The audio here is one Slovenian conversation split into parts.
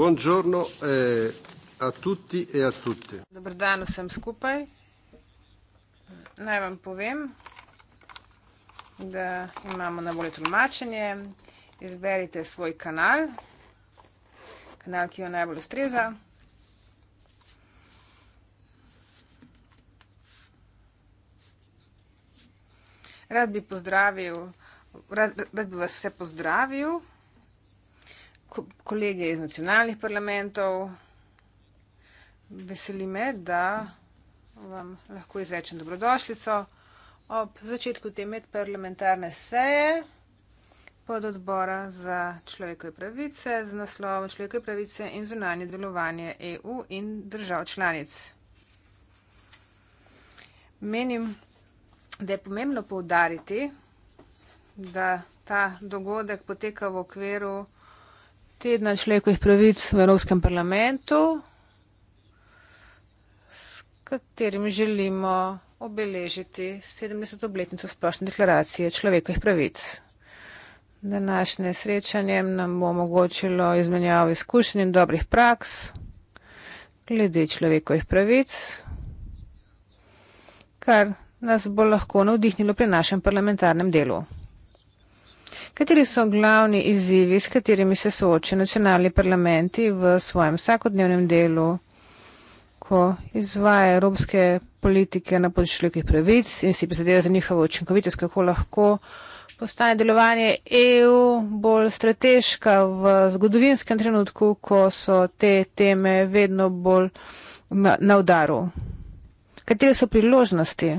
Buongiorno eh, a tutti e a tutte. Dobro dan vsem skupaj. Naj vam povem, da imamo na voljo tolmačenje. Izberite svoj kanal, kanal, ki vam najbolj ustreza. Rad bi pozdravil, rad, rad bi vas vse pozdravil kolege iz nacionalnih parlamentov. Veseli me, da vam lahko izrečem dobrodošljico. Ob začetku te medparlamentarne seje pod odbora za človekove pravice z naslovom Človekove pravice in zunanje delovanje EU in držav članic. Menim, da je pomembno poudariti, da ta dogodek poteka v okviru tedna človekovih pravic v Evropskem parlamentu, s katerim želimo obeležiti 70. obletnico splošne deklaracije človekovih pravic. Današnje srečanje nam bo omogočilo izmenjavo izkušenj in dobrih praks glede človekovih pravic, kar nas bo lahko navdihnilo pri našem parlamentarnem delu. Kateri so glavni izzivi, s katerimi se soočajo nacionalni parlamenti v svojem vsakodnevnem delu, ko izvajajo evropske politike na področju človekovih pravic in si prizadevajo za njihovo učinkovitost, kako lahko postane delovanje EU bolj strateška v zgodovinskem trenutku, ko so te teme vedno bolj na, na udaru. Katere so priložnosti?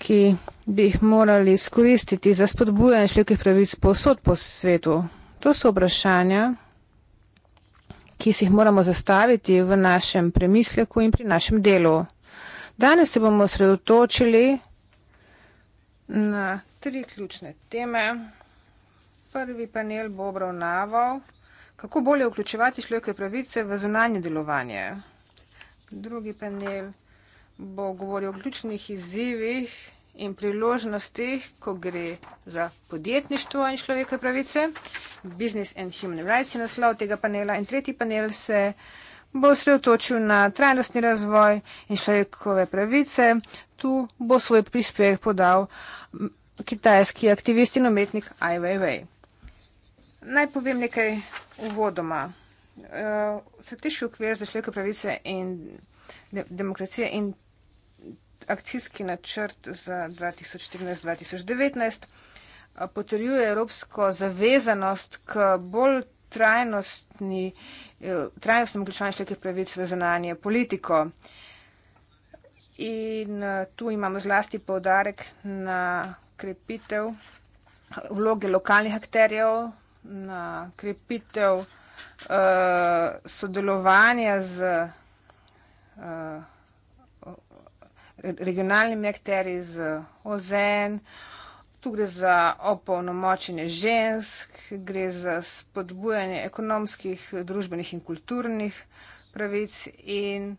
ki bi jih morali skoristiti za spodbujanje človekovih pravic posod po svetu. To so vprašanja, ki si jih moramo zastaviti v našem premisleku in pri našem delu. Danes se bomo sredotočili na tri ključne teme. Prvi panel bo obravnaval, kako bolje vključevati človekove pravice v zunanje delovanje. Drugi panel bo govoril o ključnih izzivih in priložnostih, ko gre za podjetništvo in človeške pravice. Business and Human Rights je naslov tega panela in tretji panel se bo osredotočil na trajnostni razvoj in človekove pravice. Tu bo svoj prispevek podal kitajski aktivist in umetnik Ai Weiwei. Naj povem nekaj uvodoma. Uh, eh, Svetiški okvir za človekove pravice in de demokracije in akcijski načrt za 2014-2019 potrjuje evropsko zavezanost k bolj eh, trajnostnemu vključevanju človekovih pravic v zunanje politiko. In eh, tu imamo zlasti povdarek na krepitev vloge lokalnih akterjev, na krepitev uh, sodelovanja z uh, regionalnimi akteri z OZN. Tu gre za opolnomočenje žensk, gre za spodbujanje ekonomskih, družbenih in kulturnih pravic in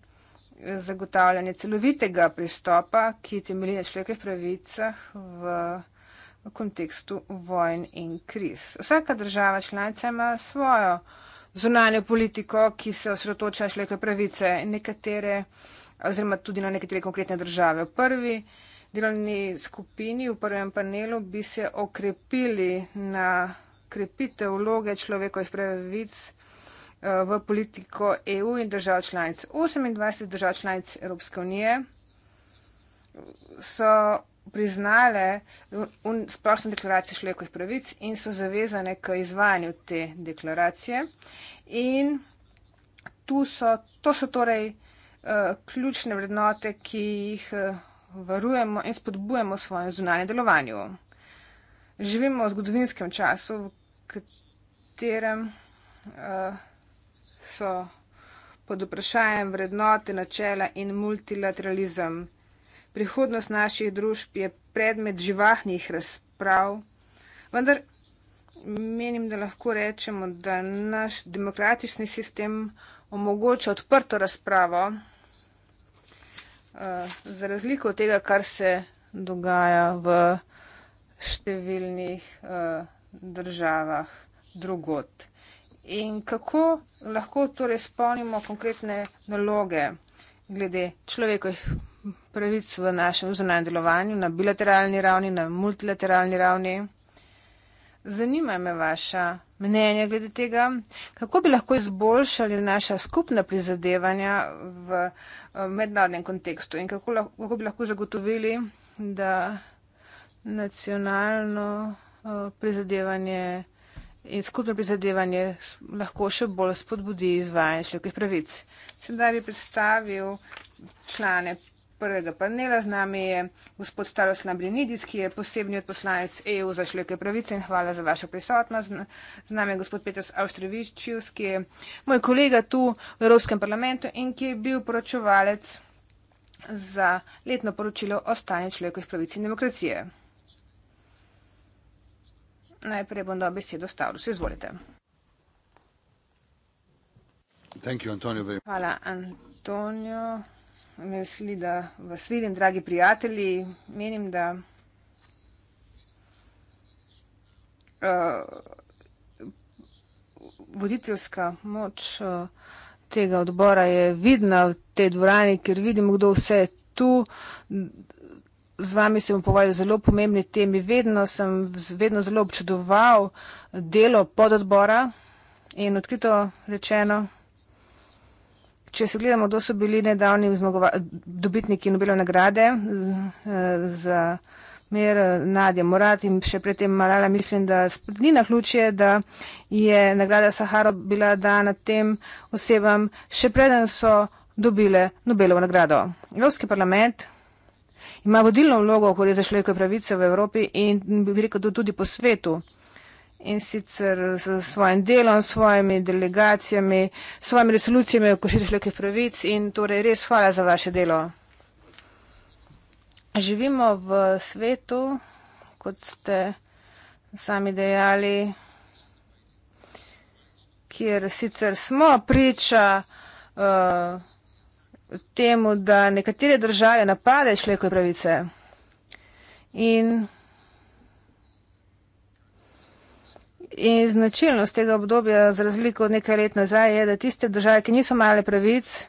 zagotavljanje celovitega pristopa, ki temelji na človekovih pravicah v, v kontekstu vojn in kriz. Vsaka država članica ima svojo zunanjo politiko, ki se osredotoča na človekove pravice. Nekatere uh, oziroma tudi na nekatere konkretne države. V prvi delovni skupini, v prvem panelu bi se okrepili na krepitev vloge človekovih pravic eh, v politiko EU in držav članic. 28 držav članic Evropske unije so priznale splošno deklaracijo človekovih pravic in so zavezane k izvajanju te deklaracije. In tu so, to so torej Eh, ključne vrednote, ki jih eh, varujemo in spodbujamo v svojem zunanjem delovanju. Živimo v zgodovinskem času, v katerem uh, so pod vprašanjem vrednote, načela in multilateralizem. Prihodnost naših družb je predmet živahnih razprav, vendar menim, da lahko rečemo, da naš demokratični sistem omogoča odprto razpravo. Eh, za razliko od tega, kar se dogaja v številnih eh, državah drugot. In kako lahko torej spomnimo konkretne naloge glede človekovih pravic v našem zunanjem delovanju na bilateralni ravni, na multilateralni ravni? Zanima me vaša mnenja glede tega, kako bi lahko izboljšali naša skupna prizadevanja v eh, mednarodnem kontekstu in kako, lahko, kako bi lahko zagotovili, da nacionalno eh, prizadevanje in skupno prizadevanje lahko še bolj spodbudi izvajanje človekovih pravic. Sedaj bi predstavil člane prvega panela. Z nami je gospod Staros Lambrinidis, ki je posebni odposlanec EU za človeške pravice in hvala za vašo prisotnost. Z nami je gospod Petros Avštrevičius, ki je moj kolega tu v Evropskem parlamentu in ki je bil poročevalec za letno poročilo o stanju človekovih pravic in demokracije. Najprej bom dal besedo Stavrusu. Izvolite. Thank you, Antonio. Hvala, Antonio me veseli, da vas vidim, dragi prijatelji. Menim, da uh, voditeljska moč uh, tega odbora je vidna v tej dvorani, ker vidim, kdo vse je tu. Z vami se bom pogovarjal zelo pomembni temi. Vedno sem vedno zelo občudoval delo pod odbora in odkrito rečeno. Če se gledamo, kdo so bili nedavni dobitniki Nobelove nagrade eh, za mer eh, Nadja Morat in še predtem Malala, mislim, da ni na ključje, da je nagrada Saharo bila dana tem osebam, še preden so dobile Nobelovo nagrado. Evropski parlament ima vodilno vlogo, ko je zašlo eko pravice v Evropi in bi rekel, da tudi po svetu in sicer s svojim delom, s svojimi delegacijami, s svojimi resolucijami o kršitvi človekovih pravic in torej res hvala za vaše delo. Živimo v svetu, kot ste sami dejali, kjer sicer smo priča uh, temu, da nekatere države napadejo človekove pravice. In In značilnost tega obdobja, za razliko od nekaj let nazaj, je, da tiste države, ki niso male pravic,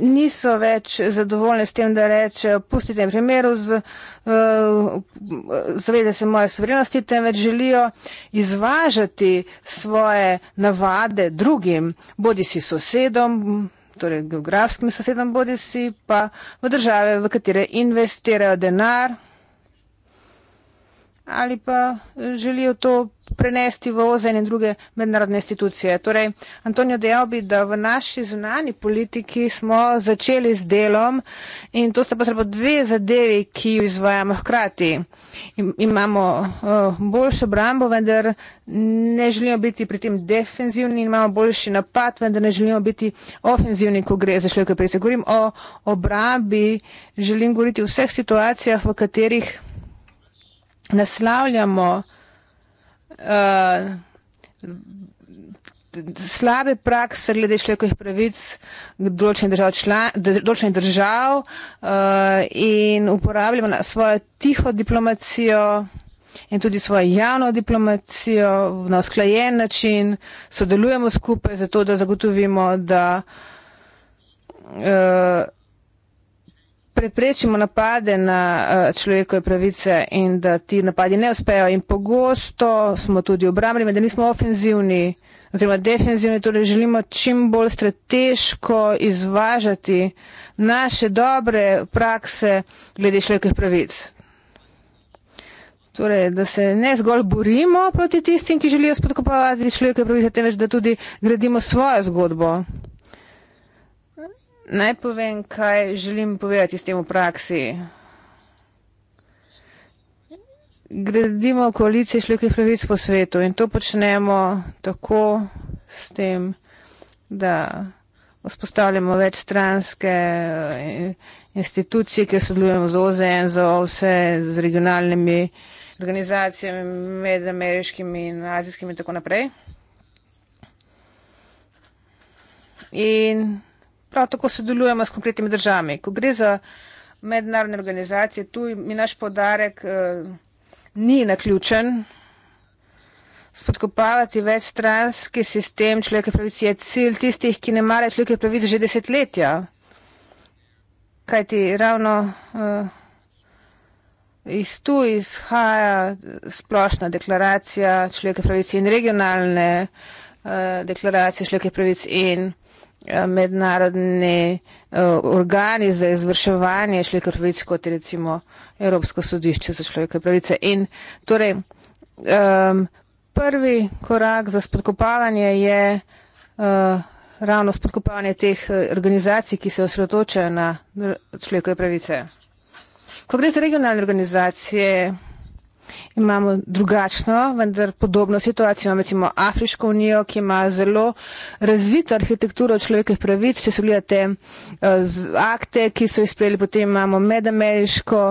niso več zadovoljne s tem, da reče, pustite mi primeru, z, uh, zavede se moje sovrednosti, temveč želijo izvažati svoje navade drugim, bodi si sosedom, torej geografskim sosedom, bodi si pa v države, v katere investirajo denar ali pa eh, želijo to prenesti v OZN in druge mednarodne institucije. Torej, Antonijo dejal bi, da v naši zunani politiki smo začeli z delom in to sta pa zelo dve zadevi, ki jo izvajamo hkrati. Imamo uh, boljšo brambo, vendar ne želimo biti pri tem defenzivni, imamo boljši napad, vendar ne želimo biti ofenzivni, ko gre za človeka. Govorim o obrambi, želim govoriti o vseh situacijah, v katerih naslavljamo uh, slabe prakse glede človekovih pravic določenih držav, član, določenih držav uh, in uporabljamo svojo tiho diplomacijo in tudi svojo javno diplomacijo na usklajen način, sodelujemo skupaj zato, da zagotovimo, da uh, preprečimo napade na eh, človekove pravice in da ti napadi ne uspejo. In pogosto smo tudi obrambni, da nismo ofenzivni oziroma defenzivni, torej želimo čim bolj strateško izvažati naše dobre prakse glede človekovih pravic. Torej, da se ne zgolj borimo proti tistim, ki želijo spodkopavati človekove pravice, temveč da tudi gradimo svojo zgodbo. Naj povem, kaj želim povedati s tem v praksi. Gradimo koalicije človekovih pravic po svetu in to počnemo tako s tem, da vzpostavljamo več stranske eh, institucije, kjer sodelujemo z OZN, z OVSE, z regionalnimi organizacijami, med ameriškimi in azijskimi in tako naprej. In prav tako sodelujemo s konkretnimi državami. Ko gre za mednarodne organizacije, tu mi naš podarek eh, ni naključen. Spodkopavati večstranski sistem človekove pravice je cilj tistih, ki ne marajo človekove pravice že desetletja. Kajti ravno uh, iz tu izhaja splošna deklaracija človekove pravice in regionalne uh, deklaracije človekove pravice in mednarodni eh, organi za izvrševanje človekovih pravic, kot je recimo Evropsko sodišče za človekove pravice. In torej, um, prvi korak za spodkopavanje je uh, ravno spodkopavanje teh eh, organizacij, ki se osredotočajo na človekove pravice. Ko gre za regionalne organizacije, Imamo drugačno, vendar podobno situacijo, imamo recimo Afriško unijo, ki ima zelo razvito arhitekturo človekovih pravic, če se gledate eh, z akte, ki so izpeli, potem imamo medameriško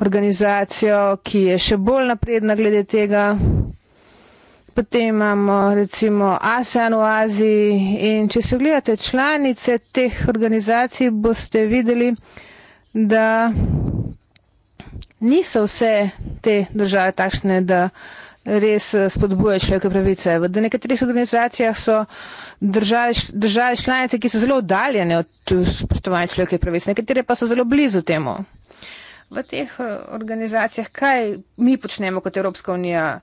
organizacijo, ki je še bolj napredna glede tega. Potem imamo recimo ASEAN v Aziji in če se gledate članice teh organizacij, boste videli, da niso vse te države takšne, da res eh, spodbuje človekove pravice. V nekaterih organizacijah so države, države članice, ki so zelo oddaljene od eh, spoštovanja človekove pravice, nekatere pa so zelo blizu temu. V teh eh, organizacijah, kaj mi počnemo kot Evropska unija?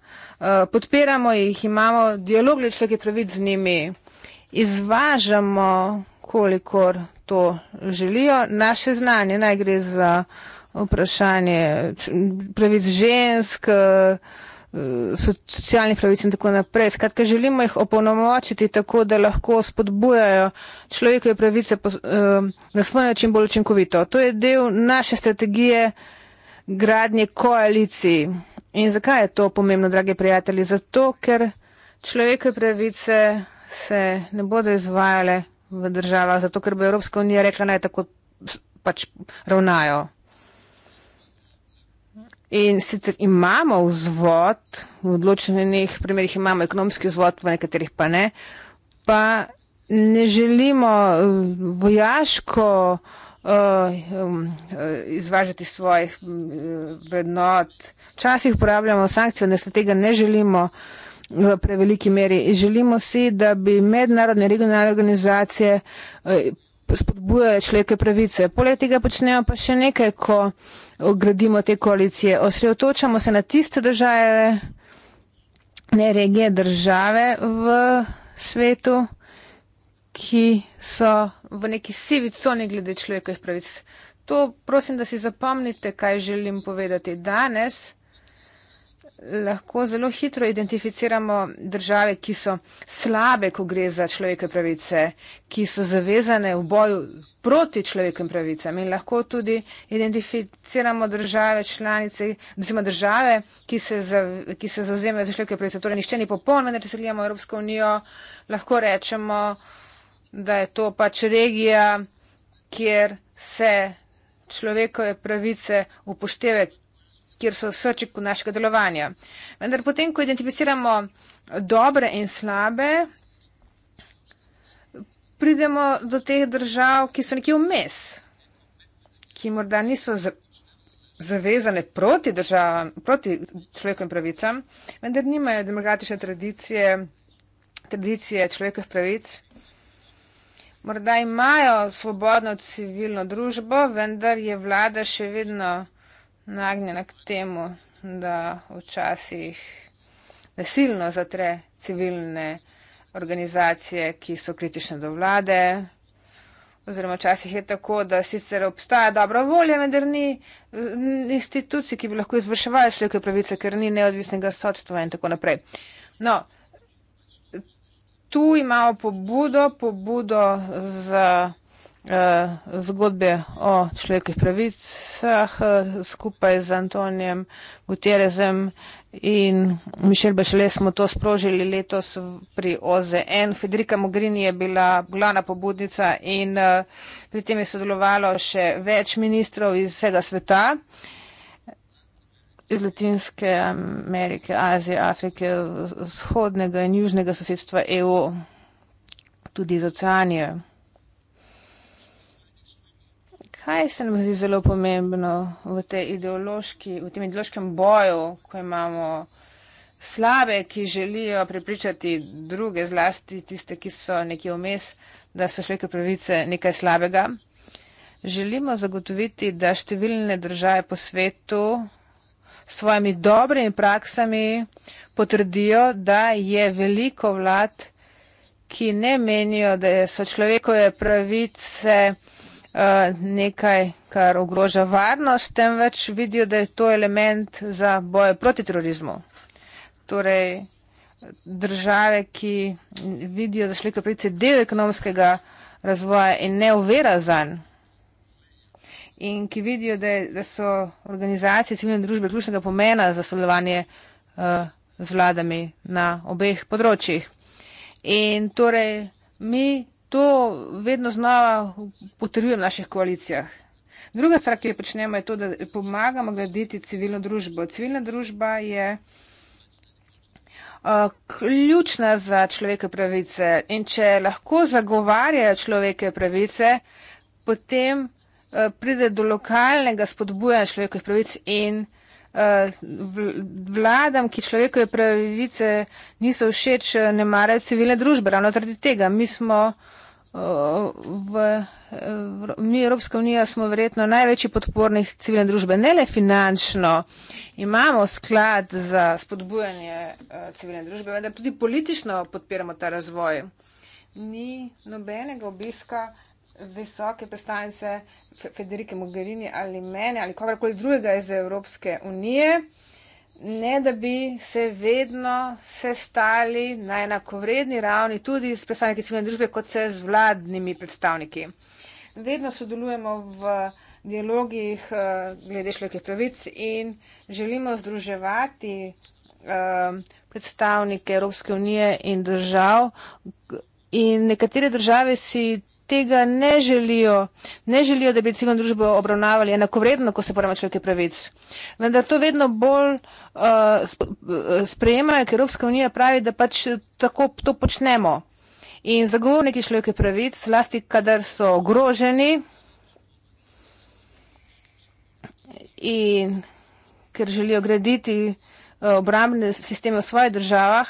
Podpiramo jih, imamo dialog glede človekovih pravic z njimi, izvažamo, kolikor to želijo, naše znanje, naj gre za uh, vprašanje pravic žensk, eh, socialnih pravic in tako naprej. Skratka, želimo jih opolnomočiti tako, da lahko spodbujajo človekove pravice eh, na svoj način bolj učinkovito. To je del naše strategije gradnje koaliciji. In zakaj je to pomembno, dragi prijatelji? Zato, ker človekove pravice se ne bodo izvajale v državah, zato ker bo Evropska unija rekla naj tako pač ravnajo. In sicer imamo vzvod, v odločenih primerjih imamo ekonomski vzvod, v nekaterih pa ne, pa ne želimo eh, vojaško uh, izvažati svojih mm, vrednot. Včasih uporabljamo sankcije, da se tega ne želimo v preveliki meri. Želimo si, da bi mednarodne regionalne organizacije. Uh, spodbujajo človeke pravice. Poleg tega počnemo pa še nekaj, ko gradimo te koalicije. Osredotočamo se na tiste države, ne regije, države v svetu, ki so v neki sivi coni glede človekovih pravic. To prosim, da si zapomnite, kaj želim povedati danes lahko zelo hitro identificiramo države, ki so slabe, ko gre za človeke pravice, ki so zavezane v boju proti človekovim pravicam in lahko tudi identificiramo države članice, oziroma države, ki se, za, ki se zauzemajo za človekove pravice. Torej, nišče ni popolno, vendar, če se gledamo Evropsko unijo, lahko rečemo, da je to pač regija, kjer se človekove pravice upoštevajo, kjer so srčiku našega delovanja. Vendar potem, ko identificiramo dobre in slabe, pridemo do teh držav, ki so nekje vmes, ki morda niso zavezane proti, državam, proti človekovim pravicam, vendar nimajo demokratične tradicije, tradicije človekovih pravic. Morda imajo svobodno civilno družbo, vendar je vlada še vedno nagnjena k temu, da včasih nasilno zatre civilne organizacije, ki so kritične do vlade. Oziroma, včasih je tako, da sicer obstaja dobra volja, vendar ni institucij, ki bi lahko izvrševali človekove pravice, ker ni neodvisnega sodstva in tako naprej. No, tu imamo pobudo, pobudo za. Eh, zgodbe o človekih pravicah eh, skupaj z Antonijem Guterrezem in Mišel Bešle smo to sprožili letos pri OZN. Federica Mogrini je bila glavna pobudnica in eh, pri tem je sodelovalo še več ministrov iz vsega sveta, iz Latinske Amerike, Azije, Afrike, vzhodnega in južnega sosedstva EU, tudi iz Oceanije. Kaj se nam zdi zelo pomembno v, v tem ideološkem boju, ko imamo slabe, ki želijo prepričati druge, zlasti tiste, ki so nekje vmes, da so človekove pravice nekaj slabega? Želimo zagotoviti, da številne države po svetu s svojimi dobrimi praksami potrdijo, da je veliko vlad, ki ne menijo, da so človekove pravice nekaj, kar ogroža varnost, temveč vidijo, da je to element za boj proti terorizmu. Torej, države, ki vidijo, da šli kot pravice del ekonomskega razvoja in ne uvera zanj in ki vidijo, da, je, da so organizacije civilne družbe ključnega pomena za sodelovanje uh, z vladami na obeh področjih. In torej, mi to vedno znova potrjujem v naših koalicijah. Druga stvar, ki jo počnemo, je to, da pomagamo graditi civilno družbo. Civilna družba je uh, ključna za človeke pravice in če lahko zagovarjajo človeke pravice, potem uh, pride do lokalnega spodbujanja človeke pravic in vladam, ki človekove pravice niso všeč, ne marajo civilne družbe. Ravno zaradi tega mi smo uh, v, v, mi Evropska unija smo verjetno največji podpornih civilne družbe, ne le finančno. Imamo sklad za spodbujanje eh, civilne družbe, vendar tudi politično podpiramo ta razvoj. Ni nobenega obiska visoke predstavnice Federike Mogherini ali mene ali kogarkoli drugega iz Evropske unije ne da bi se vedno sestali na enakovredni ravni tudi s predstavniki civilne družbe, kot se z vladnimi predstavniki. Vedno sodelujemo v dialogih eh, glede človekih pravic in želimo združevati eh, predstavnike Evropske unije in držav. In nekatere države si tega ne želijo, ne želijo, da bi celo družbo obravnavali enakovredno, ko se poramo človeka pravic. Vendar to vedno bolj uh, uh sprejemajo, ker Evropska unija pravi, da pač tako to počnemo. In zagovorniki človeka pravic, lasti, kadar so ogroženi in ker želijo graditi uh, obrambne sisteme v svojih državah.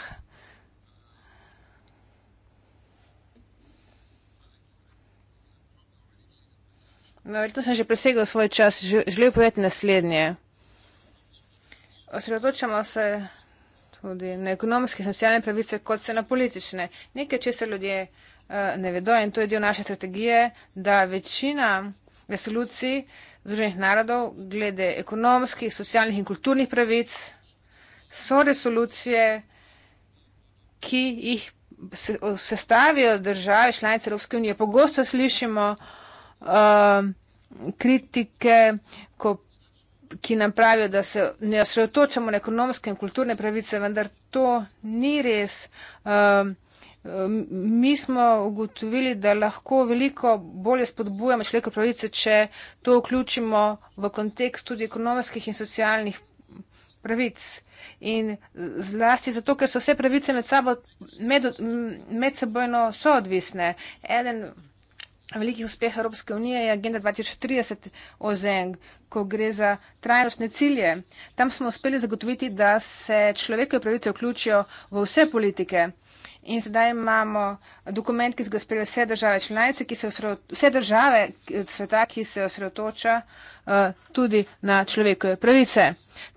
No, verjetno sem že presegel svoj čas, želel povedati naslednje. Osredotočamo se tudi na ekonomske in socialne pravice, kot se na politične. Nekaj, če se ljudje uh, ne vedo in to je del naše strategije, da večina resolucij Združenih narodov glede ekonomskih, socialnih in kulturnih pravic so resolucije, ki jih se, sestavijo države, članice Evropske unije. Pogosto slišimo, Um, kritike, ko, ki nam pravijo, da se ne osredotočamo na ekonomske in kulturne pravice, vendar to ni res. Um, um mi smo ugotovili, da lahko veliko bolje spodbujamo človekov pravice, če to vključimo v kontekst tudi ekonomskih in socialnih pravic. In zlasti zato, ker so vse pravice med sabo med, medsebojno soodvisne. Veliki uspeh Evropske unije je agenda 2030 OZN, ko gre za trajnostne cilje. Tam smo uspeli zagotoviti, da se človekove pravice vključijo v vse politike. In sedaj imamo dokument, ki so ga sprejeli vse države članice, ki se osredotočajo, vse države eh, sveta, ki se osredotoča uh, tudi na človekove pravice.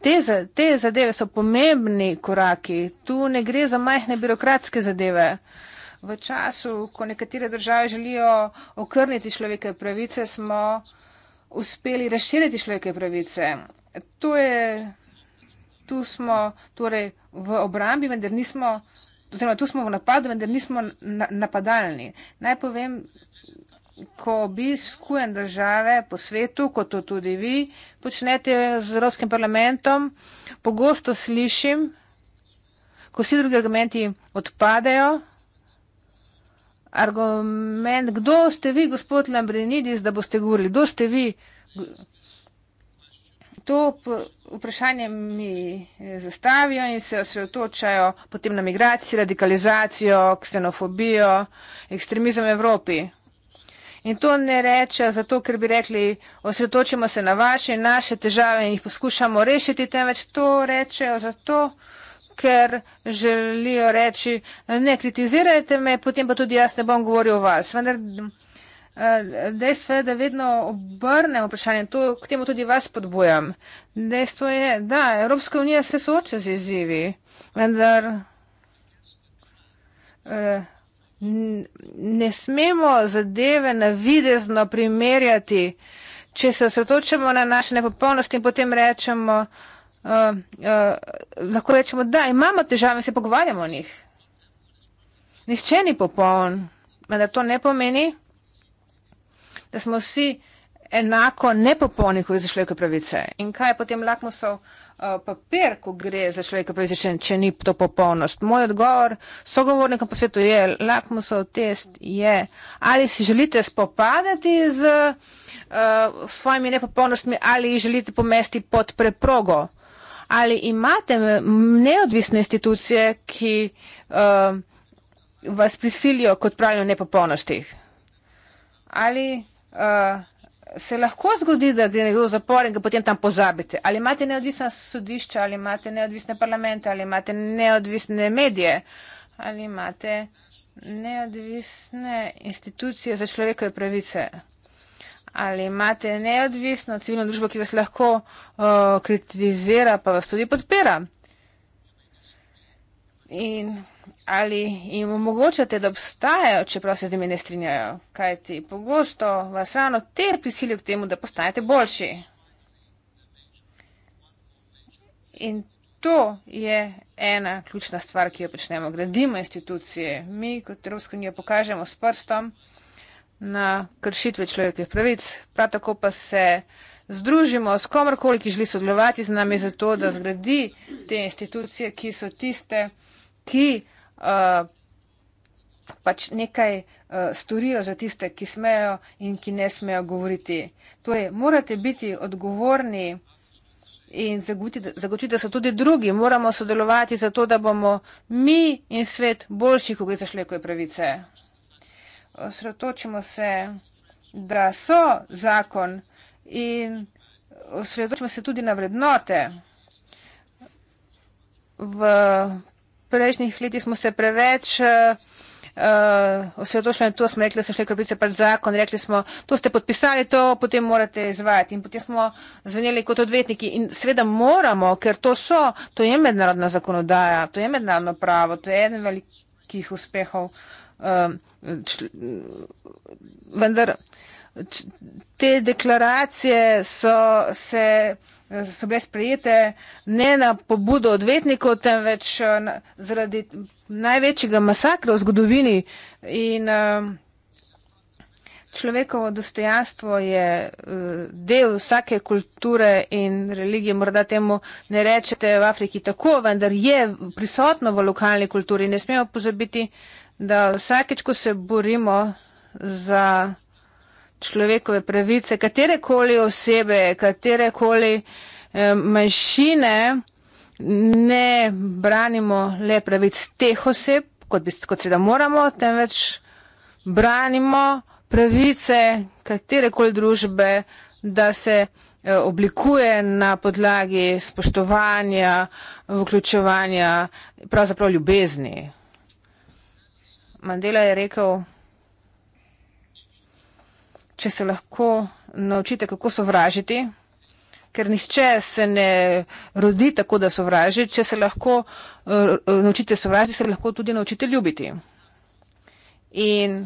Te, te zadeve so pomembni koraki. Tu ne gre za majhne birokratske zadeve. Uh, V času, ko nekatere države želijo okrniti človeke pravice, smo uspeli razširiti človeke pravice. To je, tu smo torej v obrambi, vendar nismo, oziroma tu smo v napadu, vendar nismo na, napadalni. Naj povem, ko obiskujem države po svetu, kot to tudi vi počnete z Evropskim parlamentom, pogosto slišim, ko vsi drugi argumenti odpadejo, argument, kdo ste vi, gospod Lambrinidis, da boste govorili, kdo ste vi. To vprašanje mi eh, zastavijo in se osredotočajo potem na migracijo, radikalizacijo, ksenofobijo, ekstremizem v Evropi. In to ne reče zato, ker bi rekli, osredotočimo se na vaše in naše težave in jih poskušamo rešiti, temveč to rečejo zato, ker želijo reči, ne kritizirajte me, potem pa tudi jaz ne bom govoril o vas. Vendar eh, dejstvo je, da vedno obrnem vprašanje, to, k temu tudi vas podbujam. Dejstvo je, da Evropska unija se sooča z izzivi, vendar. Eh, ne smemo zadeve na videzno primerjati, če se osredotočamo na naše nepopolnosti in potem rečemo, da uh, uh, lahko rečemo, da imamo težave, se pogovarjamo o njih. Nihče ni popoln, vendar to ne pomeni, da smo vsi enako nepopolni, ko gre za človekove pravice. In kaj je potem lakmusov uh, papir, ko gre za človekove pravice, če, če ni to popolnost? Moj odgovor sogovornikom po svetu je, lakmusov test je, ali si želite spopadati z uh, svojimi nepopolnostmi ali želite pomesti pod preprogo ali imate neodvisne institucije, ki uh, vas prisilijo kot pravijo nepopolnostih? Ali uh, se lahko zgodi, da gre nekdo v zapor in ga potem tam pozabite? Ali imate neodvisna sodišča, ali imate neodvisne parlamente, ali imate neodvisne medije, ali imate neodvisne institucije za človekove pravice? ali imate neodvisno civilno družbo, ki vas lahko uh, kritizira, pa vas tudi podpira. In ali jim omogočate, da obstajajo, čeprav se z njimi ne strinjajo, kajti pogosto vas ravno ter prisilijo k temu, da postanete boljši. In to je ena ključna stvar, ki jo počnemo. Gradimo institucije. Mi kot Evropska unija pokažemo s prstom na kršitve človekovih pravic, prav tako pa se združimo s komorkoli, ki želi sodelovati z nami za to, da zgradi te institucije, ki so tiste, ki uh, pač nekaj uh, storijo za tiste, ki smejo in ki ne smejo govoriti. Torej, morate biti odgovorni in zagotoviti, da so tudi drugi. Moramo sodelovati za to, da bomo mi in svet boljši, ko gre za človekove pravice osredotočimo se, da so zakon in osredotočimo se tudi na vrednote. V prejšnjih letih smo se preveč uh, osredotočili na to, smo rekli, da so šli krpice pač zakon, rekli smo, to ste podpisali, to potem morate izvajati. In potem smo zvenjeli kot odvetniki in seveda moramo, ker to so, to je mednarodna zakonodaja, to je mednarodno pravo, to je eden velikih uspehov. Uh, Um, čl, vendar č, te deklaracije so, se, so bile sprejete ne na pobudo odvetnikov, temveč uh, na, zaradi največjega masakra v zgodovini in um, človekovo dostojanstvo je uh, del vsake kulture in religije, morda temu ne rečete v Afriki tako, vendar je prisotno v lokalni kulturi, ne smemo pozabiti, da vsakeč, ko se borimo za človekove pravice, katerekoli osebe, katerekoli eh, manjšine, ne branimo le pravic teh oseb, kot, bi, kot se da moramo, temveč branimo pravice katerekoli družbe, da se eh, oblikuje na podlagi spoštovanja, vključevanja, pravzaprav ljubezni. Mandela je rekel, če se lahko naučite, kako sovražiti, ker nišče se ne rodi tako, da sovraži, če se lahko uh, naučite sovražiti, se lahko tudi naučite ljubiti. In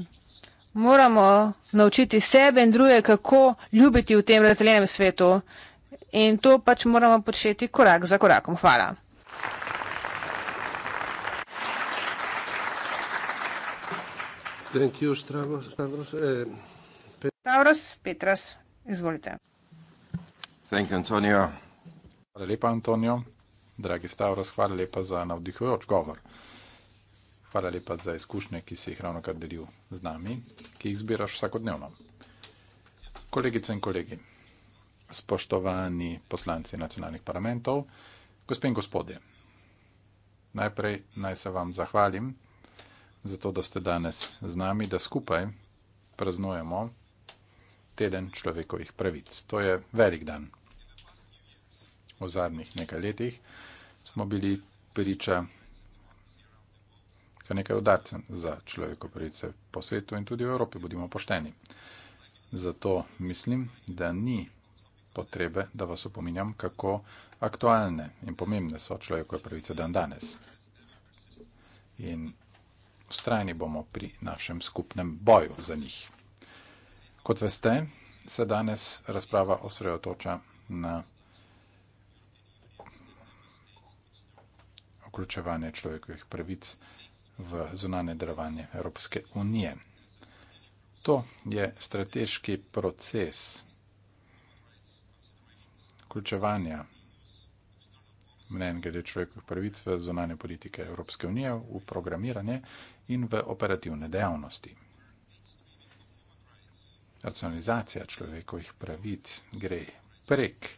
moramo naučiti sebe in druge, kako ljubiti v tem razdeljenem svetu. In to pač moramo početi korak za korakom. Hvala. Eh, Stavros Petras, izvolite. Hvala lepa, Antonijo. Dragi Stavros, hvala lepa za navdihujoč govor. Hvala lepa za izkušnje, ki si jih ravno kar delil z nami, ki jih zbiraš vsakodnevno. Kolegice in kolegi, spoštovani poslanci nacionalnih parlamentov, gospe in gospodje, najprej naj se vam zahvalim zato da ste danes z nami, da skupaj praznujemo teden človekovih pravic. To je velik dan. V zadnjih nekaj letih smo bili priča kar nekaj udarcem za človekove pravice po svetu in tudi v Evropi, bodimo pošteni. Zato mislim, da ni potrebe, da vas upominjam, kako aktualne in pomembne so človekove pravice dan danes. In ustrajni bomo pri našem skupnem boju za njih. Kot veste, se danes razprava osredotoča na vključevanje človekovih pravic v zunanje delovanje Evropske unije. To je strateški proces vključevanja mnen glede človekovih pravic v zunanje politike Evropske unije v programiranje in v operativne dejavnosti. Racionalizacija človekovih pravic gre prek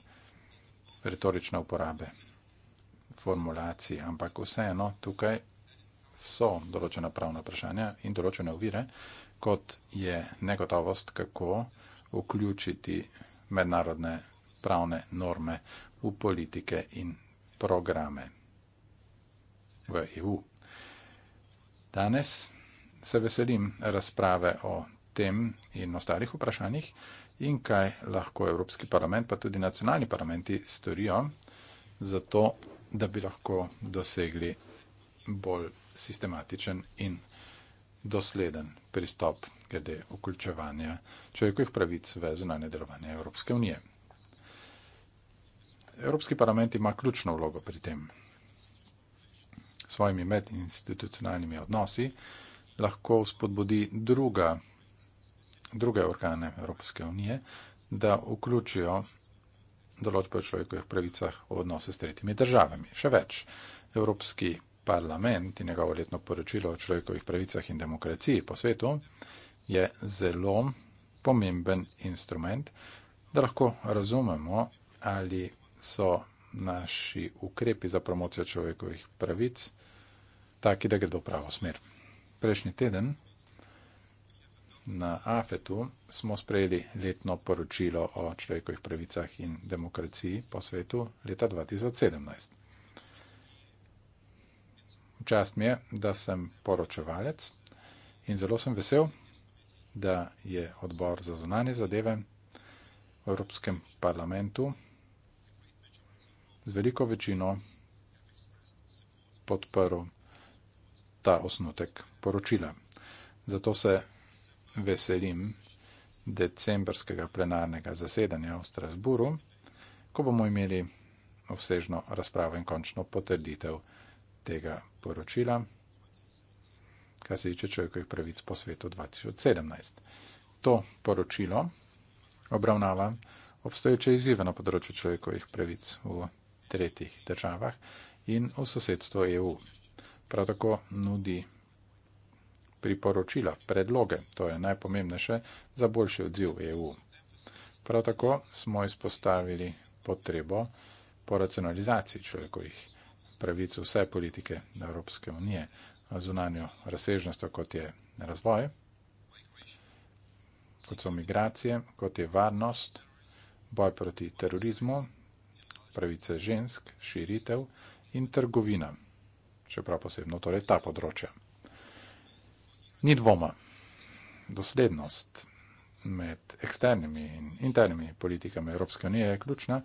retorične uporabe formulacij, ampak vseeno tukaj so določena pravna vprašanja in določene uvire, kot je negotovost, kako vključiti mednarodne pravne norme v politike in programe v EU. Danes se veselim razprave o tem in ostalih vprašanjih in kaj lahko Evropski parlament, pa tudi nacionalni parlamenti storijo za to, da bi lahko dosegli bolj sistematičen in dosleden pristop glede vključevanja človekovih pravic v zunanje delovanje Evropske unije. Evropski parlament ima ključno vlogo pri tem svojimi medinstitucionalnimi odnosi, lahko spodbudi druga, druge organe Evropske unije, da vključijo določbe o človekovih pravicah v odnose s tretjimi državami. Še več, Evropski parlament in njegovo letno poročilo o človekovih pravicah in demokraciji po svetu je zelo pomemben instrument, da lahko razumemo, ali so naši ukrepi za promocijo človekovih pravic taki, da gredo v pravo smer. Prejšnji teden na AFET-u smo sprejeli letno poročilo o človekovih pravicah in demokraciji po svetu leta 2017. Čast mi je, da sem poročevalec in zelo sem vesel, da je odbor za zunanje zadeve v Evropskem parlamentu z veliko večino podporil ta osnutek poročila. Zato se veselim decembrskega plenarnega zasedanja v Strasburu, ko bomo imeli obsežno razpravo in končno potrditev tega poročila, kar se tiče človekovih pravic po svetu 2017. To poročilo obravnava obstoječe izzive na področju človekovih pravic v tretjih državah in v sosedstvu EU prav tako nudi priporočila, predloge, to je najpomembnejše, za boljši odziv EU. Prav tako smo izpostavili potrebo po racionalizaciji človekovih pravic vse politike Evropske unije na zunanjo razsežnost, kot je razvoj, kot so migracije, kot je varnost, boj proti terorizmu, pravice žensk, širitev in trgovina še prav posebno, torej ta področja. Ni dvoma, doslednost med eksternimi in internimi politikami Evropske unije je ključna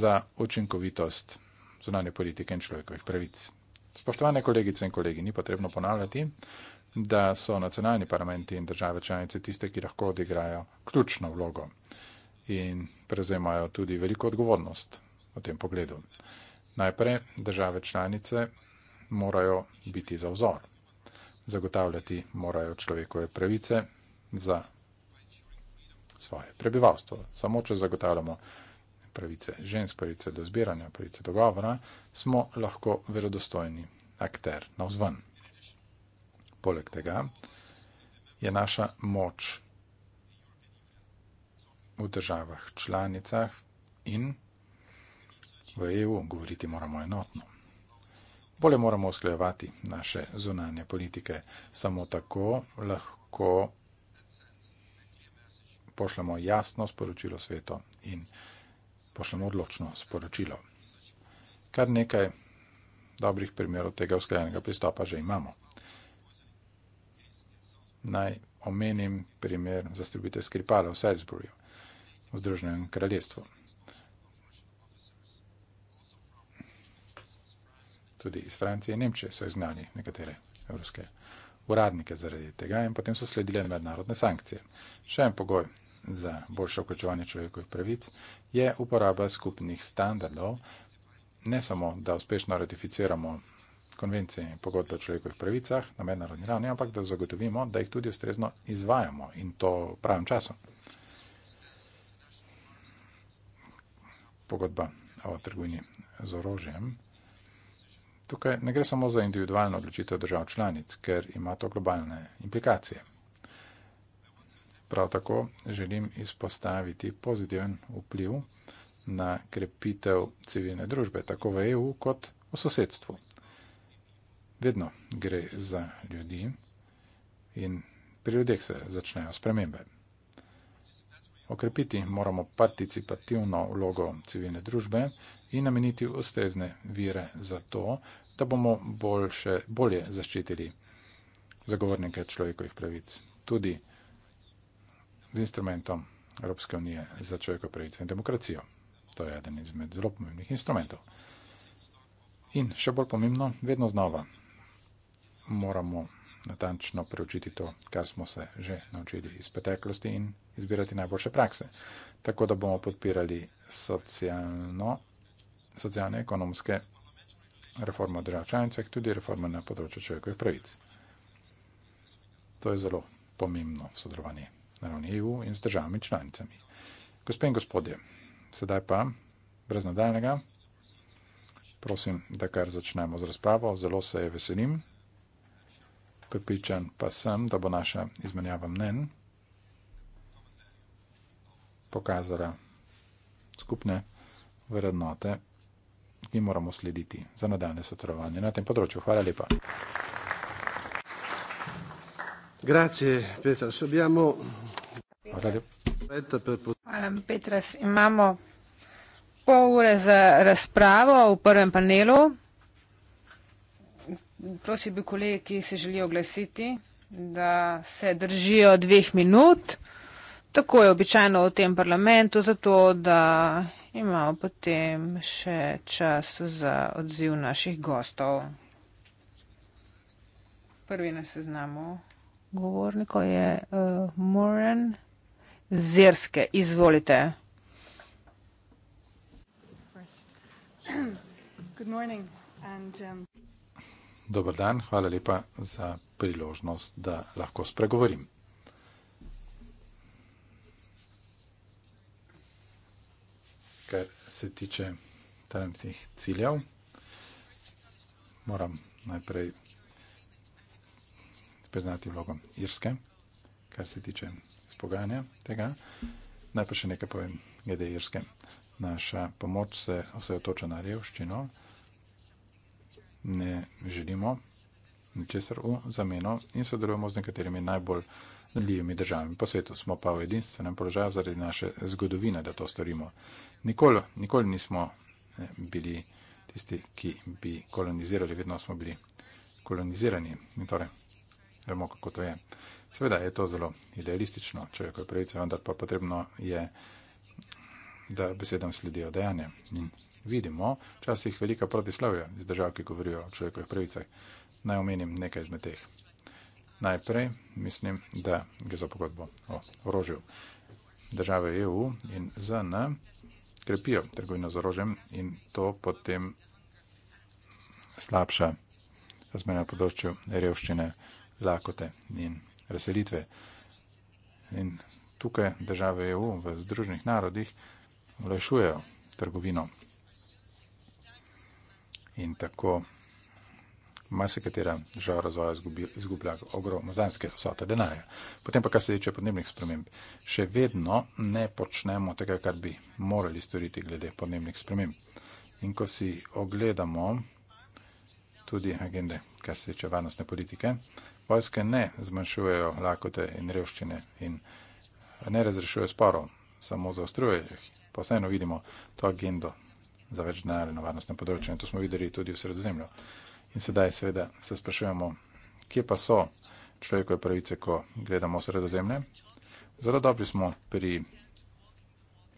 za učinkovitost zunanje politike in človekovih pravic. Spoštovane kolegice in kolegi, ni potrebno ponavljati, da so nacionalni parlamenti in države članice tiste, ki lahko odigrajo ključno vlogo in prevzemajo tudi veliko odgovornost v tem pogledu. Najprej države članice morajo biti za vzor. Zagotavljati morajo človekove pravice za svoje prebivalstvo. Samo če zagotavljamo pravice žensk, pravice do zbiranja, pravice do govora, smo lahko verodostojni akter na vzven. Poleg tega je naša moč v državah članicah in v EU govoriti moramo enotno. Bole moramo usklejevati naše zunanje politike. Samo tako lahko pošljemo jasno sporočilo svetu in pošljemo odločno sporočilo. Kar nekaj dobrih primerov tega usklejenega pristopa že imamo. Naj omenim primer zastrubitev skripala v Salisburyju, v Združenem kraljestvu. tudi iz Francije in Nemčije so izgnali nekatere evropske uradnike zaradi tega in potem so sledile mednarodne sankcije. Še en pogoj za boljše vključevanje človekovih pravic je uporaba skupnih standardov, ne samo, da uspešno ratificiramo konvencije in pogodbe o človekovih pravicah na mednarodni ravni, ampak da zagotovimo, da jih tudi ustrezno izvajamo in to v pravem času. Pogodba o trgovini z orožjem. Tukaj ne gre samo za individualno odločitev držav članic, ker ima to globalne implikacije. Prav tako želim izpostaviti pozitiven vpliv na krepitev civilne družbe, tako v EU kot v sosedstvu. Vedno gre za ljudi in pri ljudeh se začnejo spremembe. Okrepiti moramo participativno vlogo civilne družbe in nameniti ustrezne vire za to, da bomo boljše, bolje zaščitili zagovornike človekovih pravic, tudi z instrumentom Evropske unije za človekove pravice in demokracijo. To je eden izmed zelo pomembnih instrumentov. In še bolj pomembno, vedno znova moramo natančno preučiti to, kar smo se že naučili iz preteklosti in izbirati najboljše prakse. Tako da bomo podpirali socialne, ekonomske reforme v državčanicah, tudi reforme na področju človekovih pravic. To je zelo pomembno sodelovanje na ravni EU in s državami članicami. Gospe in gospodje, sedaj pa brez nadaljnega. Prosim, da kar začnemo z razpravo. Zelo se je veselim. Pripričan pa sem, da bo naša izmenjava mnen pokazala skupne vrednote, ki moramo slediti za nadaljne sodelovanje na tem področju. Hvala lepa. Grazie, Petras. Abbiamo... Petras. Hvala, Petras. Imamo pol ure za razpravo v prvem panelu. Prosil bi kolege, ki se želijo oglasiti, da se držijo dveh minut. Tako je običajno v tem parlamentu, zato da imamo potem še čas za odziv naših gostov. Prvi na seznamu govornikov je uh, Moren Zerske. Izvolite. Good morning and um Dobr dan, hvala lepa za priložnost, da lahko spregovorim. Kar se tiče trenutnih ciljev, moram najprej priznati vlogo Irske, kar se tiče spogajanja tega. Najprej še nekaj povem glede Irske. Naša pomoč se osredotoča na revščino ne želimo ničesar v zameno in sodelujemo z nekaterimi najbolj ljubimi državami po svetu. Smo pa v edinstvenem položaju zaradi naše zgodovine, da to storimo. Nikoli, nikoli nismo bili tisti, ki bi kolonizirali, vedno smo bili kolonizirani. In torej, vemo, kako to je. Seveda je to zelo idealistično, človekove pravice, vendar pa potrebno je, da besedam sledijo dejanje. In vidimo včasih velika protislavja iz držav, ki govorijo o človekovih pravicah. Naj omenim nekaj izmed teh. Najprej mislim, da gre za pogodbo o orožju. Države EU in ZN krepijo trgovino z orožjem in to potem slabša razmerja na področju revščine, lakote in razselitve. In tukaj države EU v združenih narodih olajšujejo trgovino in tako malce katera država razvoja izgublja ogromne vsote denarja. Potem pa, kar se tiče podnebnih sprememb, še vedno ne počnemo tega, kar bi morali storiti glede podnebnih sprememb. In ko si ogledamo tudi agende, kar se tiče varnostne politike, vojske ne zmanjšujejo lakote in revščine in ne razrešujejo sporov, samo zaostrujejo jih. Pa vseeno vidimo to agendo za več denarja na varnostnem področju. In to smo videli tudi v sredozemlju. In sedaj seveda se sprašujemo, kje pa so človekove pravice, ko gledamo v sredozemlje. Zelo dobri smo pri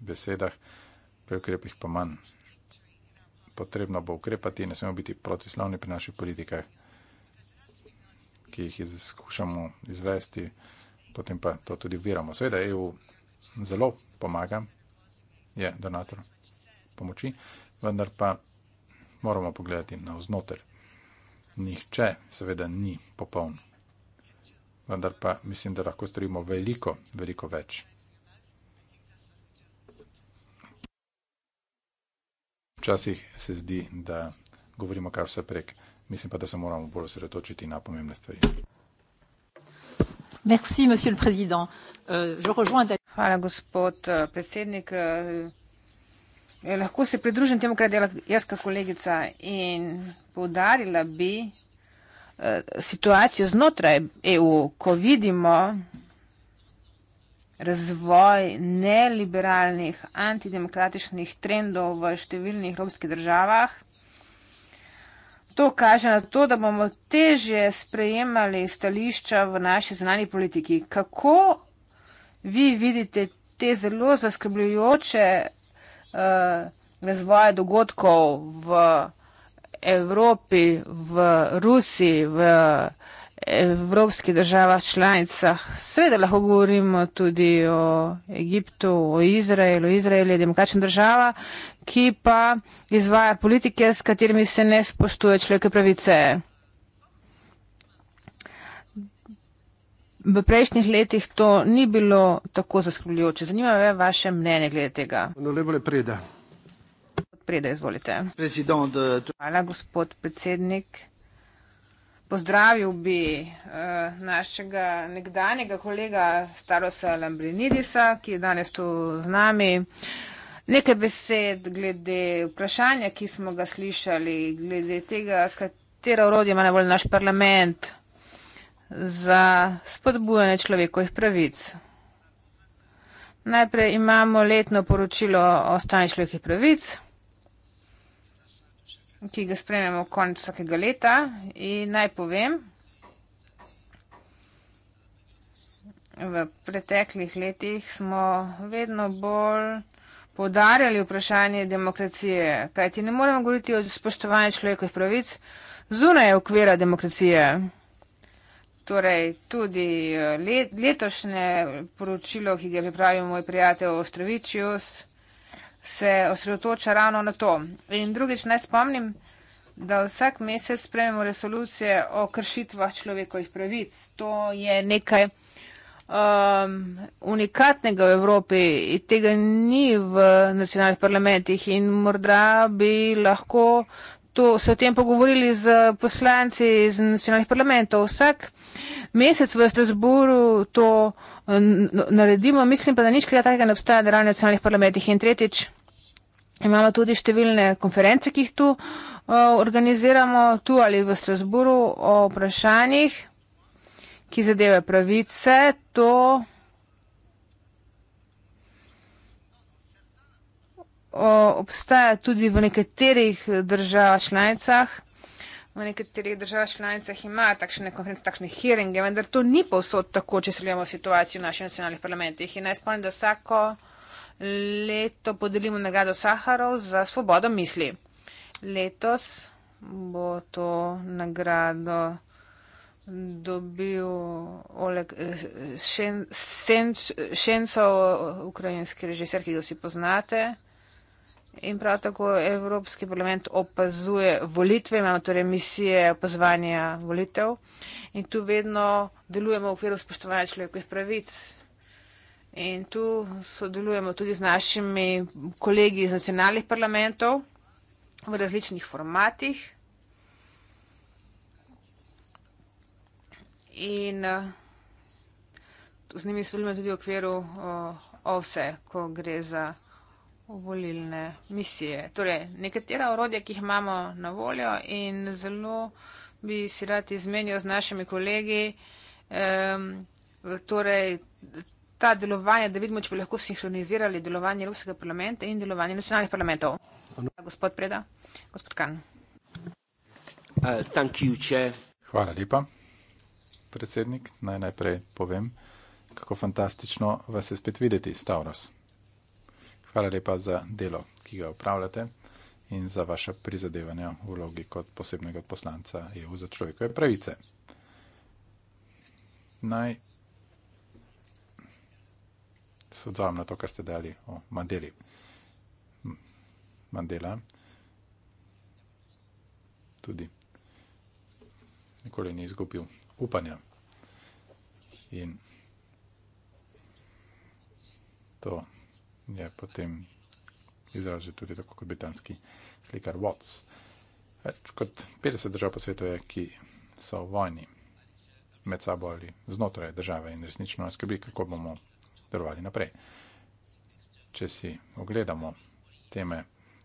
besedah, pri ukrepih pa manj. Potrebno bo ukrepati, ne smemo biti protislavni pri naših politikah, ki jih skušamo izvesti, potem pa to tudi viramo. Seveda EU zelo pomaga, je donator pomoči, vendar pa moramo pogledati na vznoter. Nihče seveda ni popoln. Vendar pa mislim, da lahko storimo veliko, veliko več. Včasih se zdi, da govorimo kar vse prek, mislim pa, da se moramo bolj osredotočiti na pomembne stvari. Merci, monsieur le président. Uh, je rejoins... Hvala, gospod eh, predsednik. Eh, Eh, lahko se pridružim temu, kar je delala jazka kolegica in povdarila bi eh, situacijo znotraj EU, ko vidimo razvoj neliberalnih, antidemokratičnih trendov v številnih evropskih državah. To kaže na to, da bomo teže sprejemali stališča v naši zunani politiki. Kako vi vidite te zelo zaskrbljujoče Eh, razvoja dogodkov v Evropi, v Rusiji, v evropskih državah članicah. Sveda lahko govorimo tudi o Egiptu, o Izraelu. Izrael je demokratična država, ki pa izvaja politike, s katerimi se ne spoštuje človeka pravice. V prejšnjih letih to ni bilo tako zaskrbljujoče. Zanima me vaše mnenje glede tega. Preda, izvolite. Hvala, gospod predsednik. Pozdravil bi uh, našega nekdanjega kolega Starosa Lambrinidisa, ki je danes tu z nami. Nekaj besed glede vprašanja, ki smo ga slišali, glede tega, katero orodje ima najbolj naš parlament za spodbujanje človekovih pravic. Najprej imamo letno poročilo o stanju človekovih pravic, ki ga sprememo konec vsakega leta in naj povem, v preteklih letih smo vedno bolj podarjali vprašanje demokracije, kajti ne moremo govoriti o spoštovanju človekovih pravic zunaj okvira demokracije. Torej, tudi eh, let, letošnje poročilo, ki ga pripravil moj prijatelj Ostrovičius, se osredotoča ravno na to. In drugič naj spomnim, da vsak mesec sprememo resolucije o kršitvah človekovih pravic. To je nekaj um, unikatnega v Evropi in tega ni v nacionalnih parlamentih in morda bi lahko tu se o tem pogovorili z poslanci iz nacionalnih parlamentov. Vsak mesec v Strasburu to eh, naredimo, mislim pa, da nič kaj takega ne obstaja na ravni nacionalnih parlamentih. In tretjič, imamo tudi številne konference, ki jih tu eh, organiziramo, tu ali v Strasburu, o vprašanjih, ki zadeve pravice. To obstaja tudi v nekaterih državah članicah. V nekaterih državah članicah imajo takšne konference, takšne hearinge, vendar to ni povsod tako, če sledimo situacijo v naših nacionalnih parlamentih. In naj spomnim, da vsako leto podelimo nagrado Saharov za svobodo misli. Letos bo to nagrado dobil Oleg eh, Šencov, ukrajinski režiser, ki ga vsi poznate. In prav tako Evropski parlament opazuje volitve, imamo torej misije opazovanja volitev in tu vedno delujemo v okviru spoštovanja človekovih pravic. In tu sodelujemo tudi z našimi kolegi iz nacionalnih parlamentov v različnih formatih. In eh, z njimi sodelujemo tudi v okviru eh, OVSE, ko gre za volilne misije. Torej, nekatera orodja, ki jih imamo na voljo in zelo bi si rad izmenil z našimi kolegi, um, torej, ta delovanje, da vidimo, če bi lahko sinhronizirali delovanje Evropskega parlamenta in delovanje nacionalnih parlamentov. Gospod Preda, gospod Kan. Uh, Hvala lepa, predsednik. Naj najprej povem, kako fantastično vas je spet videti, Stavros. Hvala lepa za delo, ki ga upravljate in za vaše prizadevanja v vlogi kot posebnega poslanca EU za človekove pravice. Naj se odzovem na to, kar ste dali o Mandeli. Hm, Mandela tudi nikoli ni izgubil upanja in to je potem izražil tudi tako kot britanski slikar Watts. Več kot 50 držav po svetu je, ki so v vojni med sabo ali znotraj države in resnično nas skrbi, kako bomo delovali naprej. Če si ogledamo teme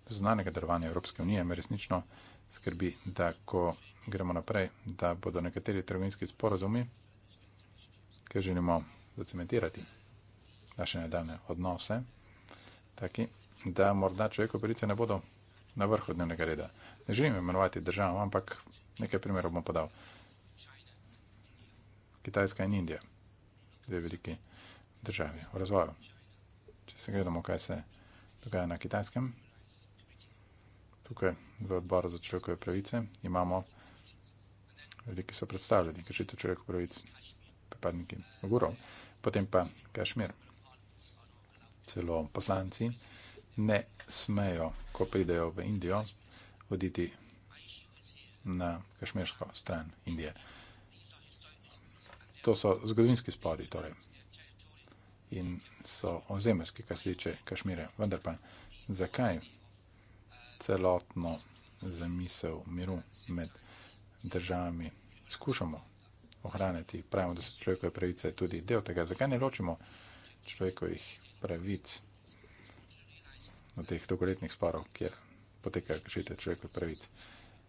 znanega delovanja Evropske unije, me resnično skrbi, da ko gremo naprej, da bodo nekateri trgovinski sporozumi, ki želimo zacementirati naše nedavne odnose, taki, da morda človekove pravice ne bodo na vrhu dnevnega reda. Ne želim imenovati držav, ampak nekaj primerov bom podal. Kitajska in Indija, dve veliki državi v razvoju. Če se gledamo, kaj se dogaja na kitajskem, tukaj v odboru za človekove pravice imamo veliki so predstavljeni, kršite človekove pravice, pripadniki Ugurov, potem pa Kašmir celo poslanci, ne smejo, ko pridejo v Indijo, oditi na kašmirsko stran Indije. To so zgodovinski spori, torej. In so ozemerski, kar se tiče Kašmire. Vendar pa, zakaj celotno zamisel miru med državami skušamo ohraniti, pravimo, da so človekove pravice tudi del tega, zakaj ne ločimo človekovih pravic, na teh dolgoletnih sporov, kjer potekajo kršite človekovih pravic.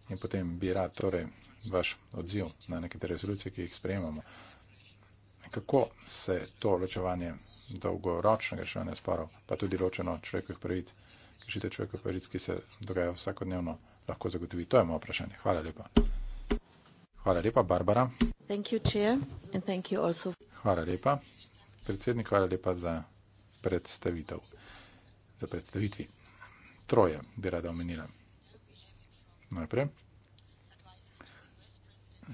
In potem bi rad torej vaš odziv na nekatere resolucije, ki jih sprejemamo. Kako se to ločevanje dolgoročnega reševanja sporov, pa tudi ločeno človekovih pravic, kršite človekovih pravic, ki se dogajajo vsakodnevno, lahko zagotovi? To je moje vprašanje. Hvala lepa. Hvala lepa, Barbara. Hvala lepa predsednik, hvala lepa za predstavitev. Za predstavitvi. Troje bi rada omenila. Najprej.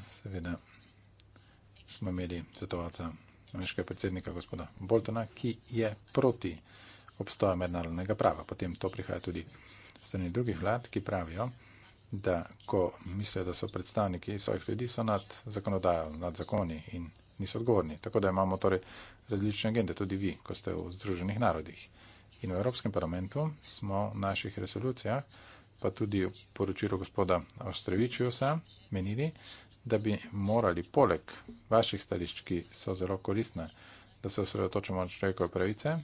Seveda smo imeli svetovalca ameriškega predsednika gospoda Boltona, ki je proti obstoja mednarodnega prava. Potem to prihaja tudi strani drugih vlad, ki pravijo, da ko mislijo, da so predstavniki svojih ljudi, so nad zakonodajo, nad zakoni in zakoni niso odgovorni. Tako da imamo torej različne agende, tudi vi, ko ste v Združenih narodih. In v Evropskem parlamentu smo v naših resolucijah, pa tudi v poročilu gospoda Ostrevičiusa, menili, da bi morali poleg vaših stališč, ki so zelo koristne, da se osredotočamo na človekove pravice,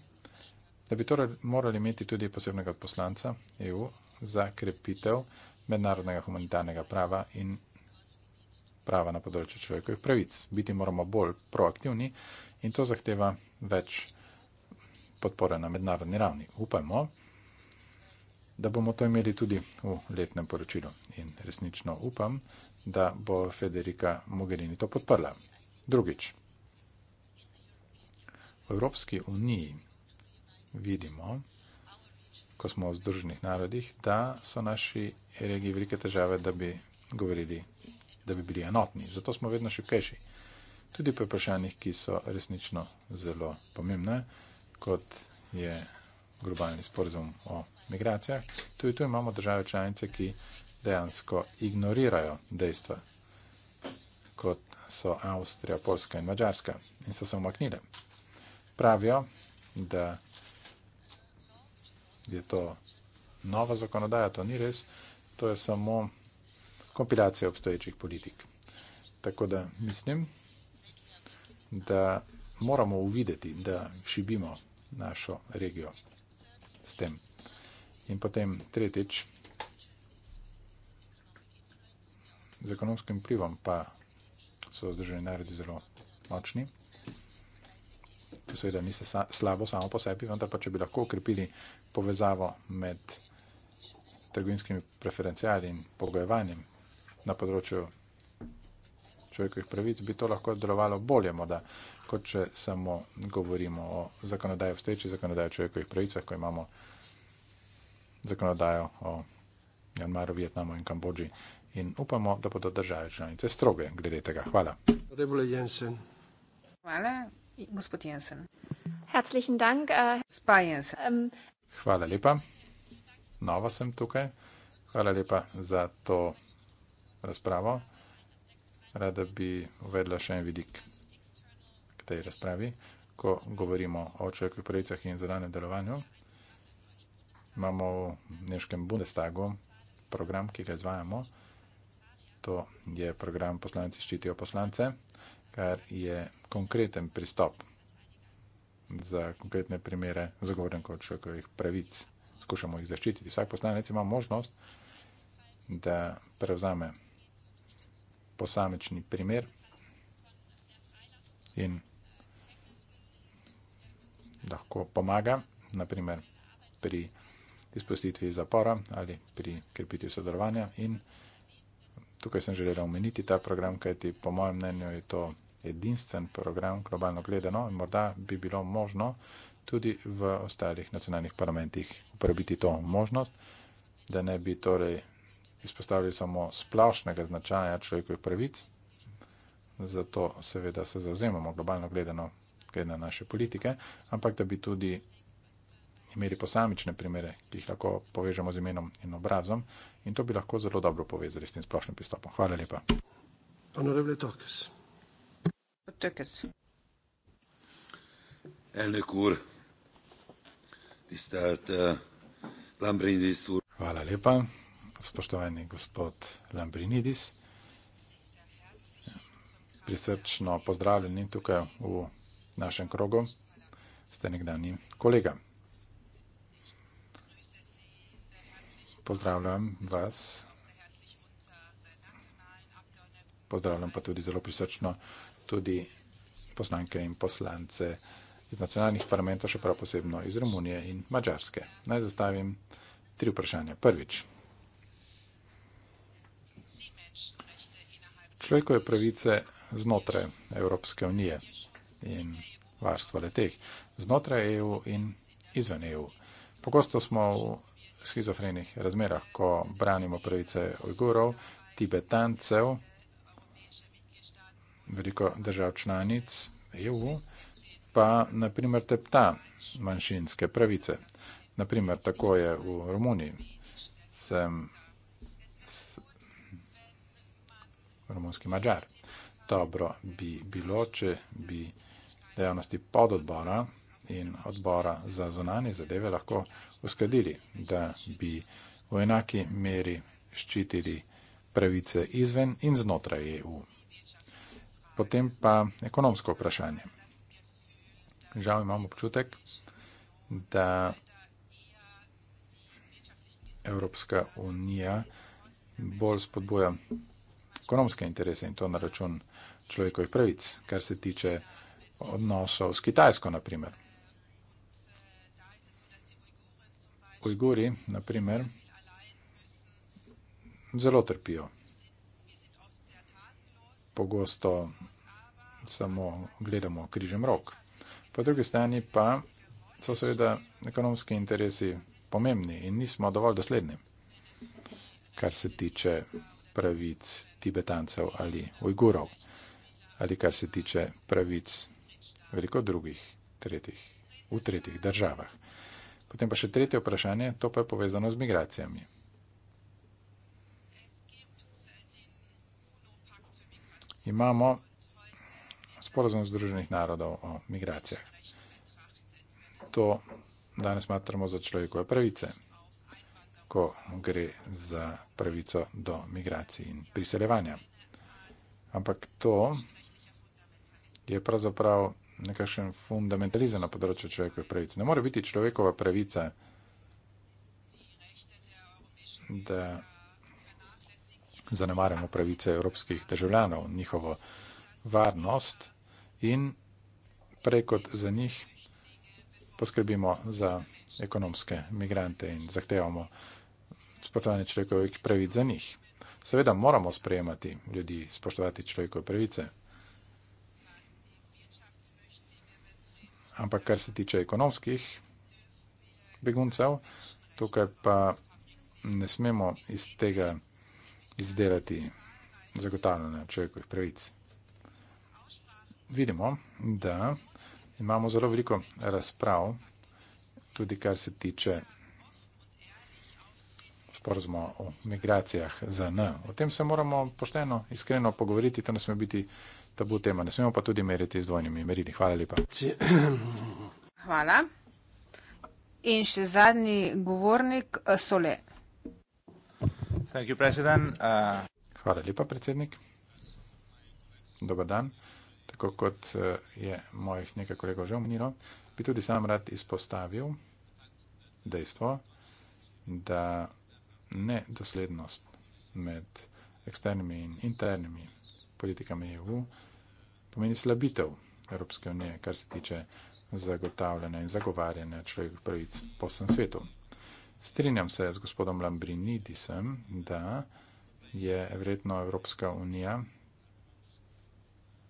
da bi torej morali imeti tudi posebnega poslanca EU za krepitev mednarodnega humanitarnega prava in prava na področju človekovih pravic. Biti moramo bolj proaktivni in to zahteva več podpore na mednarodni ravni. Upajmo, da bomo to imeli tudi v letnem poročilu in resnično upam, da bo Federica Mogherini to podprla. Drugič, v Evropski uniji vidimo, ko smo v Združenih narodih, da so naši regiji velike težave, da bi govorili da bi bili enotni. Zato smo vedno šokejši. Tudi pri vprašanjih, ki so resnično zelo pomembne, kot je globalni sporozum o migracijah, tudi tu imamo države članice, ki dejansko ignorirajo dejstva, kot so Avstrija, Polska in Mačarska in so se umaknile. Pravijo, da je to nova zakonodaja, to ni res, to je samo kompilacija obstoječih politik. Tako da mislim, da moramo uvideti, da šibimo našo regijo s tem. In potem tretjič, z ekonomskim vplivom pa so državni narodi zelo močni. To seveda ni se sa, slabo samo po sebi, vendar pa če bi lahko ukrepili povezavo med trgovinskimi preferencijali in pogojevanjem na področju človekovih pravic, bi to lahko delovalo bolje, morda, kot če samo govorimo o zakonodaji obstoječi, zakonodaji o človekovih pravicah, ko imamo zakonodajo o Janmaru, Vietnamu in Kambodži in upamo, da bodo države članice stroge glede tega. Hvala. Rebole Jensen. Hvala, gospod Jensen. Herzlichen Dank. Äh, Gospa uh... Jensen. Um... Hvala lepa. Nova sem tukaj. Hvala lepa za to razpravo. Rada bi uvedla še en vidik k tej razpravi. Ko govorimo o človekovih pravicah in zadanem delovanju, imamo v Nemškem Bundestagu program, ki ga izvajamo. To je program Poslanci ščitijo poslance, kar je konkreten pristop za konkretne primere zagovornikov človekovih pravic. Skušamo jih zaščititi. Vsak poslanec ima možnost, da prevzame posamični primer in lahko pomaga, naprimer pri izpustitvi zapora ali pri krepiti sodelovanja in tukaj sem želela omeniti ta program, kajti po mojem mnenju je to edinstven program globalno gledano in morda bi bilo možno tudi v ostalih nacionalnih parlamentih uporabiti to možnost, da ne bi torej izpostavili samo splošnega značaja človekovih pravic, zato seveda se zauzemamo globalno gledano, gledano naše politike, ampak da bi tudi imeli posamične primere, ki jih lahko povežemo z imenom in obrazom in to bi lahko zelo dobro povezali s tem splošnim pristopom. Hvala lepa. Honorable Tokes. Tokes. Ene kur. Tistat. Eh, Lambrindis. Hvala lepa spoštovani gospod Lambrinidis. Prisrčno pozdravljeni tukaj v našem krogu. Ste nekdani kolega. Pozdravljam vas. Pozdravljam pa tudi zelo prisrčno tudi poslanke in poslance iz nacionalnih parlamentov, še prav posebno iz Romunije in Mačarske. Naj zastavim tri vprašanja. Prvič. človekove pravice znotraj Evropske unije in varstva leteh, znotraj EU in izven EU. Pogosto smo v schizofrenih razmerah, ko branimo pravice Ujgurov, Tibetancev, veliko držav članic EU, pa naprimer tepta manjšinske pravice. Naprimer, tako je v Romuniji. Sem romunski mađar. Dobro bi bilo, če bi dejavnosti pod odbora in odbora za zonanje zadeve lahko uskladili, da bi v enaki meri ščitili pravice izven in znotraj EU. Potem pa ekonomsko vprašanje. Žal imam občutek, da Evropska unija bolj spodboja ekonomske interese in to na račun človekovih pravic, kar se tiče odnosov s Kitajsko, naprimer. Ujguri, naprimer, zelo trpijo. Pogosto samo gledamo križem rok. Po drugi strani pa so seveda ekonomski interesi pomembni in nismo dovolj dosledni, kar se tiče pravic tibetancev ali ujgurov ali kar se tiče pravic veliko drugih tretjih, v tretjih državah. Potem pa še tretje vprašanje, to pa je povezano z migracijami. Imamo sporozum Združenih narodov o migracijah. To danes smatramo za človekove pravice ko gre za pravico do migracij in priseljevanja. Ampak to je pravzaprav nekakšen fundamentalizem na področju človekovih pravic. Ne more biti človekova pravica, da zanemarjamo pravice evropskih državljanov, njihovo varnost in preko za njih poskrbimo za ekonomske migrante in zahtevamo spoštovanje človekovih pravic za njih. Seveda moramo sprejemati ljudi, spoštovati človekove pravice. Ampak kar se tiče ekonomskih beguncev, tukaj pa ne smemo iz tega izdelati zagotavljanja človekovih pravic. Vidimo, da imamo zelo veliko razprav, tudi kar se tiče sporozuma o migracijah za N. O tem se moramo pošteno, iskreno pogovoriti, to ne sme biti tabu tema. Ne smemo pa tudi meriti z dvojnimi merili. Hvala lepa. Hvala. In še zadnji govornik, eh, Sole. Uh, Hvala lepa, predsednik. Dobar dan. Tako kot eh, je mojih nekaj kolegov že omenilo, bi tudi sam rad izpostavil dejstvo, da nedoslednost med eksternimi in internimi politikami EU pomeni slabitev Evropske unije, kar se tiče zagotavljanja in zagovarjanja človekovih pravic po vsem svetu. Strinjam se z gospodom Lambrinidisem, da je verjetno Evropska unija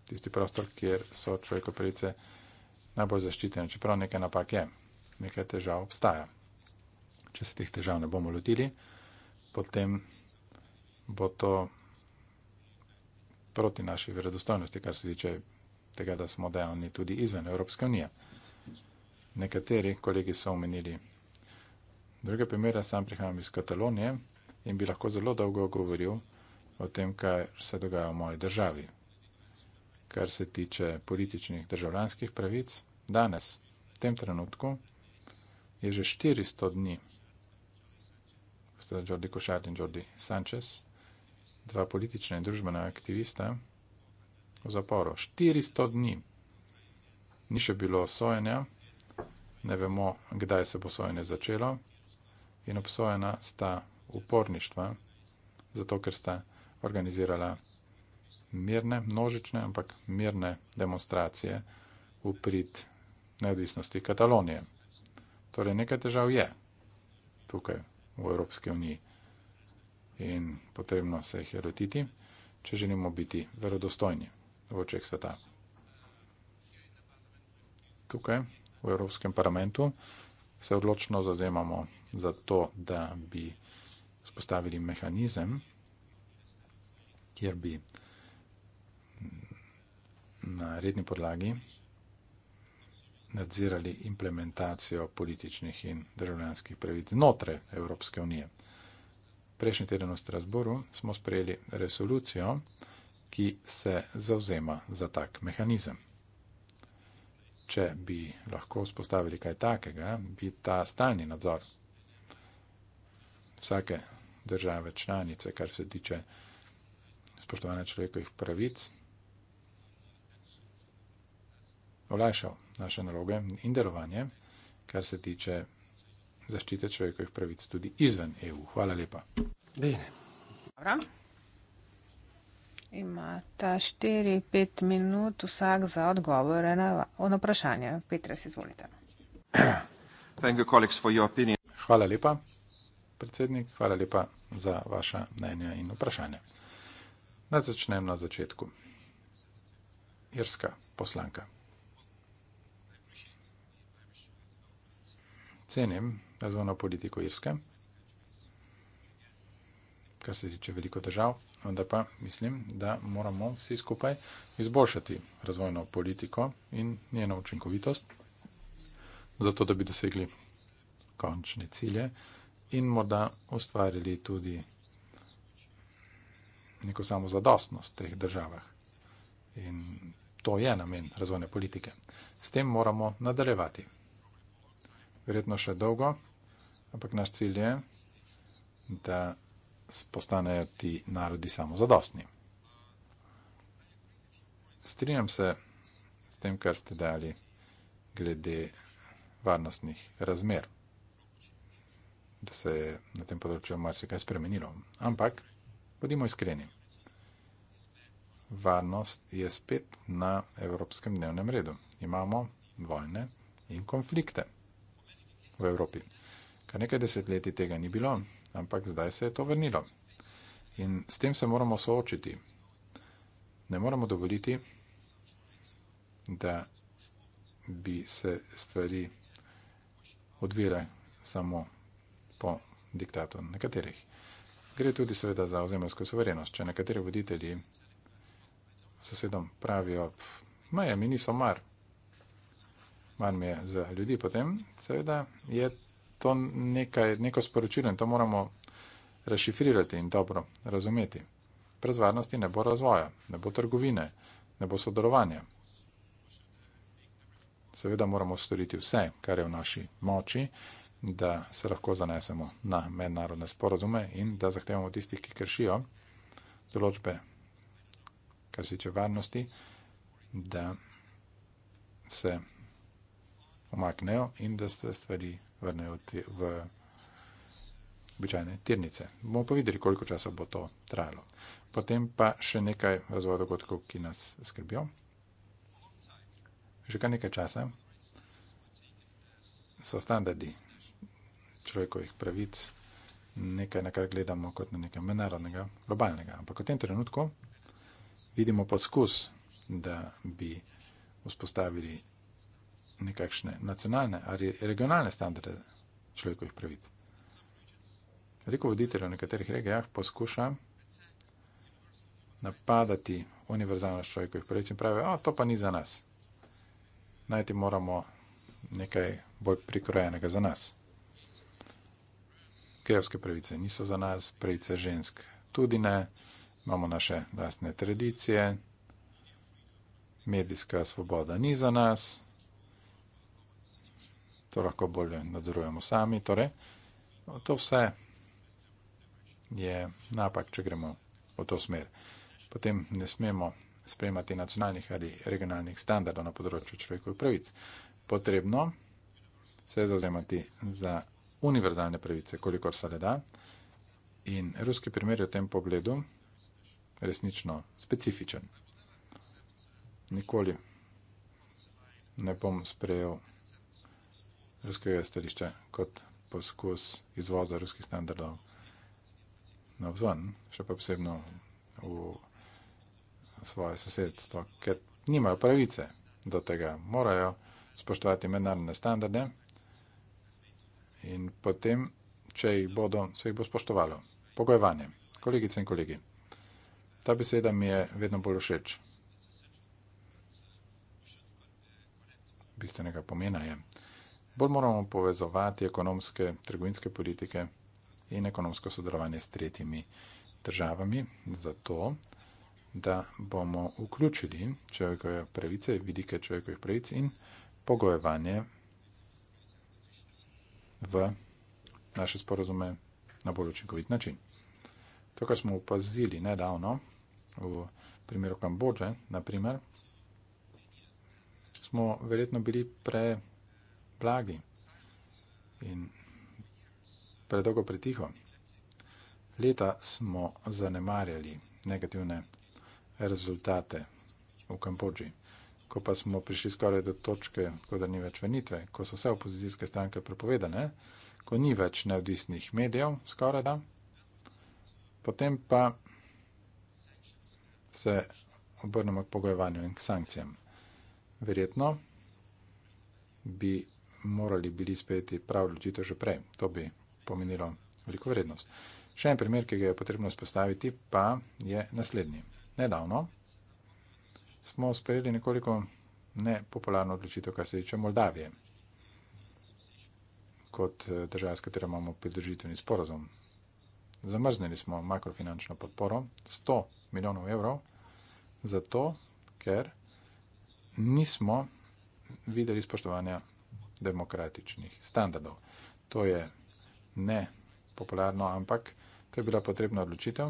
tisti prostor, kjer so človekove pravice najbolj zaščitene, čeprav nekaj napak je, nekaj težav obstaja. Če se teh težav ne bomo lotili, potem bo to proti naši verodostojnosti, kar se tiče tega, da smo dejavni tudi izven Evropske unije. Nekateri kolegi so omenili druge primere, sam prihajam iz Katalonije in bi lahko zelo dolgo govoril o tem, kar se dogaja v moji državi. Kar se tiče političnih državljanskih pravic, danes, v tem trenutku, je že 400 dni sta Jordi Košar in Jordi Sanchez, dva politična in družbena aktivista v zaporu. 400 dni ni še bilo sojenja, ne vemo, kdaj se bo sojenje začelo in obsojena sta uporništva, zato ker sta organizirala mirne, množične, ampak mirne demonstracije v prid neodvisnosti Katalonije. Torej nekaj težav je tukaj v Evropski uniji. In potrebno se jih je lotiti, če želimo biti verodostojni v očeh sveta. Tukaj, v Evropskem parlamentu, se odločno zazemamo za to, da bi spostavili mehanizem, kjer bi na redni podlagi nadzirali implementacijo političnih in državljanskih pravic znotraj Evropske unije. Prejšnji teden v Strasburu smo sprejeli resolucijo, ki se zauzema za tak mehanizem. Če bi lahko vzpostavili kaj takega, bi ta stalni nadzor vsake države članice, kar se tiče spoštovanja človekovih pravic, olajšal naše naloge in delovanje, kar se tiče zaščite človekovih pravic tudi izven EU. Hvala lepa. Bene. Dobro. Ima ta 4-5 minut vsak za odgovore na, na vprašanje. Petra, si izvolite. Hvala lepa, predsednik. Hvala lepa za vaša mnenja in vprašanja. Naj začnem na začetku. Irska poslanka. cenim razvojno politiko Irske, kar se tiče veliko držav, vendar pa mislim, da moramo vsi skupaj izboljšati razvojno politiko in njeno učinkovitost, zato da bi dosegli končne cilje in morda ustvarili tudi neko samozadostnost v teh državah. In to je namen razvojne politike. S tem moramo nadaljevati verjetno še dolgo, ampak naš cilj je, da postanejo ti narodi samozadostni. Strinjam se s tem, kar ste dali glede varnostnih razmer, da se je na tem področju marsikaj spremenilo. Ampak, bodimo iskreni, varnost je spet na evropskem dnevnem redu. Imamo vojne in konflikte v Evropi. Kar nekaj desetletij tega ni bilo, ampak zdaj se je to vrnilo. In s tem se moramo soočiti. Ne moramo dovoliti, da bi se stvari odvijale samo po diktatu nekaterih. Gre tudi seveda za ozemljsko soverenost. Če nekateri voditelji sosedom pravijo, meje mi niso mar, manj mi je za ljudi. Potem, seveda, je to nekaj, neko sporočilo in to moramo rašifrirati in dobro razumeti. Prez varnosti ne bo razvoja, ne bo trgovine, ne bo sodelovanja. Seveda moramo storiti vse, kar je v naši moči, da se lahko zanesemo na mednarodne sporozume in da zahtevamo tistih, ki kršijo določbe, kar se tiče varnosti, da se umaknejo in da se stvari vrnejo v običajne tirnice. Bomo pa videli, koliko časa bo to trajalo. Potem pa še nekaj razvoja dogodkov, ki nas skrbijo. Že kar nekaj časa so standardi človekovih pravic nekaj, na kar gledamo kot na nekaj mednarodnega, globalnega. Ampak v tem trenutku vidimo poskus, da bi vzpostavili nekakšne nacionalne ali regionalne standarde človekovih pravic. Veliko voditeljev v nekaterih regijah poskuša napadati univerzalnost človekovih pravic in pravijo, o, to pa ni za nas. Najti moramo nekaj bolj prikrojenega za nas. Kejovske pravice niso za nas, pravice žensk tudi ne, imamo naše lastne tradicije, medijska svoboda ni za nas, to lahko bolje nadzorujemo sami. Torej, no, to vse je napak, če gremo v to smer. Potem ne smemo spremati nacionalnih ali regionalnih standardov na področju človekovih pravic. Potrebno se je zauzemati za univerzalne pravice, kolikor se le da. In ruski primer je v tem pogledu resnično specifičen. Nikoli ne bom sprejel z ruskega stališča, kot poskus izvoza ruskih standardov na vzven, še pa posebno v svoje sosedstvo, ker nimajo pravice do tega. Morajo spoštovati mednarodne standarde in potem, če jih bodo, se jih bo spoštovalo. Pogojevanje. Kolegice in kolegi, ta beseda mi je vedno bolj všeč. Bistvenega pomena je. Bolj moramo povezovati ekonomske, trgovinske politike in ekonomsko sodelovanje s tretjimi državami, zato da bomo vključili človekove pravice, vidike človekovih pravic in pogojevanje v naše sporozume na bolj učinkovit način. To, kar smo upazili nedavno v primeru Kambodže, naprimer, smo verjetno bili pre plagi in predolgo pretiho. Leta smo zanemarjali negativne rezultate v Kambodži. Ko pa smo prišli skoraj do točke, ko da ni več venitve, ko so vse opozicijske stranke prepovedane, ko ni več neodvisnih medijev, skoraj da, potem pa se obrnemo k pogojevanju in k sankcijam. Verjetno bi morali bili sprejeti prav ločitev že prej. To bi pomenilo veliko vrednost. Še en primer, ki ga je potrebno spostaviti, pa je naslednji. Nedavno smo sprejeli nekoliko nepopularno odločitev, kar se tiče Moldavije, kot eh, država, s katero imamo pridružitveni sporozum. Zamrznili smo makrofinančno podporo 100 milijonov evrov, zato ker nismo videli spoštovanja demokratičnih standardov. To je ne popularno, ampak kaj je bila potrebna odločitev?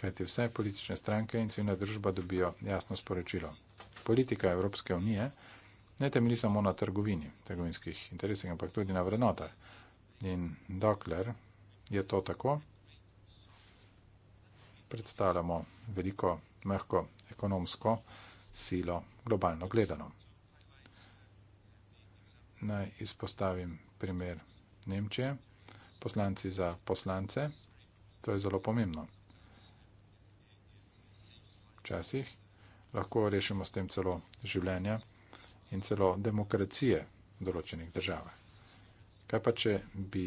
Kajti vse politične stranke in civilna družba dobijo jasno sporočilo. Politika Evropske unije ne temelji samo na trgovini, trgovinskih interesih, ampak tudi na vrednotah. In dokler je to tako, predstavljamo veliko mehko ekonomsko silo globalno gledano naj izpostavim primer Nemčije, poslanci za poslance, to je zelo pomembno. Včasih lahko rešimo s tem celo življenja in celo demokracije v določenih državah. Kaj pa, če bi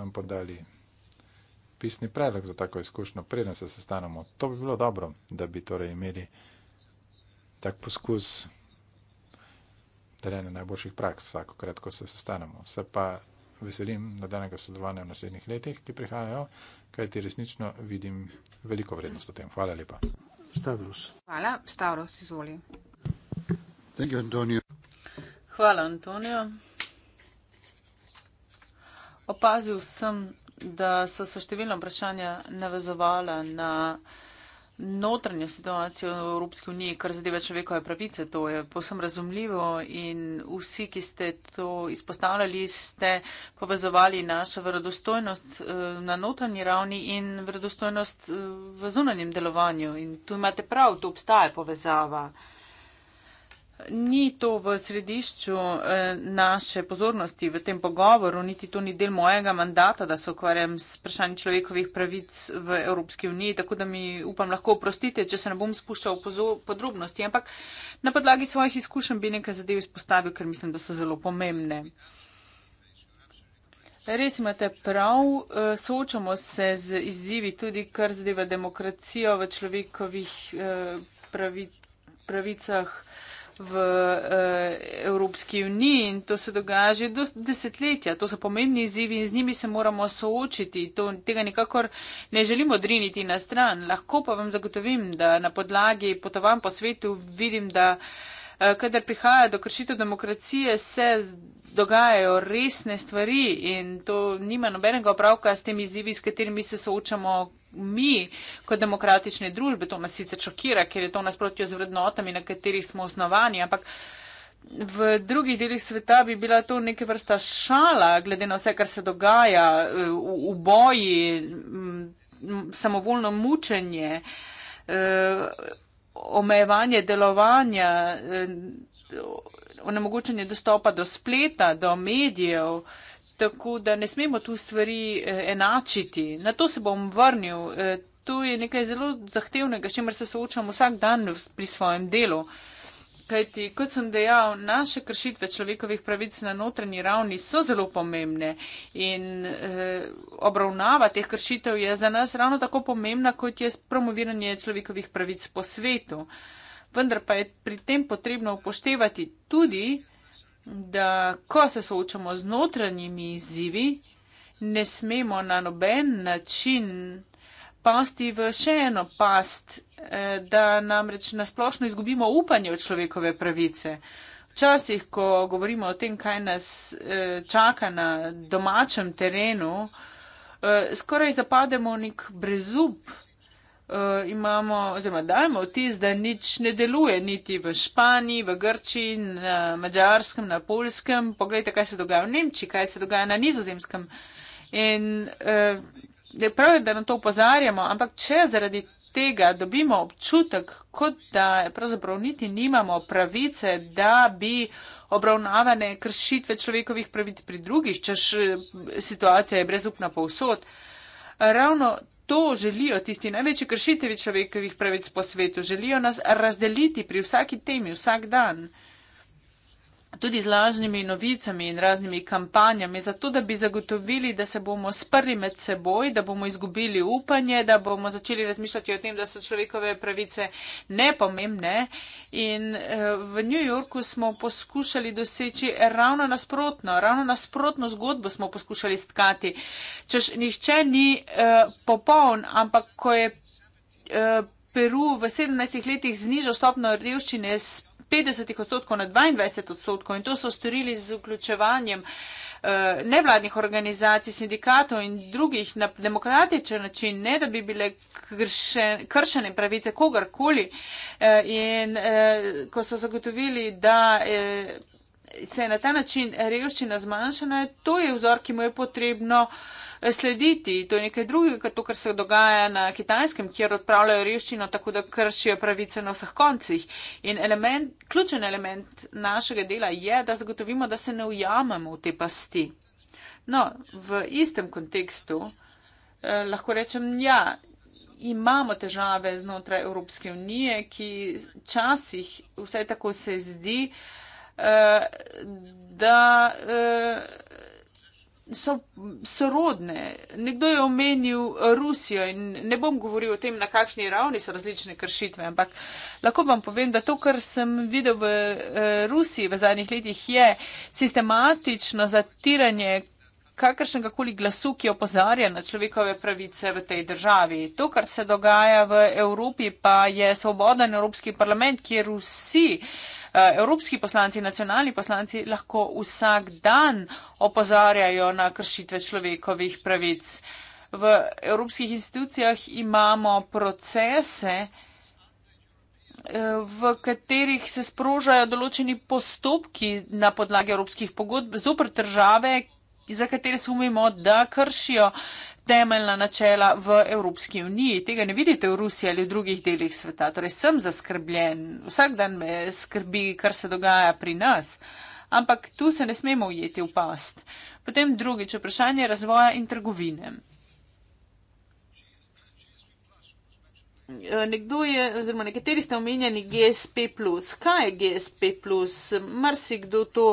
nam podali pisni predlog za tako izkušnjo, preden se sestanemo? To bi bilo dobro, da bi torej imeli tak poskus deljenje najboljših praks, vsako kratko se sestanemo. Se pa veselim nadaljnega sodelovanja v naslednjih letih, ki prihajajo, kajti resnično vidim veliko vrednost v tem. Hvala lepa. Stavros. Hvala, Stavros, izvoli. You, Antonio. Hvala, Antonijo. Opazil sem, da so se številna vprašanja navezovala na notranjo situacijo v Evropski uniji, kar zadeva človekove pravice. To je posem razumljivo in vsi, ki ste to izpostavljali, ste povezovali našo vredostojnost eh, na notranji ravni in vredostojnost eh, v zunanjem delovanju. In tu imate prav, tu obstaja povezava ni to v središču eh, naše pozornosti v tem pogovoru, niti to ni del mojega mandata, da se ukvarjam s vprašanjem človekovih pravic v Evropski uniji, tako da mi upam lahko oprostite, če se ne bom spuščal v podrobnosti, ampak na podlagi svojih izkušenj bi nekaj zadev izpostavil, ker mislim, da so zelo pomembne. Res imate prav, eh, soočamo se z izzivi tudi, kar zadeva demokracijo v človekovih eh, pravicah v uh, Evropski uniji in to se dogaja že do desetletja. To so pomembni izzivi in z njimi se moramo soočiti. To, tega nikakor ne želim odriniti na stran. Lahko pa vam zagotovim, da na podlagi potovanj po svetu vidim, da uh, kadar prihaja do kršitev demokracije, se dogajajo resne stvari in to nima nobenega opravka s tem izzivi, s katerimi se soočamo mi, kot demokratične družbe, to nas sicer šokira, ker je to nasprotjo z vrednotami, na katerih smo osnovani, ampak v drugih delih sveta bi bila to neke vrsta šala, glede na vse, kar se dogaja, eh, v, v boji, samovoljno mučenje, eh, omejevanje delovanja, eh, onemogočanje dostopa do spleta, do medijev. Tako da ne smemo tu stvari eh, enačiti. Na to se bom vrnil. Eh, to je nekaj zelo zahtevnega, s čimer se soočam vsak dan pri svojem delu. Kajti, kot sem dejal, naše kršitve človekovih pravic na notranji ravni so zelo pomembne in eh, obravnava teh kršitev je za nas ravno tako pomembna, kot je promoviranje človekovih pravic po svetu. Vendar pa je pri tem potrebno upoštevati tudi, da ko se soočamo z notranjimi izzivi, ne smemo na noben način pasti v še eno past, eh, da namreč nasplošno izgubimo upanje v človekove pravice. Včasih, ko govorimo o tem, kaj nas eh, čaka na domačem terenu, eh, skoraj zapademo nek brezup uh, imamo, oziroma dajemo vtis, da nič ne deluje, niti v Španiji, v Grčiji, na Mačarskem, na Polskem. Poglejte, kaj se dogaja v Nemčiji, kaj se dogaja na Nizozemskem. In uh, prav je, da na to upozarjamo, ampak če zaradi tega dobimo občutek, kot da pravzaprav niti nimamo pravice, da bi obravnavane kršitve človekovih pravic pri drugih, če eh, situacija je brezupna povsod, ravno To želijo tisti največji kršitelji človekovih pravic po svetu, želijo nas razdeliti pri vsaki temi, vsak dan tudi z lažnimi novicami in raznimi kampanjami, zato da bi zagotovili, da se bomo sprli med seboj, da bomo izgubili upanje, da bomo začeli razmišljati o tem, da so človekove pravice nepomembne. In eh, v New Yorku smo poskušali doseči ravno nasprotno, ravno nasprotno zgodbo smo poskušali stkati. Čež nihče ni uh, popoln, ampak ko je uh, Peru v 17 letih znižal stopno revščine s 50 odstotkov na 22 odstotkov in to so storili z vključevanjem eh, nevladnih organizacij, sindikatov in drugih na demokratičen način, ne da bi bile kršene pravice kogarkoli. Eh, in eh, ko so zagotovili, da se je na ta način revščina zmanjšana, to je vzor, ki mu je potrebno eh, slediti. To je nekaj drugega, kot to, kar se dogaja na kitajskem, kjer odpravljajo revščino tako, da kršijo pravice na vseh koncih. In element, ključen element našega dela je, da zagotovimo, da se ne ujamemo v te pasti. No, v istem kontekstu eh, lahko rečem, ja, imamo težave znotraj Evropske unije, ki časih, vsaj tako se zdi, eh, Eh, da eh, so sorodne. Nekdo je omenil Rusijo in ne bom govoril o tem, na kakšni ravni so različne kršitve, ampak lahko vam povem, da to, kar sem videl v eh, Rusiji v zadnjih letih, je sistematično zatiranje kakršnega koli glasu, ki opozarja na človekove pravice v tej državi. To, kar se dogaja v Evropi, pa je svoboden Evropski parlament, kjer vsi uh, Eh, evropski poslanci, nacionalni poslanci lahko vsak dan opozarjajo na kršitve človekovih pravic. V evropskih institucijah imamo procese, eh, v katerih se sprožajo določeni postopki na podlagi evropskih pogodb zoprt države, za katere sumimo, da kršijo temeljna načela v Evropski uniji. Tega ne vidite v Rusiji ali v drugih delih sveta. Torej, sem zaskrbljen, vsak dan me skrbi, kar se dogaja pri nas. Ampak tu se ne smemo ujeti v past. Potem drugič, vprašanje razvoja in trgovine. Eh, nekdo je, oziroma nekateri ste omenjeni GSP. Kaj je GSP? Marsikdo to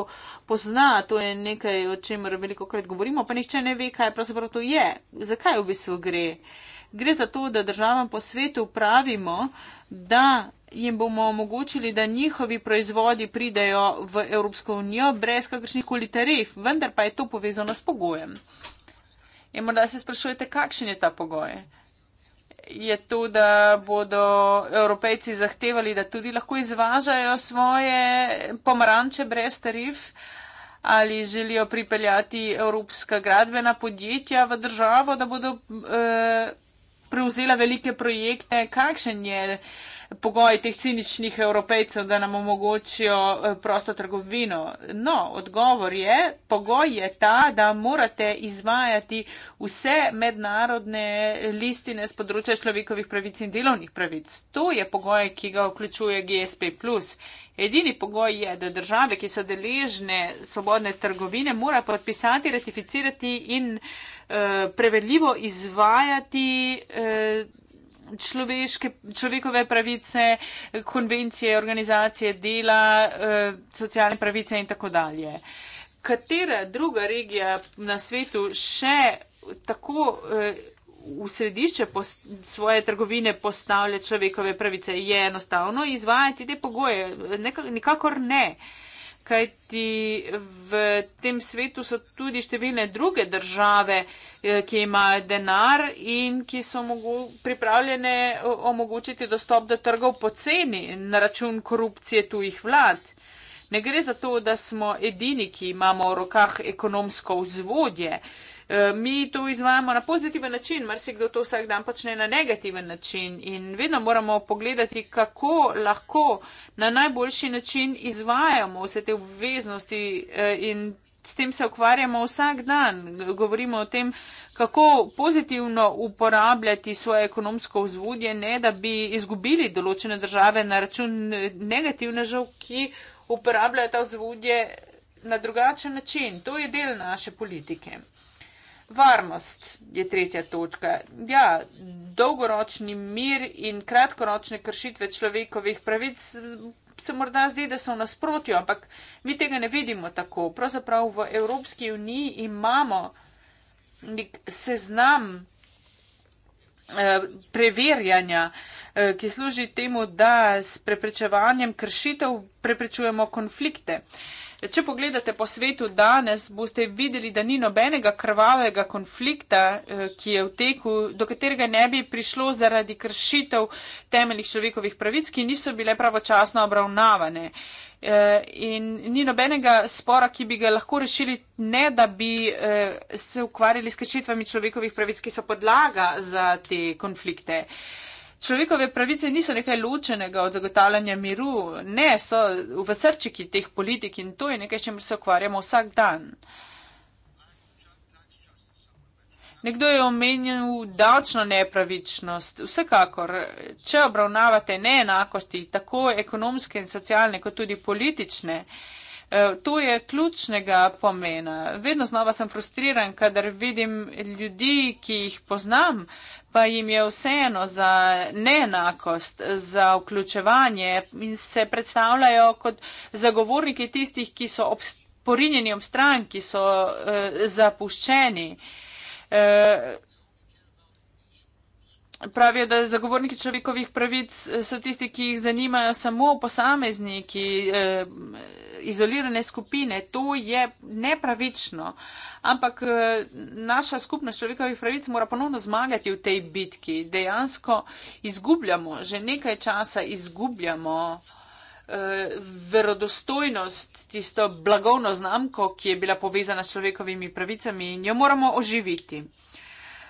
pozna, to je nekaj, o čemer veliko krat govorimo, pa nihče ne ve, kaj pravzaprav to je, zakaj v bistvu gre. Gre za to, da državam po svetu pravimo, da jim bomo omogočili, da njihovi proizvodi pridejo v Evropsko unijo brez kakršnih koli tarif, vendar pa je to povezano s pogojem. In morda se sprašujete, kakšen je ta pogoj? je to, da bodo evropejci zahtevali, da tudi lahko izvažajo svoje pomaranče brez tarif ali želijo pripeljati evropska gradbena podjetja v državo, da bodo eh, prevzela velike projekte. Kakšen je eh, pogoji teh ciničnih evropejcev, da nam omogočijo eh, prosto trgovino. No, odgovor je, pogoj je ta, da morate izvajati vse mednarodne listine z področja človekovih pravic in delovnih pravic. To je pogoj, ki ga vključuje GSP. Edini pogoj je, da države, ki so deležne svobodne trgovine, mora podpisati, ratificirati in uh, eh, preveljivo izvajati. Uh, človeške, človekove pravice, konvencije, organizacije dela, eh, socialne pravice in tako dalje. Katera druga regija na svetu še tako eh, v središče svoje trgovine postavlja človekove pravice? Je enostavno izvajati te pogoje? Nekakor ne. Eh, kajti v tem svetu so tudi številne druge države, eh, ki imajo denar in ki so pripravljene omogočiti dostop do trgov po ceni na račun korupcije tujih vlad. Ne gre za to, da smo edini, ki imamo v rokah ekonomsko vzvodje. Eh, mi to izvajamo na pozitiven način, marsikdo to vsak dan počne na negativen način in vedno moramo pogledati, kako lahko na najboljši način izvajamo vse te obveznosti eh, in s tem se ukvarjamo vsak dan. Govorimo o tem, kako pozitivno uporabljati svoje ekonomsko vzvodje, ne da bi izgubili določene države na račun eh, negativnežev, ki uporabljajo ta vzvodje. Na drugačen način. To je del naše politike. Varnost je tretja točka. Ja, dolgoročni mir in kratkoročne kršitve človekovih pravic se morda zdi, da so v nasprotju, ampak mi tega ne vidimo tako. Pravzaprav v Evropski uniji imamo nek seznam eh, preverjanja, eh, ki služi temu, da s preprečevanjem kršitev preprečujemo konflikte če pogledate po svetu danes, boste videli, da ni nobenega krvavega konflikta, eh, ki je v teku, do katerega ne bi prišlo zaradi kršitev temeljnih človekovih pravic, ki niso bile pravočasno obravnavane. Eh, in ni nobenega spora, ki bi ga lahko rešili, ne da bi eh, se ukvarjali s kršitvami človekovih pravic, ki so podlaga za te konflikte človekove pravice niso nekaj ločenega od zagotavljanja miru, ne, so v srčiki teh politik in to je nekaj, s čemer se ukvarjamo vsak dan. Nekdo je omenil davčno nepravičnost. Vsekakor, če obravnavate neenakosti, tako ekonomske in socialne, kot tudi politične, Eh, to je ključnega pomena. Vedno znova sem frustriran, kadar vidim ljudi, ki jih poznam, pa jim je vseeno za neenakost, za vključevanje in se predstavljajo kot zagovorniki tistih, ki so porinjeni ob stran, ki so uh, zapuščeni. Uh, pravijo, da zagovorniki človekovih pravic eh, so tisti, ki jih zanimajo samo posamezniki, eh, izolirane skupine. To je nepravično. Ampak eh, naša skupnost človekovih pravic mora ponovno zmagati v tej bitki. Dejansko izgubljamo, že nekaj časa izgubljamo verodostojnost, tisto blagovno znamko, ki je bila povezana s človekovimi pravicami in jo moramo oživiti.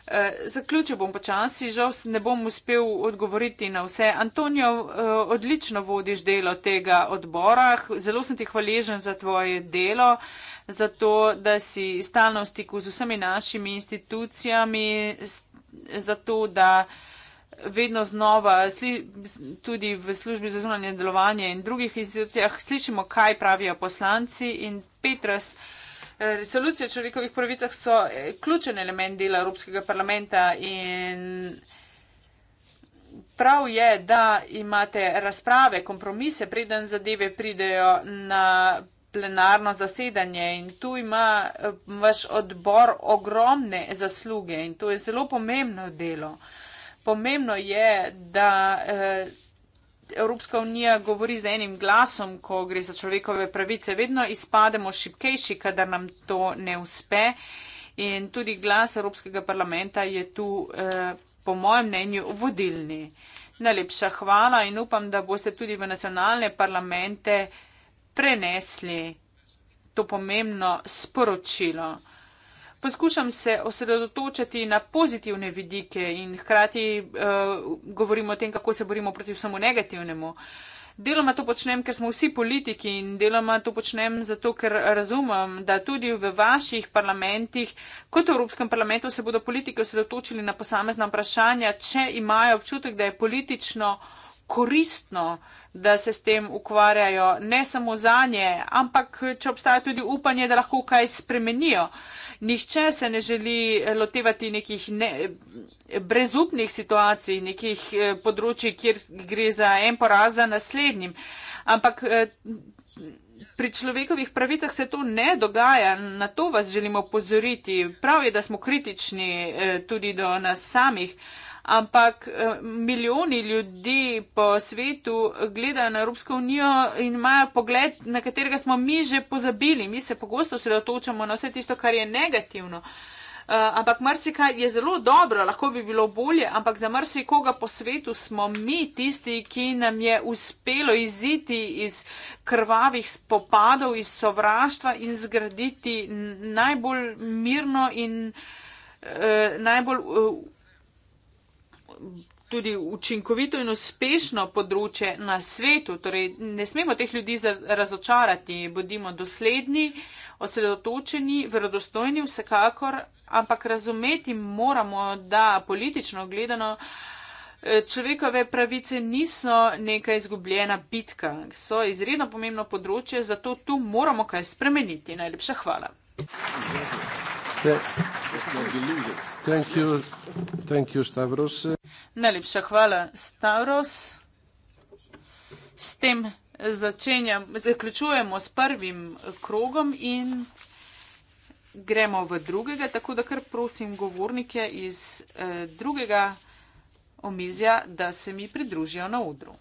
Eh, zaključil bom počasi, žal ne bom uspel odgovoriti na vse. Antonijo, eh, odlično vodiš delo tega odbora. Zelo sem ti hvaležen za tvoje delo, za to, da si stalno v stiku z vsemi našimi institucijami, za to, da vedno znova tudi v službi za zunanje delovanje in drugih institucijah slišimo, kaj pravijo poslanci in Petras. Resolucije o človekovih pravicah so eh, ključen element dela Evropskega parlamenta in prav je, da imate razprave, kompromise, preden zadeve pridejo na plenarno zasedanje in tu ima eh, vaš odbor ogromne zasluge in to je zelo pomembno delo. Pomembno je, da. Eh, Evropska unija govori z enim glasom, ko gre za človekove pravice, vedno izpademo šipkejši, kadar nam to ne uspe. In tudi glas Evropskega parlamenta je tu, eh, po mojem mnenju, vodilni. Najlepša hvala in upam, da boste tudi v nacionalne parlamente prenesli to pomembno sporočilo poskušam se osredotočiti na pozitivne vidike in hkrati uh, eh, govorimo o tem, kako se borimo proti vsemu negativnemu. Deloma to počnem, ker smo vsi politiki in deloma to počnem zato, ker razumem, da tudi v vaših parlamentih, kot v Evropskem parlamentu, se bodo politiki osredotočili na posamezna vprašanja, če imajo občutek, da je politično koristno, da se s tem ukvarjajo, ne samo za nje, ampak če obstaja tudi upanje, da lahko kaj spremenijo. Nihče se ne želi eh, lotevati nekih ne, eh, brezupnih situacij, nekih eh, področji, kjer gre za en poraz za naslednjim. Ampak pri človekovih pravicah se to ne dogaja, na to vas želimo pozoriti. Prav je, da smo kritični tudi do nas samih ampak eh, milijoni ljudi po svetu gledajo na Evropsko unijo in imajo pogled, na katerega smo mi že pozabili. Mi se pogosto sredotočamo na vse tisto, kar je negativno. Uh, ampak marsika je zelo dobro, lahko bi bilo bolje, ampak za marsikoga po svetu smo mi tisti, ki nam je uspelo iziti iz krvavih spopadov, iz sovraštva in zgraditi najbolj mirno in uh, najbolj. Uh, tudi učinkovito in uspešno področje na svetu. Torej, ne smemo teh ljudi razočarati, bodimo dosledni, osredotočeni, verodostojni vsekakor, ampak razumeti moramo, da politično gledano eh, človekove pravice niso neka izgubljena bitka, so izredno pomembno področje, zato tu moramo kaj spremeniti. Najlepša hvala. Thank ja. you. Thank you. Thank you, Stavros. Najlepša hvala, Stavros. S tem zaključujemo s prvim krogom in gremo v drugega, tako da kar prosim govornike iz eh, drugega omizja, da se mi pridružijo na odru.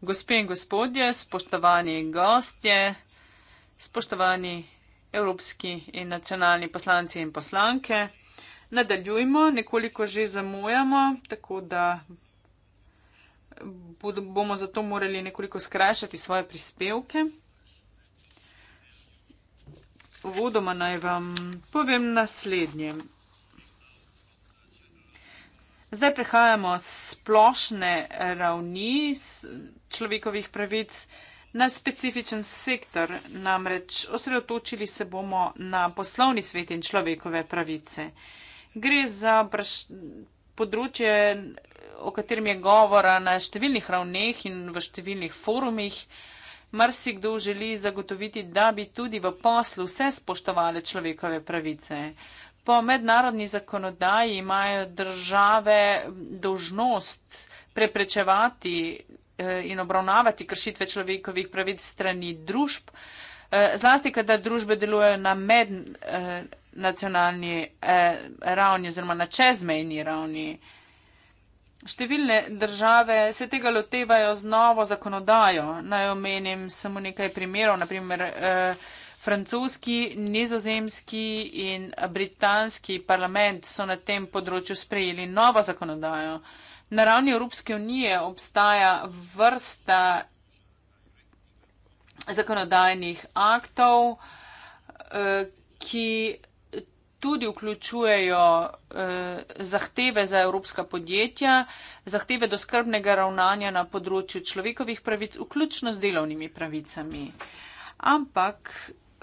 Gospe in gospodje, spoštovani gostje, spoštovani evropski in nacionalni poslanci in poslanke, nadaljujmo, nekoliko že zamujamo, tako da bomo zato morali nekoliko skrajšati svoje prispevke. Vodoma naj vam povem naslednje zdaj prehajamo splošne ravni človekovih pravic na specifičen sektor, namreč osredotočili se bomo na poslovni svet in človekove pravice. Gre za praš, področje, o katerem je govora na številnih ravneh in v številnih forumih. Marsikdo želi zagotoviti, da bi tudi v poslu vse spoštovali človekove pravice. Po mednarodni zakonodaji imajo države dožnost preprečevati eh, in obravnavati kršitve človekovih pravic strani družb, eh, zlasti, kada družbe delujejo na mednacionalni eh, ravni oziroma na čezmejni ravni. Številne države se tega lotevajo z novo zakonodajo. Naj omenim samo nekaj primerov, naprimer francoski, nizozemski in britanski parlament so na tem področju sprejeli novo zakonodajo. Na ravni Evropske unije obstaja vrsta zakonodajnih aktov, eh, ki tudi vključujejo eh, zahteve za evropska podjetja, zahteve do skrbnega ravnanja na področju človekovih pravic, vključno z delovnimi pravicami. Ampak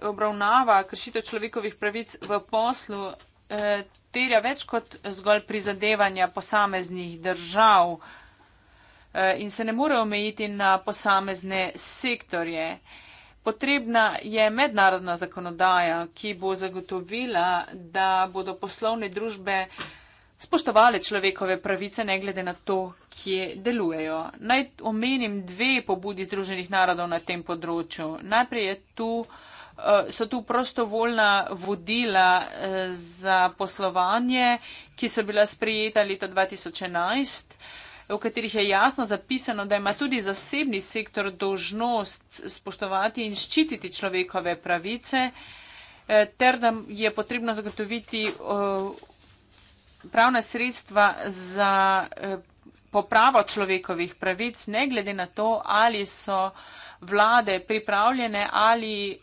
obravnava kršitev človekovih pravic v poslu eh, terja več kot zgolj prizadevanja posameznih držav eh, in se ne more omejiti na posamezne sektorje. Potrebna je mednarodna zakonodaja, ki bo zagotovila, da bodo poslovne družbe spoštovale človekove pravice, ne glede na to, kje delujejo. Naj omenim dve pobudi Združenih narodov na tem področju. Najprej je tu uh, Eh, so tu prostovoljna vodila eh, za poslovanje, ki so bila sprijeta leta 2011, v katerih je jasno zapisano, da ima tudi zasebni sektor dožnost spoštovati in ščititi človekove pravice, eh, ter da je potrebno zagotoviti pravna sredstva za popravo človekovih pravic, ne glede na to, ali so vlade pripravljene ali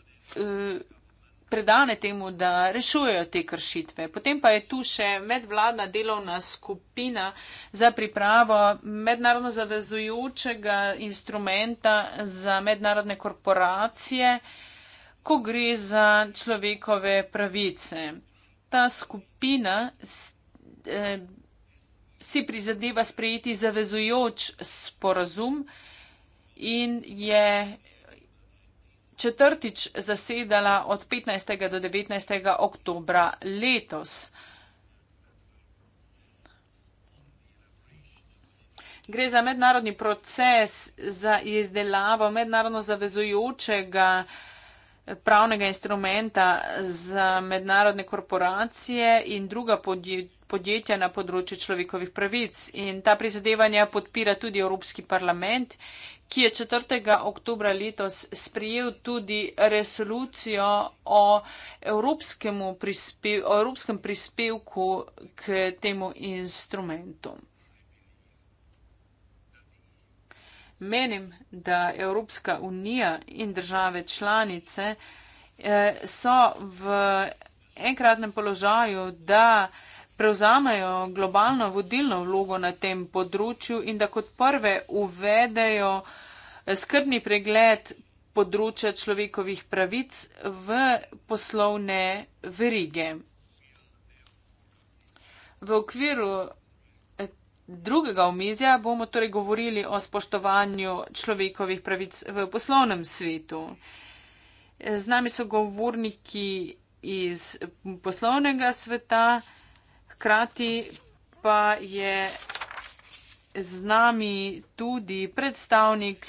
predane temu, da rešujejo te kršitve. Potem pa je tu še medvladna delovna skupina za pripravo mednarodno zavezujočega instrumenta za mednarodne korporacije, ko gre za človekove pravice. Ta skupina eh, si prizadeva sprejeti zavezujoč sporazum in je četrtič zasedala od 15. do 19. oktobra letos. Gre za mednarodni proces za izdelavo mednarodno zavezujočega pravnega instrumenta za mednarodne korporacije in druga podjetja na področju človekovih pravic. In ta prizadevanja podpira tudi Evropski parlament ki je 4. oktober letos sprijel tudi resolucijo o, prispe, o evropskem prispevku k temu instrumentu. Menim, da Evropska unija in države članice eh, so v enkratnem položaju, da prevzamejo globalno vodilno vlogo na tem področju in da kot prve uvedejo eh, skrbni pregled področja človekovih pravic v poslovne verige. V okviru eh, drugega omizja bomo torej govorili o spoštovanju človekovih pravic v poslovnem svetu. Eh, z nami so govorniki iz poslovnega sveta, Hkrati pa je z nami tudi predstavnik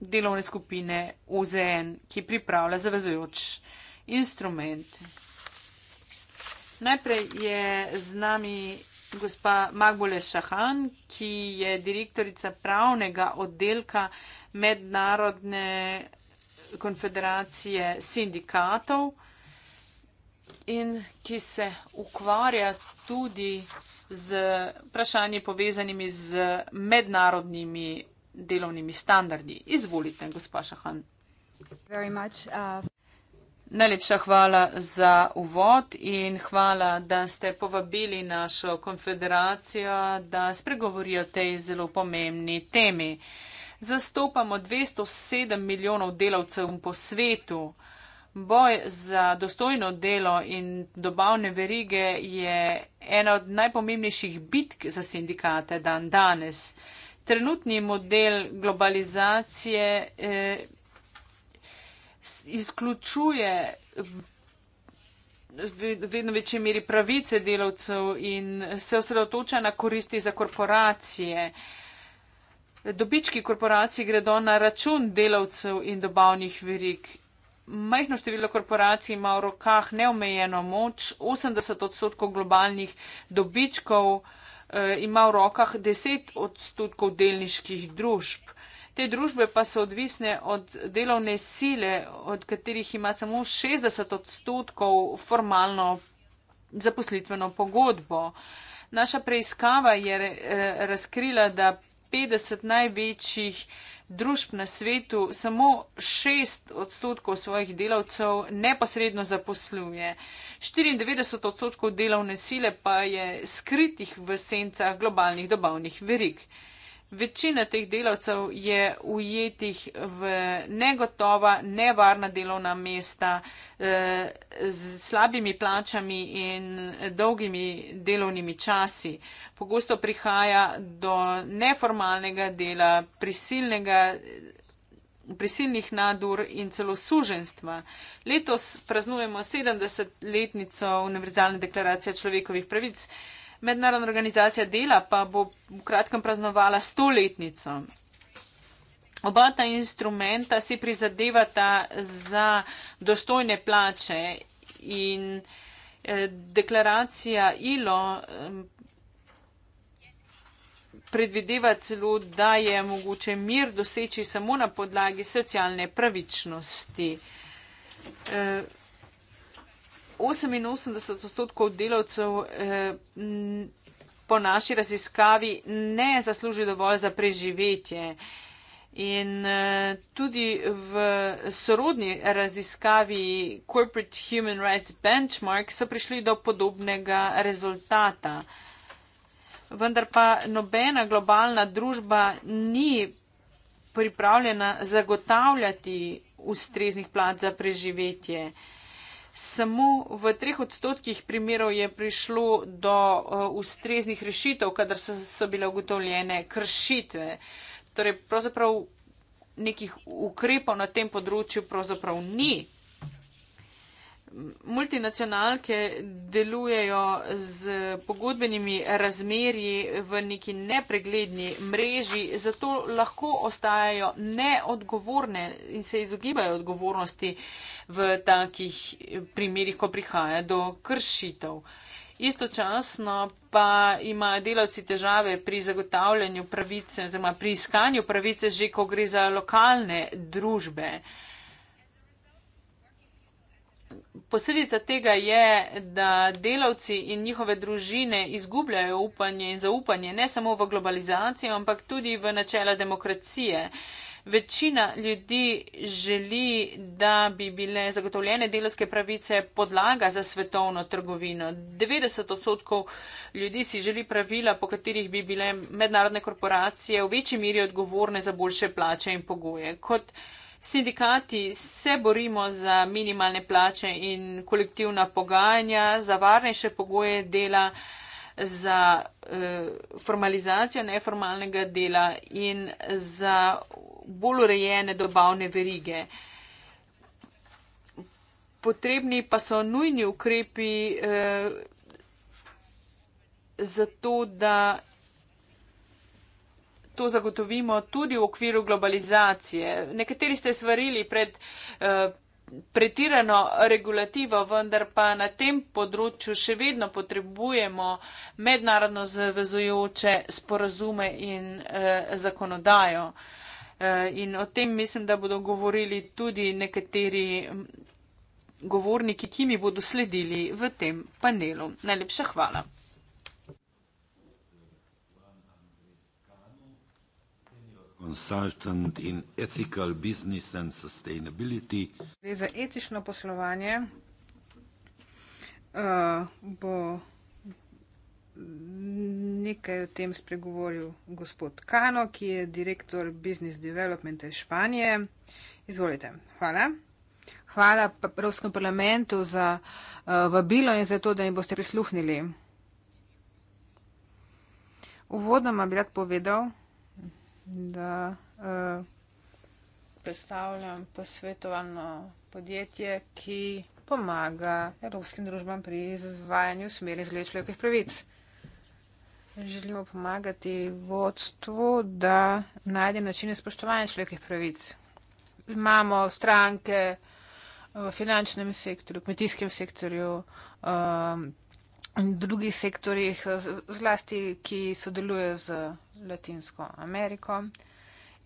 delovne skupine UZN, ki pripravlja zavezujoč instrument. Najprej je z nami gospa Magbole Šahan, ki je direktorica pravnega oddelka Mednarodne konfederacije sindikatov in ki se ukvarja tudi z vprašanji povezanimi z mednarodnimi delovnimi standardi. Izvolite, gospa Šahan. Uh, Najlepša hvala za uvod in hvala, da ste povabili našo konfederacijo, da spregovori o tej zelo pomembni temi. Zastopamo 207 milijonov delavcev po svetu. Boj za dostojno delo in dobavne verige je ena od najpomembnejših bitk za sindikate dan danes. Trenutni model globalizacije eh, izključuje v vedno večji meri pravice delavcev in se osredotoča na koristi za korporacije. Dobički korporacij gredo na račun delavcev in dobavnih verig majhno število korporacij ima v rokah neomejeno moč, 80 odstotkov globalnih dobičkov eh, ima v rokah 10 odstotkov delniških družb. Te družbe pa so odvisne od delovne sile, od katerih ima samo 60 odstotkov formalno zaposlitveno pogodbo. Naša preiskava je eh, razkrila, da 50 največjih eh, družb na svetu samo 6 odstotkov svojih delavcev neposredno zaposluje. 94 odstotkov delovne sile pa je skritih v sencah globalnih dobavnih verik. Večina teh delavcev je ujetih v negotova, nevarna delovna mesta eh, z slabimi plačami in dolgimi delovnimi časi. Pogosto prihaja do neformalnega dela, prisilnega prisilnih nadur in celo suženstva. Letos praznujemo 70-letnico Univerzalne deklaracije človekovih pravic, Mednarodna organizacija dela pa bo v kratkem praznovala stoletnico. Oba ta instrumenta si prizadevata za dostojne plače in eh, deklaracija ILO predvideva celo, da je mogoče mir doseči samo na podlagi socialne pravičnosti. Eh, 88 odstotkov delavcev eh, po naši raziskavi ne zasluži dovolj za preživetje. In eh, tudi v sorodni raziskavi Corporate Human Rights Benchmark so prišli do podobnega rezultata. Vendar pa nobena globalna družba ni pripravljena zagotavljati ustreznih plat za preživetje samo v treh odstotkih primerov je prišlo do eh, ustreznih rešitev, kadar so, so bile ugotovljene kršitve. Torej, pravzaprav nekih ukrepov na tem področju pravzaprav ni multinacionalke delujejo z pogodbenimi razmerji v neki nepregledni mreži, zato lahko ostajajo neodgovorne in se izogibajo odgovornosti v takih primerjih, ko prihaja do kršitev. Istočasno pa imajo delavci težave pri zagotavljanju pravice oziroma pri iskanju pravice, že ko gre za lokalne družbe posledica tega je, da delavci in njihove družine izgubljajo upanje in zaupanje ne samo v globalizacijo, ampak tudi v načela demokracije. Večina ljudi želi, da bi bile zagotovljene delovske pravice podlaga za svetovno trgovino. 90 odstotkov ljudi si želi pravila, po katerih bi bile mednarodne korporacije v večji miri odgovorne za boljše plače in pogoje. Kot Sindikati se borimo za minimalne plače in kolektivna pogajanja, za varnejše pogoje dela, za eh, formalizacijo neformalnega dela in za bolj urejene dobavne verige. Potrebni pa so nujni ukrepi eh, za to, da to zagotovimo tudi v okviru globalizacije. Nekateri ste svarili pred. Uh, pretirano regulativo, vendar pa na tem področju še vedno potrebujemo mednarodno zavezujoče sporazume in eh, zakonodajo. Eh, in o tem mislim, da bodo govorili tudi nekateri mm, govorniki, ki mi bodo sledili v tem panelu. Najlepša hvala. consultant in ethical business and sustainability. Gre za etično poslovanje, uh, bo nekaj o tem spregovoril gospod Kano, ki je direktor Business Development iz Španije. Izvolite, hvala. Hvala Evropskemu parlamentu za uh, vabilo in za to, da jim boste prisluhnili. Uvodoma bi rad povedal, da uh, predstavljam posvetovalno podjetje, ki pomaga evropskim družbam pri izvajanju smeri zgled človekovih pravic. Želimo pomagati vodstvu, da najde načine spoštovanja človekovih pravic. Imamo stranke v finančnem sektorju, kmetijskem sektorju. Uh, in drugih sektorjih, eh, zlasti ki sodelujejo z Latinsko Ameriko.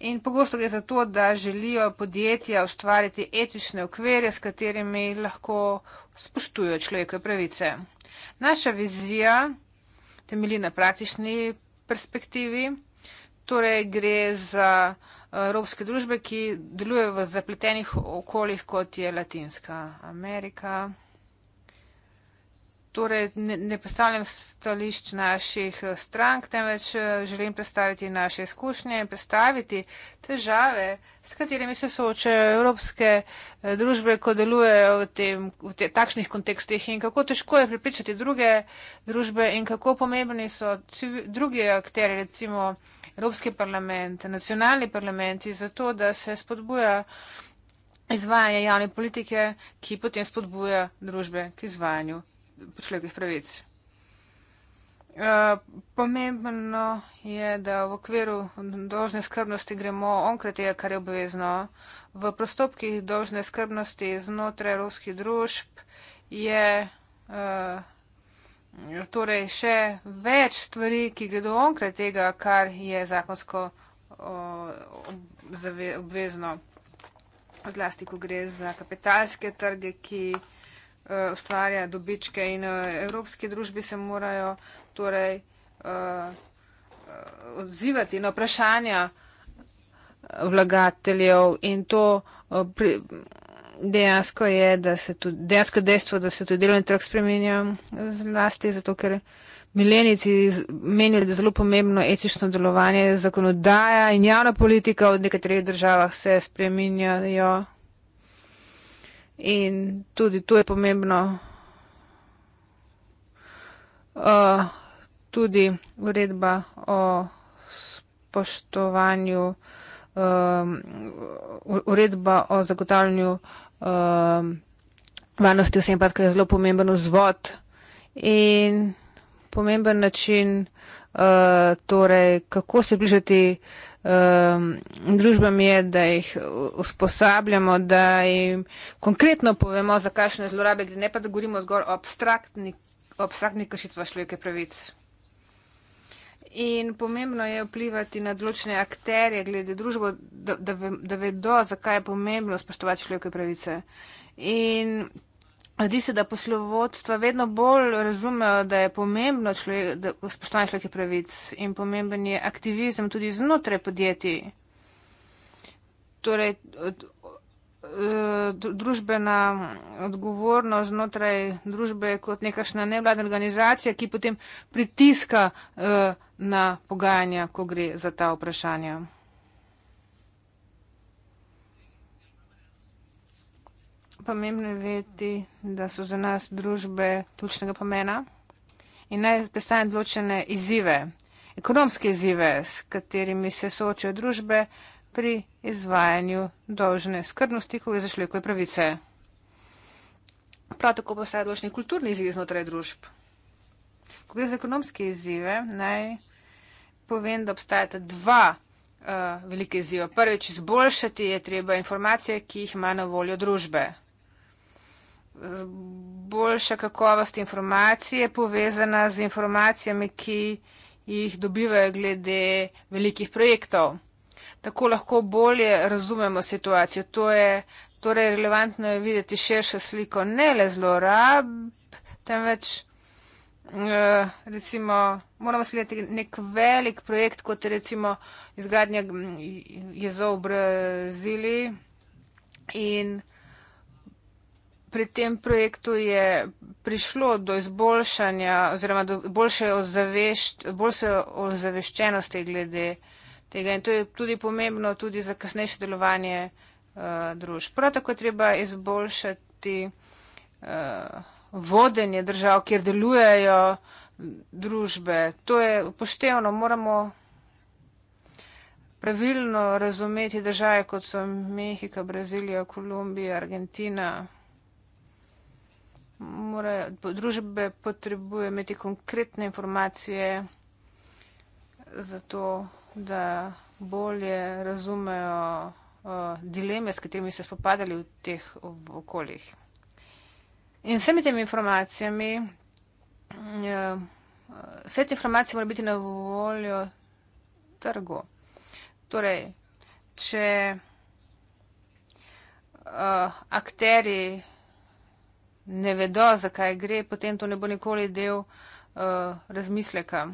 In pogosto gre za to, da želijo podjetja ustvariti etične okvirje, s katerimi lahko spoštujo človekove pravice. Naša vizija temelji na praktični perspektivi, torej gre za eh, evropske družbe, ki delujejo v zapletenih okoljih, kot je Latinska Amerika torej ne, ne predstavljam stališč naših eh, strank, temveč eh, želim predstaviti naše izkušnje in predstaviti težave, s katerimi se soočajo evropske eh, družbe, ko delujejo v, tem, v te, takšnih kontekstih in kako težko je pripričati druge družbe in kako pomembni so civi, drugi akteri, recimo Evropski parlament, nacionalni parlamenti, zato da se spodbuja izvajanje javne politike, ki potem spodbuja družbe k izvajanju človekovih pravic. Eh, pomembno je, da v okviru dožne skrbnosti gremo onkraj tega, kar je obvezno. V postopkih dožne skrbnosti znotraj evropskih družb je eh, torej še več stvari, ki gredo onkraj tega, kar je zakonsko eh, obvezno. Zlasti, ko gre za kapitalske trge, ki. Eh, ustvarja dobičke in eh, evropske družbe se morajo torej eh, odzivati na vprašanja vlagateljev in to dejansko je, da se tudi, dejansko dejstvo, da se tudi delovni trg spremenja zlasti, zato ker milenici menijo, da je zelo pomembno etično delovanje, zakonodaja in javna politika v nekaterih državah se spreminjajo in tudi tu je pomembno uh, tudi uredba o spoštovanju, um, uredba o zagotavljanju um, varnosti vsem pa, kar je zelo pomemben vzvod in pomemben način, uh, torej kako se bližati. Uh, družbam je, da jih usposabljamo, da jim konkretno povemo, za kakšne zlorabe gre, ne pa da govorimo zgolj o abstraktnih abstraktni kršitvah človeške pravic. In pomembno je vplivati na določene akterje, glede družbo, da, da, da vedo, zakaj je pomembno spoštovati človeške pravice. In Zdi se, da poslovodstva vedno bolj razumejo, da je pomembno človek, da spoštovanje človekih pravic in pomemben je aktivizem tudi znotraj podjetij. Torej, eh, družbena odgovornost znotraj družbe je kot nekašna nevladna organizacija, ki potem pritiska eh, na pogajanja, ko gre za ta vprašanja. pomembno je vedeti, da so za nas družbe ključnega pomena in naj predstavljam določene izzive, ekonomske izzive, s katerimi se soočajo družbe pri izvajanju dolžne skrbnosti, ko je zašlo kaj pravice. Prav tako postaje določeni kulturni izziv znotraj družb. Ko gre za ekonomske izzive, naj povem, da obstajata dva uh, eh, velike izziva. Prvič, izboljšati je treba informacije, ki jih ima na voljo družbe boljša kakovost informacije povezana z informacijami, ki jih dobivajo glede velikih projektov. Tako lahko bolje razumemo situacijo. To je, torej, relevantno je videti širšo sliko, ne le zlorab, temveč, eh, recimo, moramo slediti nek velik projekt, kot je recimo izgradnja jezov v Braziliji in pri tem projektu je prišlo do izboljšanja oziroma do boljše ozavešč, ozaveščenosti glede tega in to je tudi pomembno tudi za kasnejše delovanje uh, družb. Prav tako je treba izboljšati uh, vodenje držav, kjer delujejo mm, družbe. To je upoštevno, moramo pravilno razumeti države, kot so Mehika, Brazilija, Kolumbija, Argentina mora, družbe potrebuje imeti konkretne informacije za to, da bolje razumejo uh, dileme, s katerimi se spopadali v teh v okoljih. In vsemi temi informacijami, uh, vse te informacije mora biti na voljo trgu. Torej, če uh, eh, akteri ne vedo, zakaj gre, potem to ne bo nikoli del uh, razmisleka.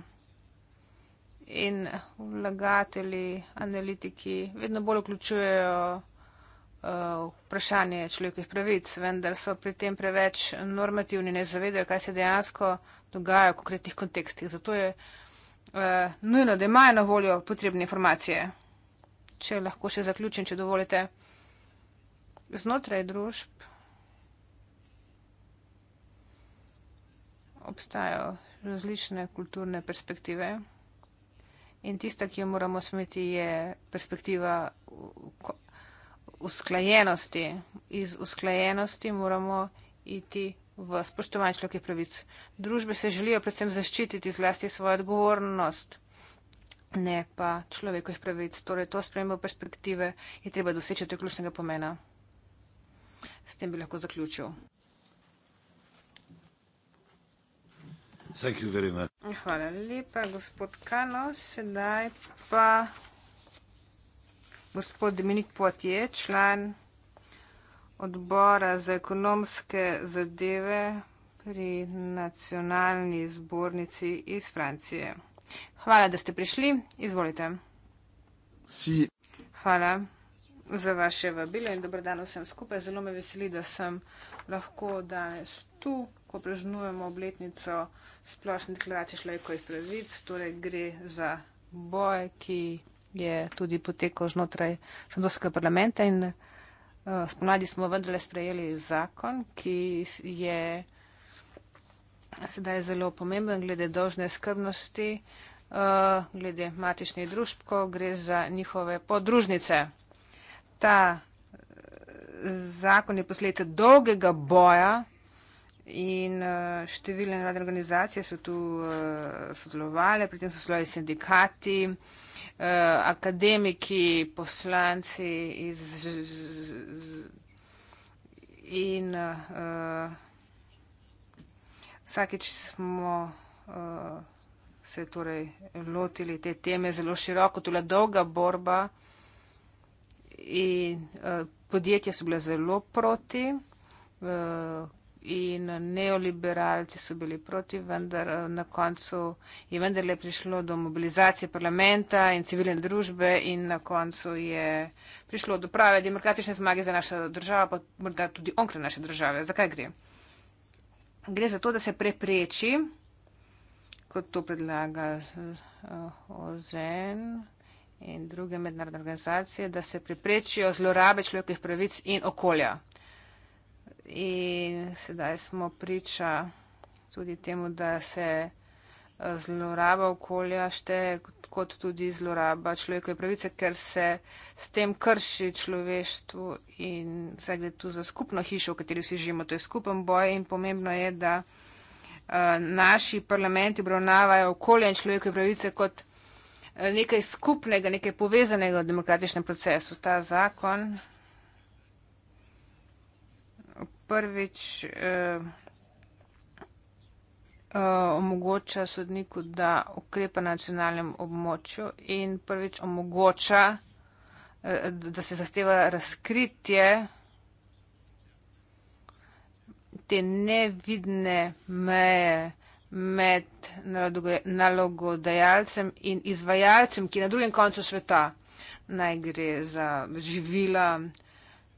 In vlagatelji, analitiki vedno bolj vključujejo uh, vprašanje človekih pravic, vendar so pri tem preveč normativni, ne zavedajo, kaj se dejansko dogaja v konkretnih kontekstih. Zato je uh, nujno, da imajo na voljo potrebne informacije. Če lahko še zaključim, če dovolite. Znotraj družb obstajajo različne kulturne perspektive. In tista, ki jo moramo smeti, je perspektiva usklajenosti. Iz usklajenosti moramo iti v spoštovanje človekovih pravic. Družbe se želijo predvsem zaščititi zlasti svojo odgovornost, ne pa človekovih pravic. Torej, to spremembo perspektive je treba doseči, to je ključnega pomena. S tem bi lahko zaključil. Hvala lepa, gospod Kano. Sedaj pa gospod Dominik Poitier, član odbora za ekonomske zadeve pri nacionalni zbornici iz Francije. Hvala, da ste prišli. Izvolite. Si. Hvala za vaše vabilo in dobrodan vsem skupaj. Zelo me veseli, da sem lahko danes tu ko praznujemo obletnico splošne deklaracije človekovih pravic, torej gre za boj, ki je tudi potekal znotraj Šandovskega parlamenta in uh, spomladi smo vendarle sprejeli zakon, ki je sedaj zelo pomemben glede dožne skrbnosti, uh, glede matičnih družb, ko gre za njihove podružnice. Ta eh, zakon je posledica dolgega boja In uh, številne nevladne organizacije so tu uh, eh, sodelovali, pri tem so sodelovali sindikati, uh, akademiki, poslanci iz, z, z, in uh, vsakeč smo uh, se torej lotili te teme zelo široko, tu je dolga borba in uh, podjetja so bila zelo proti. Uh, in neoliberalci so bili proti, vendar eh, na koncu je vendarle prišlo do mobilizacije parlamenta in civilne družbe in na koncu je prišlo do prave demokratične zmage za našo državo, pa morda tudi onkraj naše države. Zakaj gre? Gre za to, da se prepreči, kot to predlaga eh, OZN in druge mednarodne organizacije, da se preprečijo zlorabe človekovih pravic in okolja in sedaj smo priča tudi temu, da se eh, zloraba okolja šteje kot tudi zloraba človekove pravice, ker se s tem krši človeštvu in vse gre tu za skupno hišo, v kateri vsi živimo. To je skupen boj in pomembno je, da eh, naši parlamenti obravnavajo okolje in človekove pravice kot eh, nekaj skupnega, nekaj povezanega v demokratičnem procesu. Ta zakon prvič eh, eh, omogoča sodniku, da ukrepa na nacionalnem območju in prvič omogoča, eh, da se zahteva razkritje te nevidne meje med nalogodajalcem in izvajalcem, ki je na drugem koncu sveta. Naj gre za živila,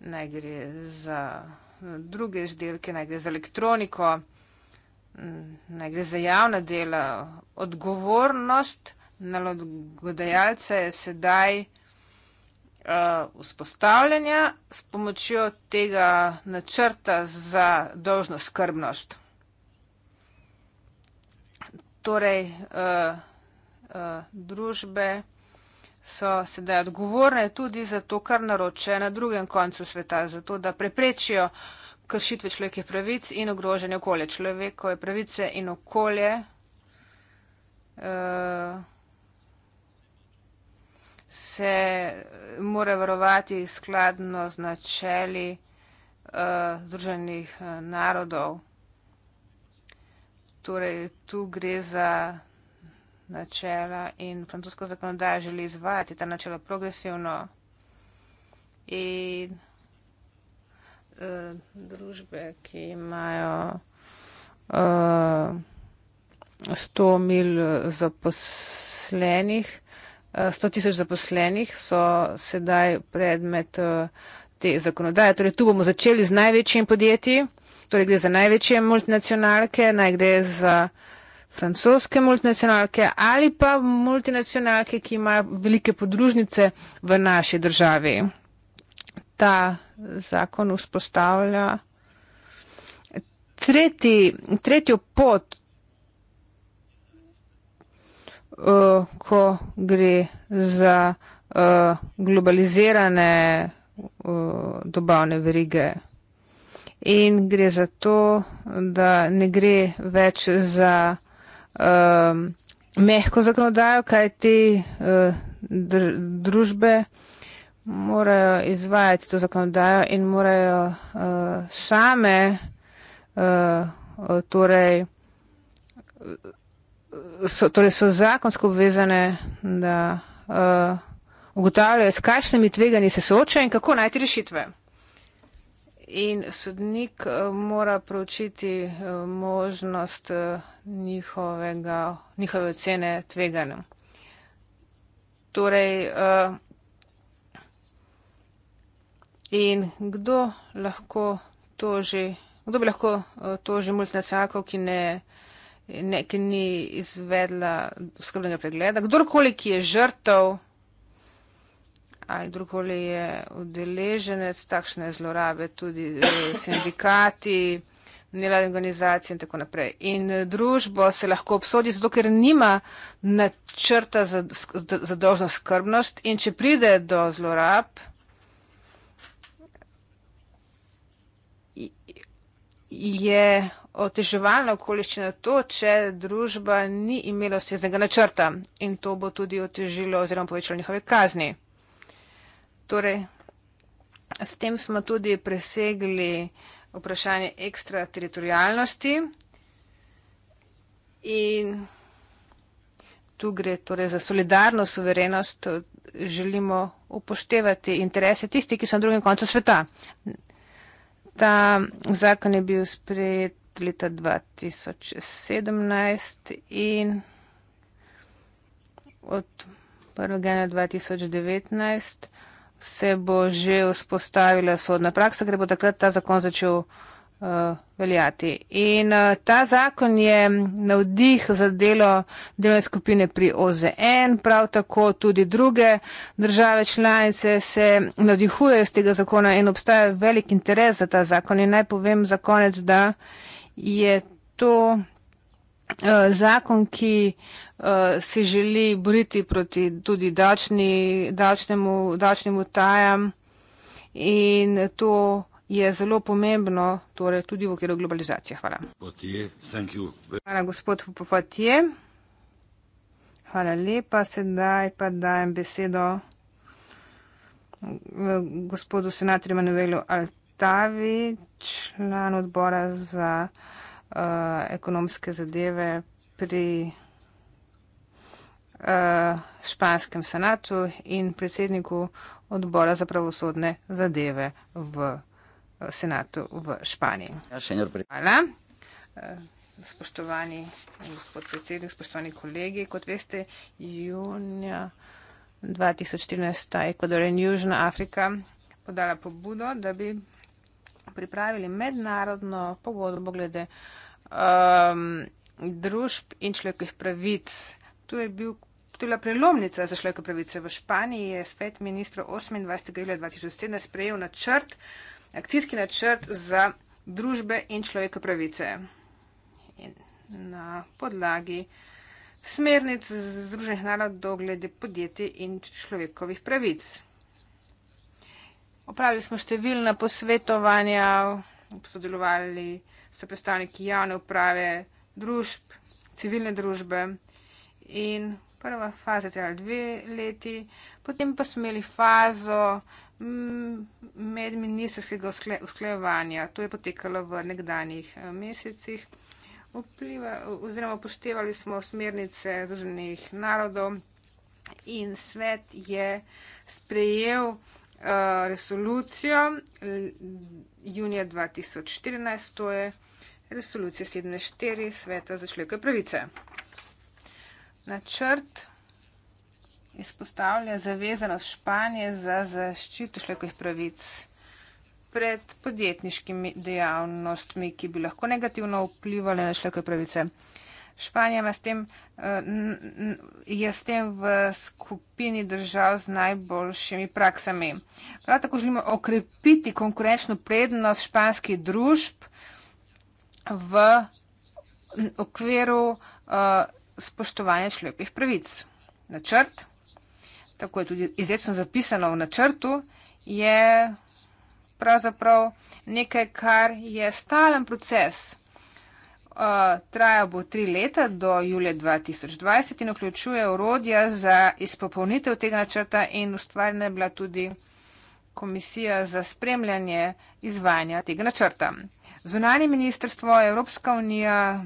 naj gre za druge izdelke, naj gre za elektroniko, naj gre za javna dela. Odgovornost nalogodajalca je sedaj uh, eh, vzpostavljanja s pomočjo tega načrta za dolžno skrbnost. Torej, uh, uh, družbe so sedaj odgovorne tudi za to, kar naročajo na drugem koncu sveta, zato da preprečijo kršitve človekovih pravic in ogrožanje okolja. Človekove pravice in okolje uh, se mora varovati skladno z načeli uh, Združenih eh, narodov. Torej, tu gre za načela in francoska zakonodaja želi izvajati ta načela progresivno in eh, družbe, ki imajo 100 eh, mil zaposlenih, 100 eh, tisoč zaposlenih so sedaj predmet te zakonodaje. Torej, tu bomo začeli z največjim podjetji, torej gre za največje multinacionalke, naj gre za francoske multinacionalke ali pa multinacionalke, ki imajo velike podružnice v naši državi. Ta zakon vzpostavlja tretji, tretjo pot, eh, ko gre za eh, globalizirane eh, dobavne verige. In gre za to, da ne gre več za um, mehko zakonodajo, kaj ti uh, dr družbe morajo izvajati to zakonodajo in morajo uh, same uh, torej, so, torej so zakonsko obvezane, da uh, ugotavljajo, s kakšnimi tveganji se soočajo in kako najti rešitve in sodnik eh, mora pročiti eh, možnost eh, njihovega, njihove ocene tveganja. Torej, in kdo lahko toži, kdo bi lahko toži multinacionalko, ki ne Ne, ki ni izvedla skrbnega pregleda. Kdorkoli, ki je žrtev ali drugoli je udeleženec takšne zlorabe, tudi eh, sindikati, nevladne organizacije in tako naprej. In eh, družbo se lahko obsodi, zato ker nima načrta za, za dolžno skrbnost in če pride do zlorab, je oteževalna okoliščina to, če družba ni imela vseznega načrta in to bo tudi otežilo oziroma povečalo njihove kazni. Torej, s tem smo tudi presegli vprašanje ekstrateritorijalnosti in tu gre torej za solidarno suverenost, želimo upoštevati interese tisti, ki so na drugem koncu sveta. Ta zakon je bil sprejet leta 2017 in od 1. januarja 2019 se bo že vzpostavila sodna praksa, ker bo takrat ta zakon začel uh, veljati. In uh, ta zakon je navdih za delo delovne skupine pri OZN, prav tako tudi druge države članice se navdihujejo z tega zakona in obstaja velik interes za ta zakon. In naj povem za konec, da je to. Eh, zakon, ki eh, se želi boriti proti tudi dačni, dačnemu, dačnim utajam in to je zelo pomembno, torej tudi v okviru globalizacije. Hvala. Hvala, gospod Popovatje. Hvala lepa, sedaj pa dajem besedo eh, gospodu senatorju Manuelu Altavi, član odbora za uh, ekonomske zadeve pri uh, španskem senatu in predsedniku odbora za pravosodne zadeve v eh, senatu v Španiji. Ja, Hvala. Spoštovani gospod predsednik, spoštovani kolegi, kot veste, junija 2014 sta Ekvador in Južna Afrika podala pobudo, da bi pripravili mednarodno pogodbo glede um, družb in človekovih pravic. Tu je bil. To je bila prelomnica za človekove pravice. V Španiji je svet ministrov 28. julija 2017 sprejel načrt, akcijski načrt za družbe in človekove pravice. In na podlagi smernic Združenih narodov glede podjetij in človekovih pravic. Opravili smo številna posvetovanja, sodelovali so predstavniki javne uprave, družb, civilne družbe in prva faza je trajala dve leti, potem pa smo imeli fazo mm, medministrskega usklejevanja. To je potekalo v nekdanjih eh, mesecih. Vpliva, oziroma upoštevali smo smernice Združenih narodov in svet je sprejel Eh, resolucijo junija 2014, to je resolucija 74 Sveta za človekove pravice. Načrt izpostavlja zavezanost Španije za zaščito človekovih pravic pred podjetniškimi dejavnostmi, ki bi lahko negativno vplivali na človekove pravice. Uh, Španija ima s tem, eh, je s tem v skupini držav z najboljšimi praksami. Prav tako želimo okrepiti konkurenčno prednost španskih družb v okviru eh, spoštovanja človekovih pravic. Načrt, tako je tudi izredno zapisano v načrtu, je pravzaprav nekaj, kar je stalen proces. Eh, trajal bo tri leta do julija 2020 in vključuje urodja za izpopolnitev tega načrta in ustvarjena je bila tudi komisija za spremljanje izvajanja tega načrta. Zunanje ministrstvo, Evropska unija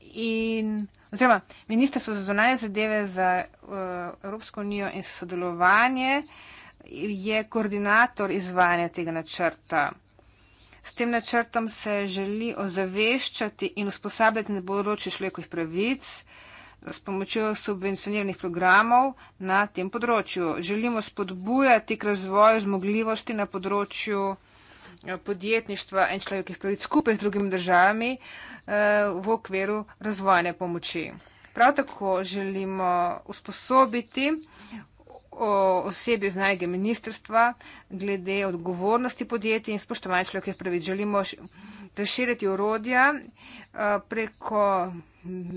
in oziroma ministrstvo za zunanje zadeve za uh, Evropsko unijo in sodelovanje je koordinator izvajanja tega načrta. S tem načrtom se želi ozaveščati in usposabljati na področju človekovih pravic eh, s pomočjo subvencioniranih programov na tem področju. Želimo spodbujati k razvoju zmogljivosti na področju eh, podjetništva in človekovih pravic skupaj z drugimi državami eh, v okviru razvojne pomoči. Prav tako želimo usposobiti osebi z najge ministrstva glede odgovornosti podjetij in spoštovanja človekovih pravic. Želimo razširiti orodja eh, preko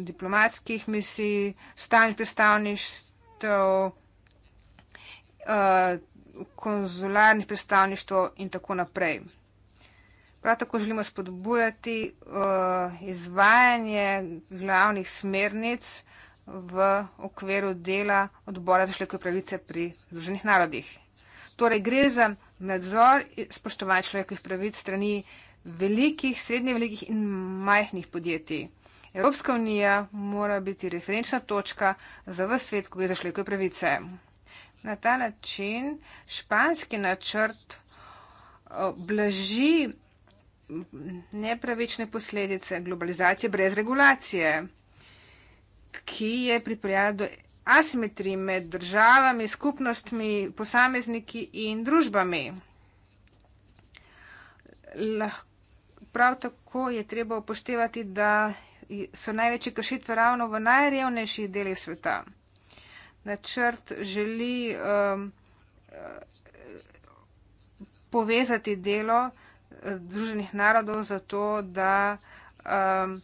diplomatskih misij, stalnih predstavništv, eh, konzularnih predstavništv in tako naprej. Prav tako želimo spodbujati eh, izvajanje glavnih smernic, v okviru dela odbora za človekove pravice pri Združenih narodih. Torej gre za nadzor spoštovanja človekovih pravic strani velikih, srednje velikih in majhnih podjetij. Evropska unija mora biti referenčna točka za vse svet, ko gre za človekove pravice. Na ta način španski načrt eh, blaži nepravične posledice globalizacije brez regulacije ki je pripeljala do asimetrije med državami, skupnostmi, posamezniki in družbami. Prav tako je treba upoštevati, da so največje kršitve ravno v najrevnejših delih sveta. Načrt želi um, povezati delo eh, Združenih narodov zato, da um,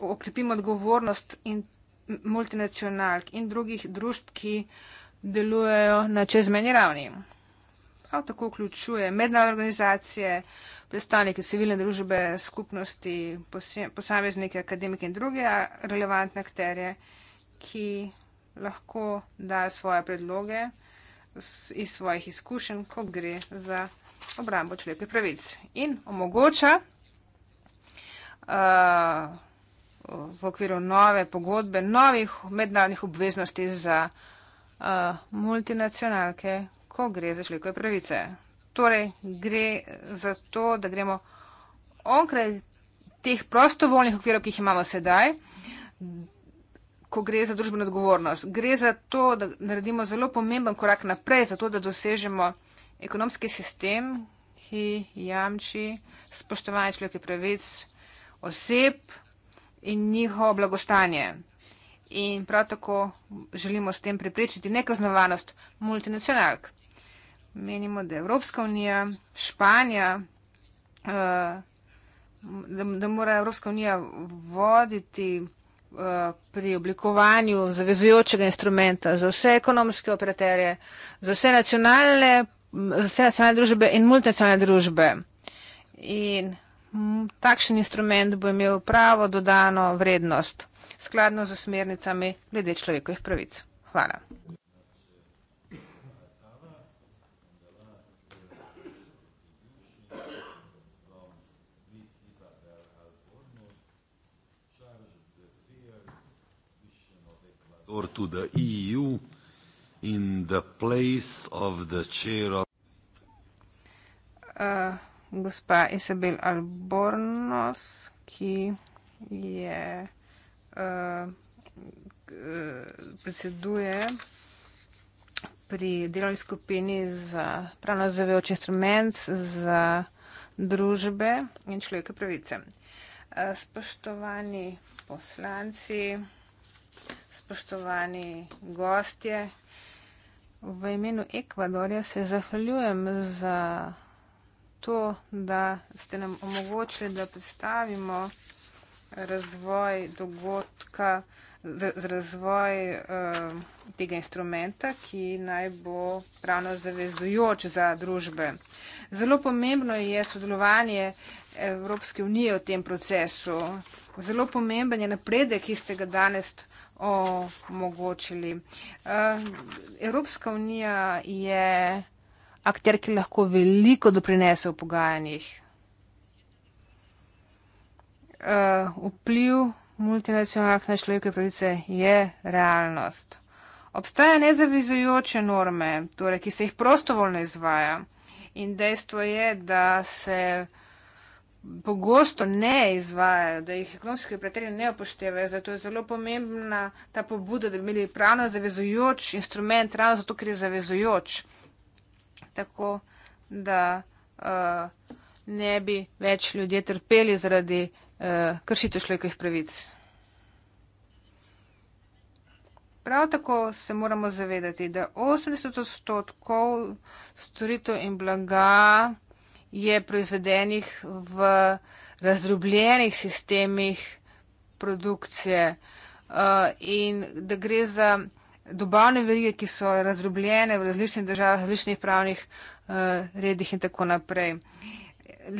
okrepimo odgovornost in multinacionalk in drugih družb, ki delujejo na čezmeni ravni. Prav tako vključuje mednarodne organizacije, predstavnike civilne družbe, skupnosti, posameznike, akademike in druge relevantne akterje, ki lahko dajo svoje predloge iz svojih izkušenj, ko gre za obrambo človekovih pravic in omogoča v okviru nove pogodbe, novih mednarodnih obveznosti za uh, multinacionalke, ko gre za človekove pravice. Torej, gre za to, da gremo onkraj teh prostovoljnih okvirov, ki jih imamo sedaj, ko gre za družbeno odgovornost. Gre za to, da naredimo zelo pomemben korak naprej, zato da dosežemo ekonomski sistem, ki jamči spoštovanje človekovih pravic oseb in njihovo blagostanje. In prav tako želimo s tem preprečiti nekaznovanost multinacionalk. Menimo, da Evropska unija, Španija, eh, da mora Evropska unija voditi eh, pri oblikovanju zavezujočega instrumenta za vse ekonomske operaterje, za vse nacionalne, za vse nacionalne družbe in multinacionalne družbe. In Mm, takšen instrument bo imel pravo dodano vrednost skladno z smernicami glede človekovih pravic. Hvala. or to the EU in the place of the chair of uh gospa Isabel Albornos, ki je uh, predseduje pri delovni skupini za pravno zavejoč instrument za družbe in človeške pravice. Eh, spoštovani poslanci, spoštovani gostje, v imenu Ekvadorja se zahvaljujem za to, da ste nam omogočili, da predstavimo razvoj dogodka, razvoj eh, tega instrumenta, ki naj bo pravno zavezujoč za družbe. Zelo pomembno je sodelovanje Evropske unije v tem procesu. Zelo pomemben je napredek, ki ste ga danes omogočili. Eh, Evropska unija je akter, ki lahko veliko doprinese v pogajanjih. Uh, vpliv multinacionalk na človeške pravice je realnost. Obstaja nezavizujoče norme, torej, ki se jih prostovoljno izvaja in dejstvo je, da se pogosto ne izvajajo, da jih ekonomske prijatelje ne upoštevajo. Zato je zelo pomembna ta pobuda, da bi imeli pravno zavezujoč instrument, ravno zato, ker je zavezujoč tako da uh, ne bi več ljudje trpeli zaradi uh, kršitev človekovih pravic. Prav tako se moramo zavedati, da 80 odstotkov storitev in blaga je proizvedenih v razdrobljenih sistemih produkcije uh, in da gre za dobavne verige, ki so razdrobljene v različnih državah, različnih pravnih uh, redih in tako naprej.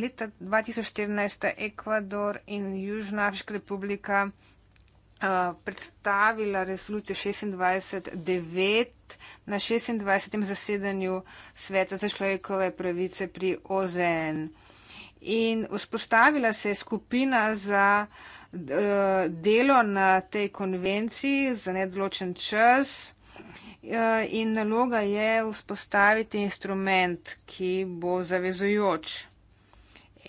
Leta 2014 sta Ekvador in Južna Afriška republika uh, predstavila resolucijo 26.9 na 26. zasedanju sveta za človekove pravice pri OZN. In vzpostavila se je skupina za uh, delo na tej konvenciji za nedoločen čas eh, in naloga je vzpostaviti instrument, ki bo zavezojoč.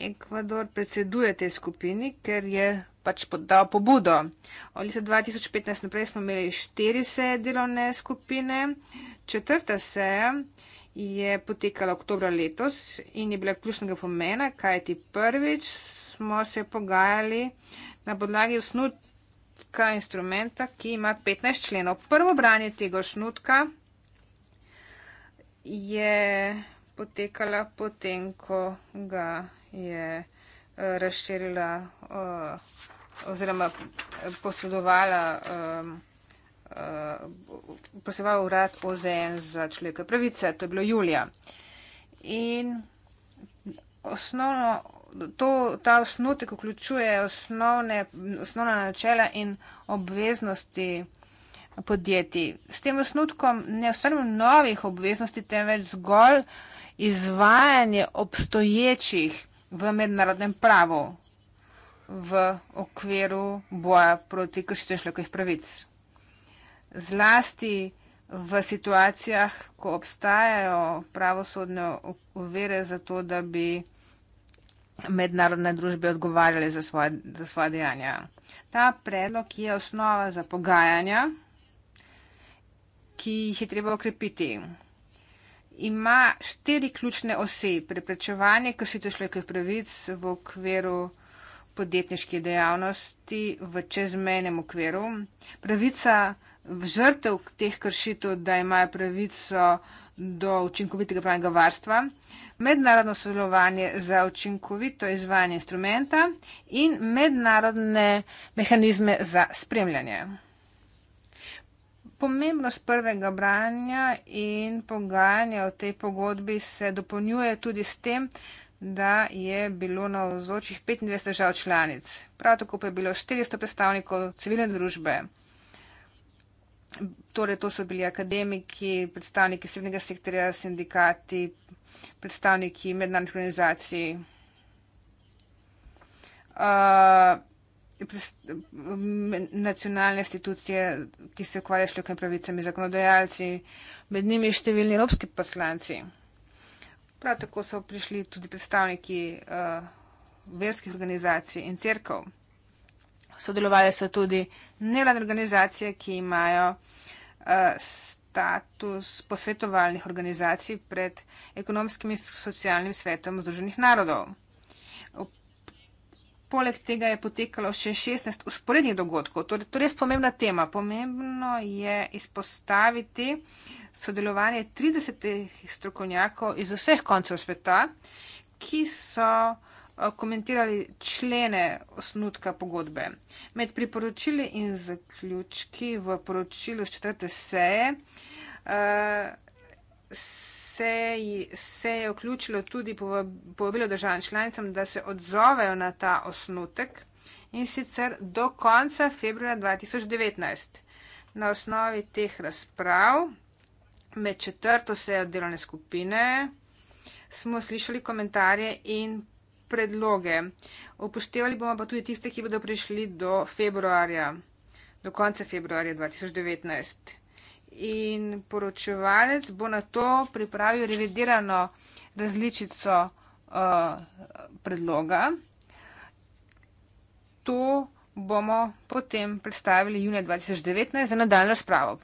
Ekvador predseduje tej skupini, ker je pač dal pobudo. Od leta 2015 naprej smo imeli štiri seje delovne skupine, četrta seja je potekala oktobra letos in je bila ključnega pomena, kajti prvič smo se pogajali na podlagi osnutka instrumenta, ki ima 15 členov. Prvo branje tega osnutka je potekala potem, ko ga je eh, razširila eh, oziroma eh, posredovala posredoval urad OZN za človeka pravice. To je bilo julija. In osnovno to, ta osnutek vključuje osnovne, osnovna načela in obveznosti podjetij. S tem osnutkom ne ustvarjamo novih obveznosti, temveč zgolj izvajanje obstoječih v mednarodnem pravu v okviru boja proti kršitev človekovih pravic. Zlasti v situacijah, ko obstajajo pravosodne uvere za to, da bi mednarodne družbe odgovarjali za svoje, za svoje dejanja. Ta predlog je osnova za pogajanja, ki jih je treba okrepiti. Ima štiri ključne osi: preprečevanje kršitev človekovih pravic v okviru podjetniških dejavnosti v čezmenem okviru, pravica žrtev teh kršitev, da imajo pravico do učinkovitega pravnega varstva, uh, mednarodno sodelovanje za učinkovito izvajanje instrumenta in mednarodne mehanizme za spremljanje. Pomembnost prvega branja in pogajanja o tej pogodbi se dopolnjuje tudi s tem, da je bilo na vzočih 25 držav članic. Prav tako pa je bilo 400 predstavnikov civilne družbe. Torej, to so bili akademiki, predstavniki civilnega sektorja, sindikati, predstavniki mednarodnih organizacij, nacionalne institucije, ki se ukvarjajo s človekovimi pravicami, zakonodajalci, med njimi številni evropski poslanci. Prav tako so prišli tudi predstavniki uh, verskih organizacij in crkv. Sodelovali so tudi nevladne organizacije, ki imajo uh, status posvetovalnih organizacij pred ekonomskim in socialnim svetom Združenih narodov. Poleg tega je potekalo še 16 usporednih dogodkov, torej to torej je res pomembna tema. Pomembno je izpostaviti sodelovanje 30 strokovnjakov iz vseh koncev sveta, ki so uh, Eh, komentirali člene osnutka pogodbe. Med priporočili in zaključki v poročilu četrte seje se, eh, se je vključilo tudi povabilo državnim članicam, da se odzovejo na ta osnutek in sicer do konca februarja 2019. Na osnovi teh razprav med četrto sejo delovne skupine smo slišali komentarje in predloge. Upoštevali bomo pa tudi tiste, ki bodo prišli do februarja, do konca februarja 2019. In poročevalec bo na to pripravil revidirano različico uh, predloga. To bomo potem predstavili junija 2019 za nadaljno spravo.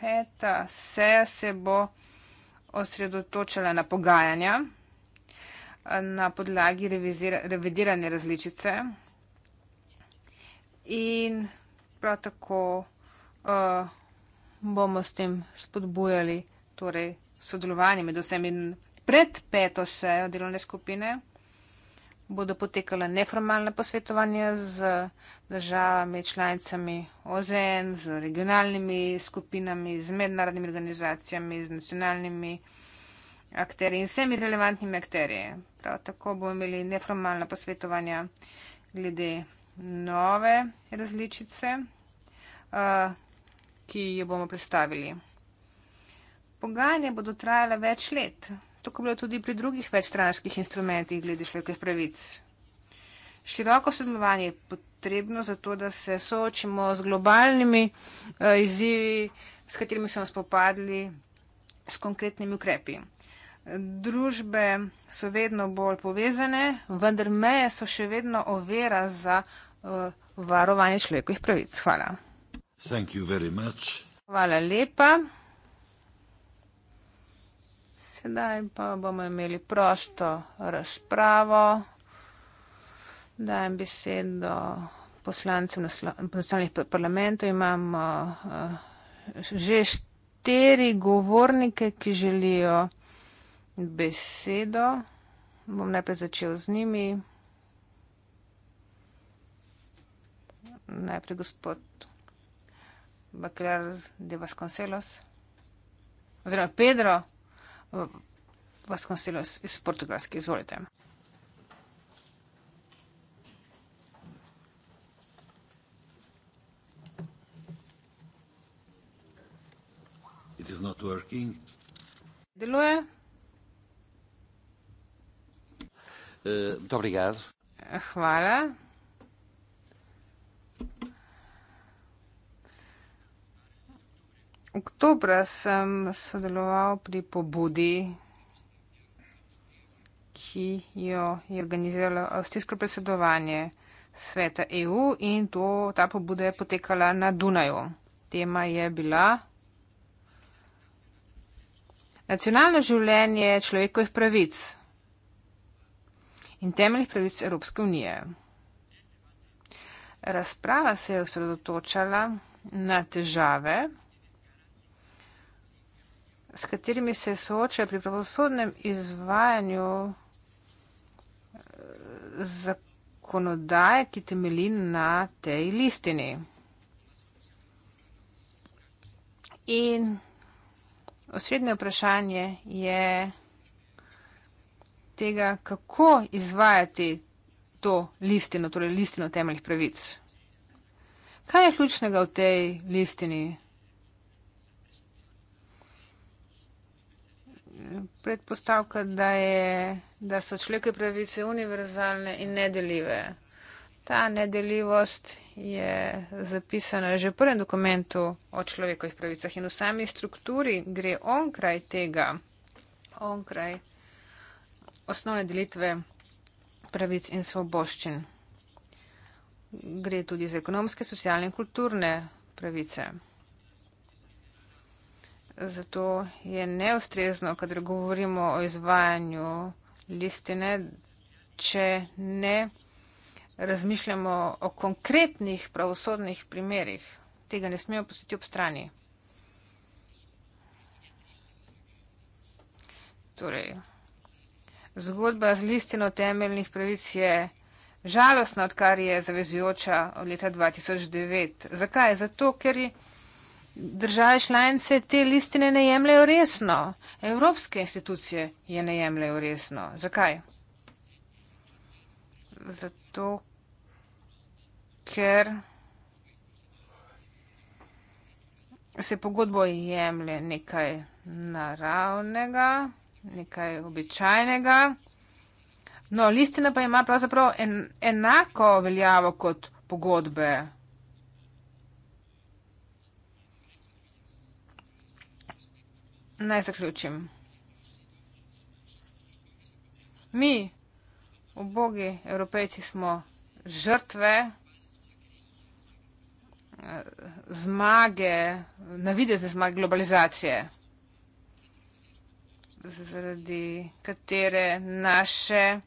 Peta seja se bo osredotočila na pogajanja na podlagi revidirane različice in prav tako eh, bomo s tem spodbujali torej sodelovanje med vsemi in pred peto sejo delovne skupine bodo potekala neformalna posvetovanja z državami, članicami OZN, z regionalnimi skupinami, z mednarodnimi organizacijami, z nacionalnimi akterji in vsemi relevantnimi akterji. Prav tako bomo imeli neformalna posvetovanja glede nove različice, ki jo bomo predstavili. Pogajanje bodo trajala več let, tako bilo tudi pri drugih večstranskih instrumentih glede človekih pravic. Široko sodelovanje je potrebno zato, da se soočimo z globalnimi izzivi, s katerimi smo spopadli, s konkretnimi ukrepi. Družbe so vedno bolj povezane, vendar meje so še vedno ovira za uh, varovanje človekovih pravic. Hvala. Hvala lepa. Sedaj pa bomo imeli prosto razpravo. Dajem besedo poslancem nacionalnih parlamentov. Imamo uh, eh, že štiri govornike, ki želijo besedo. Bom najprej začel z njimi. Najprej gospod Bakler de Vasconcelos. Oziroma Pedro Vasconcelos iz Portugalske. Izvolite. Deluje. Uh, dobro, jaz. Hvala. Oktobra sem sodeloval pri pobudi, ki jo je organiziralo avstrijsko predsedovanje sveta EU in to, ta pobuda je potekala na Dunaju. Tema je bila nacionalno življenje človekovih pravic in temeljnih pravic Evropske unije. Razprava se je osredotočala na težave, s katerimi se soočajo pri pravosodnem izvajanju eh, zakonodaje, ki temelji na tej listini. In osrednje vprašanje je tega, kako izvajati to listino, torej listino temeljih pravic. Kaj je ključnega v tej listini? Predpostavka, da, je, da so človekove pravice univerzalne in nedeljive. Ta nedeljivost je zapisana že v prvem dokumentu o človekovih pravicah in v sami strukturi gre onkraj tega, onkraj osnovne delitve pravic in svoboščin. Gre tudi za ekonomske, socialne in kulturne pravice. Zato je neustrezno, kadar govorimo o izvajanju listine, če ne razmišljamo o konkretnih pravosodnih primerih. Tega ne smemo postiti ob strani. Torej, zgodba z listino temeljnih pravic je žalostna, odkar je zavezujoča od leta 2009. Zakaj? Zato, ker države članice te listine ne jemljajo resno. Evropske institucije je ne jemljajo resno. Zakaj? Zato, ker se pogodbo jemlje nekaj naravnega nekaj običajnega. No, listina pa ima pravzaprav en, enako veljavo kot pogodbe. Naj zaključim. Mi, ubogi evropejci, smo žrtve eh, zmage, navidezne zmage globalizacije zaradi katere naše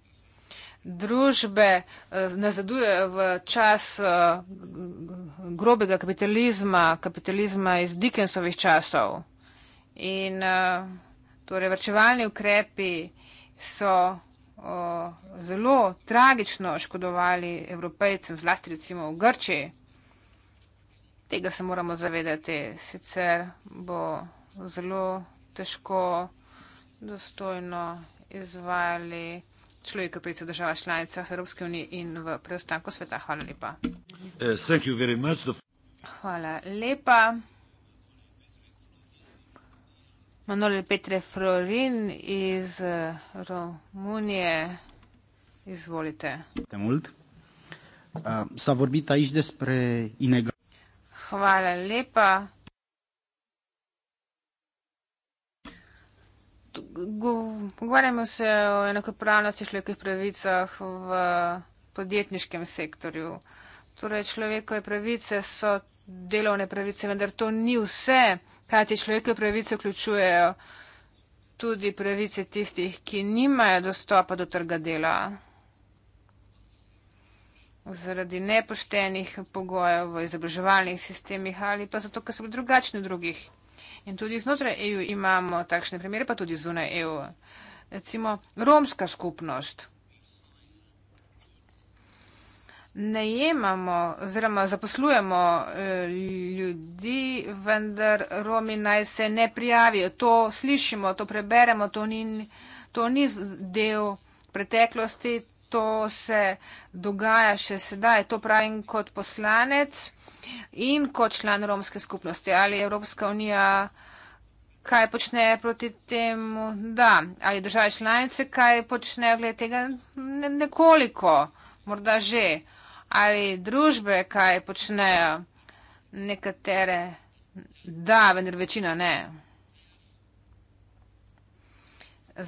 družbe eh, nazadujejo v čas eh, grobega kapitalizma, kapitalizma iz Dickensovih časov. In eh, torej vrčevalni ukrepi so zelo tragično škodovali evropejcem, zlasti recimo v Grči. Tega se moramo zavedati, sicer bo zelo težko dostojno izvajali človeka predsedstva država članica Evropske unije in v preostanku sveta. Hvala lepa. Uh, Hvala lepa. Manuel Petre Florin iz eh, Romunije, izvolite. Eh, Hvala lepa. pogovarjamo se o enakopravnosti človekovih pravicah v podjetniškem sektorju. Torej, človekove pravice so delovne pravice, vendar to ni vse, kaj te človekove pravice vključujejo. Tudi pravice tistih, ki nimajo dostopa do trga dela zaradi nepoštenih pogojev v izobraževalnih sistemih ali pa zato, ker so drugačni drugih. In tudi znotraj EU imamo takšne primere, pa tudi zunaj EU. Recimo, romska skupnost. Ne jemamo oziroma zaposlujemo eh, ljudi, vendar Romi naj se ne prijavijo. To slišimo, to preberemo, to ni, to ni del preteklosti, to se dogaja še sedaj. To pravim kot poslanec in kot član romske skupnosti. Ali Evropska unija kaj počne proti temu? Da. Ali države članice kaj počne glede tega? Ne, nekoliko, morda že. Ali družbe kaj počnejo? Nekatere da, vendar večina ne.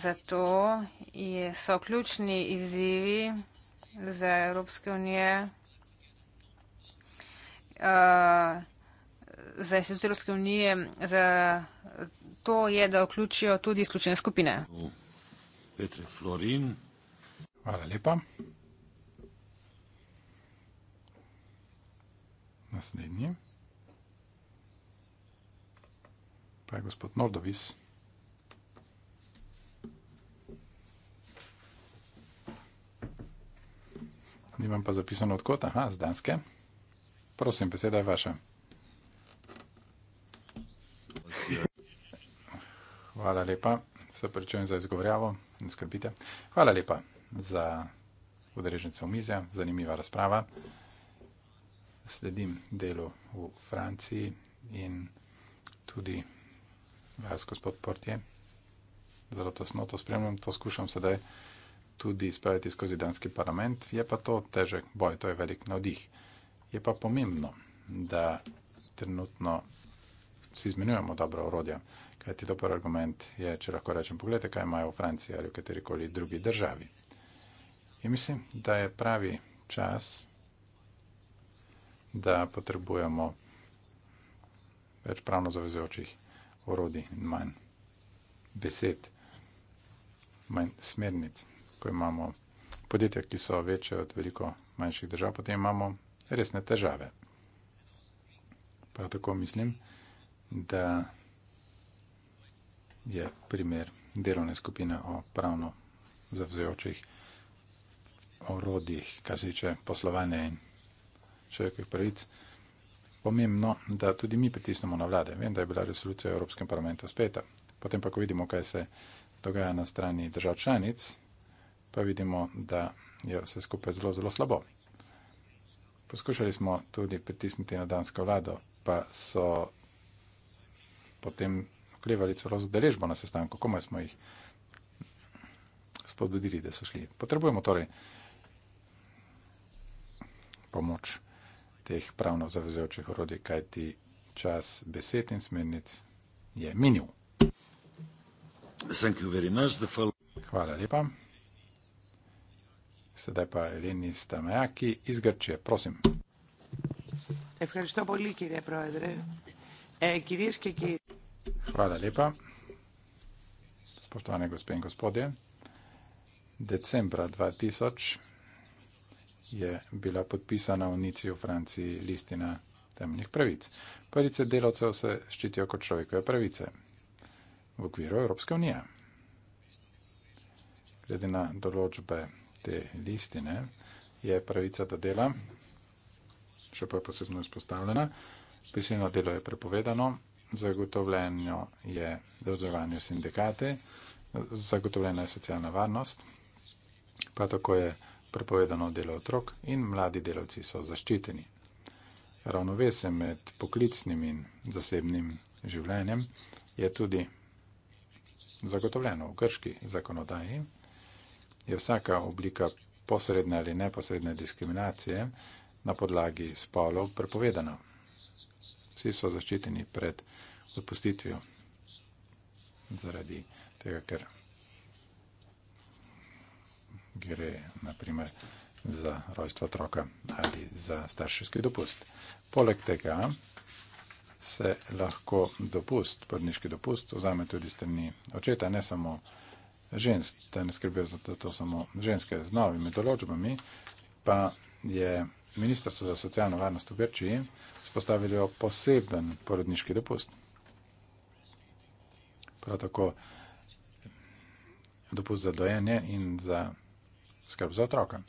Zato je, so ključni izzivi za Evropske unije, uh, za institucije Evropske unije, za to je, da vključijo tudi izključene skupine. Petre Florin. Hvala lepa. Naslednji. Pa je gospod Nordovis. Nimam pa zapisano odkot, aha, z Danske. Prosim, beseda je vaša. Hvala lepa, se pričujem za izgovorjavo, ne skrbite. Hvala lepa za udeležnico omizja, zanimiva razprava. Sledim delu v Franciji in tudi vas, gospod Portje. Zelo tesno to spremljam, to skušam sedaj tudi izpraviti skozi danski parlament, je pa to težek boj, to je velik navdih. Je pa pomembno, da trenutno si izmenjujemo dobro orodja, kajti dober argument je, če lahko rečem, pogledajte, kaj imajo v Franciji ali v katerikoli drugi državi. In mislim, da je pravi čas, da potrebujemo več pravno zavezujočih orodij in manj besed, manj smernic ko imamo podjetja, ki so večje od veliko manjših držav, potem imamo resne težave. Prav tako mislim, da je primer delovne skupine o pravno zavzajočih orodjih, kar se tiče poslovanja in človekovih pravic. Pomembno, da tudi mi pritisnemo na vlade. Vem, da je bila resolucija v Evropskem parlamentu speta. Potem pa, ko vidimo, kaj se dogaja na strani držav članic, pa vidimo, da je vse skupaj zelo, zelo slabo. Poskušali smo tudi pritisniti na dansko vlado, pa so potem oklevali celo z udeležbo na sestanku, komaj smo jih spodbudili, da so šli. Potrebujemo torej pomoč teh pravno zavezujočih orodij, kajti čas besed in smernic je minil. Hvala lepa. Sedaj pa Eleni Stamajaki iz Grčije, prosim. Hvala lepa. Spoštovane gospe in gospodje, decembra 2000 je bila podpisana v Nici v Franciji listina temeljnih pravic. Pravice delavcev se ščitijo kot človekove pravice v okviru Evropske unije. Glede na določbe te listine, je pravica do dela, še pa je posebno izpostavljena. Prisilno delo je prepovedano, zagotovljeno je delovanje sindikate, zagotovljena je socialna varnost, pa tako je prepovedano delo otrok in mladi delavci so zaščiteni. Ravnovesje med poklicnim in zasebnim življenjem je tudi zagotovljeno v grški zakonodaji je vsaka oblika posredne ali neposredne diskriminacije na podlagi spolov prepovedana. Vsi so zaščiteni pred odpustitvijo zaradi tega, ker gre naprimer za rojstvo otroka ali za starševski dopust. Poleg tega se lahko dopust, prniški dopust, vzame tudi strani očeta, ne samo žensk, da ne skrbijo za to, da to samo ženske z novimi določbami, pa je Ministrstvo za socialno varnost v Grčiji spostavilo poseben porodniški dopust. Prav tako dopust za dojenje in za skrb za otroka.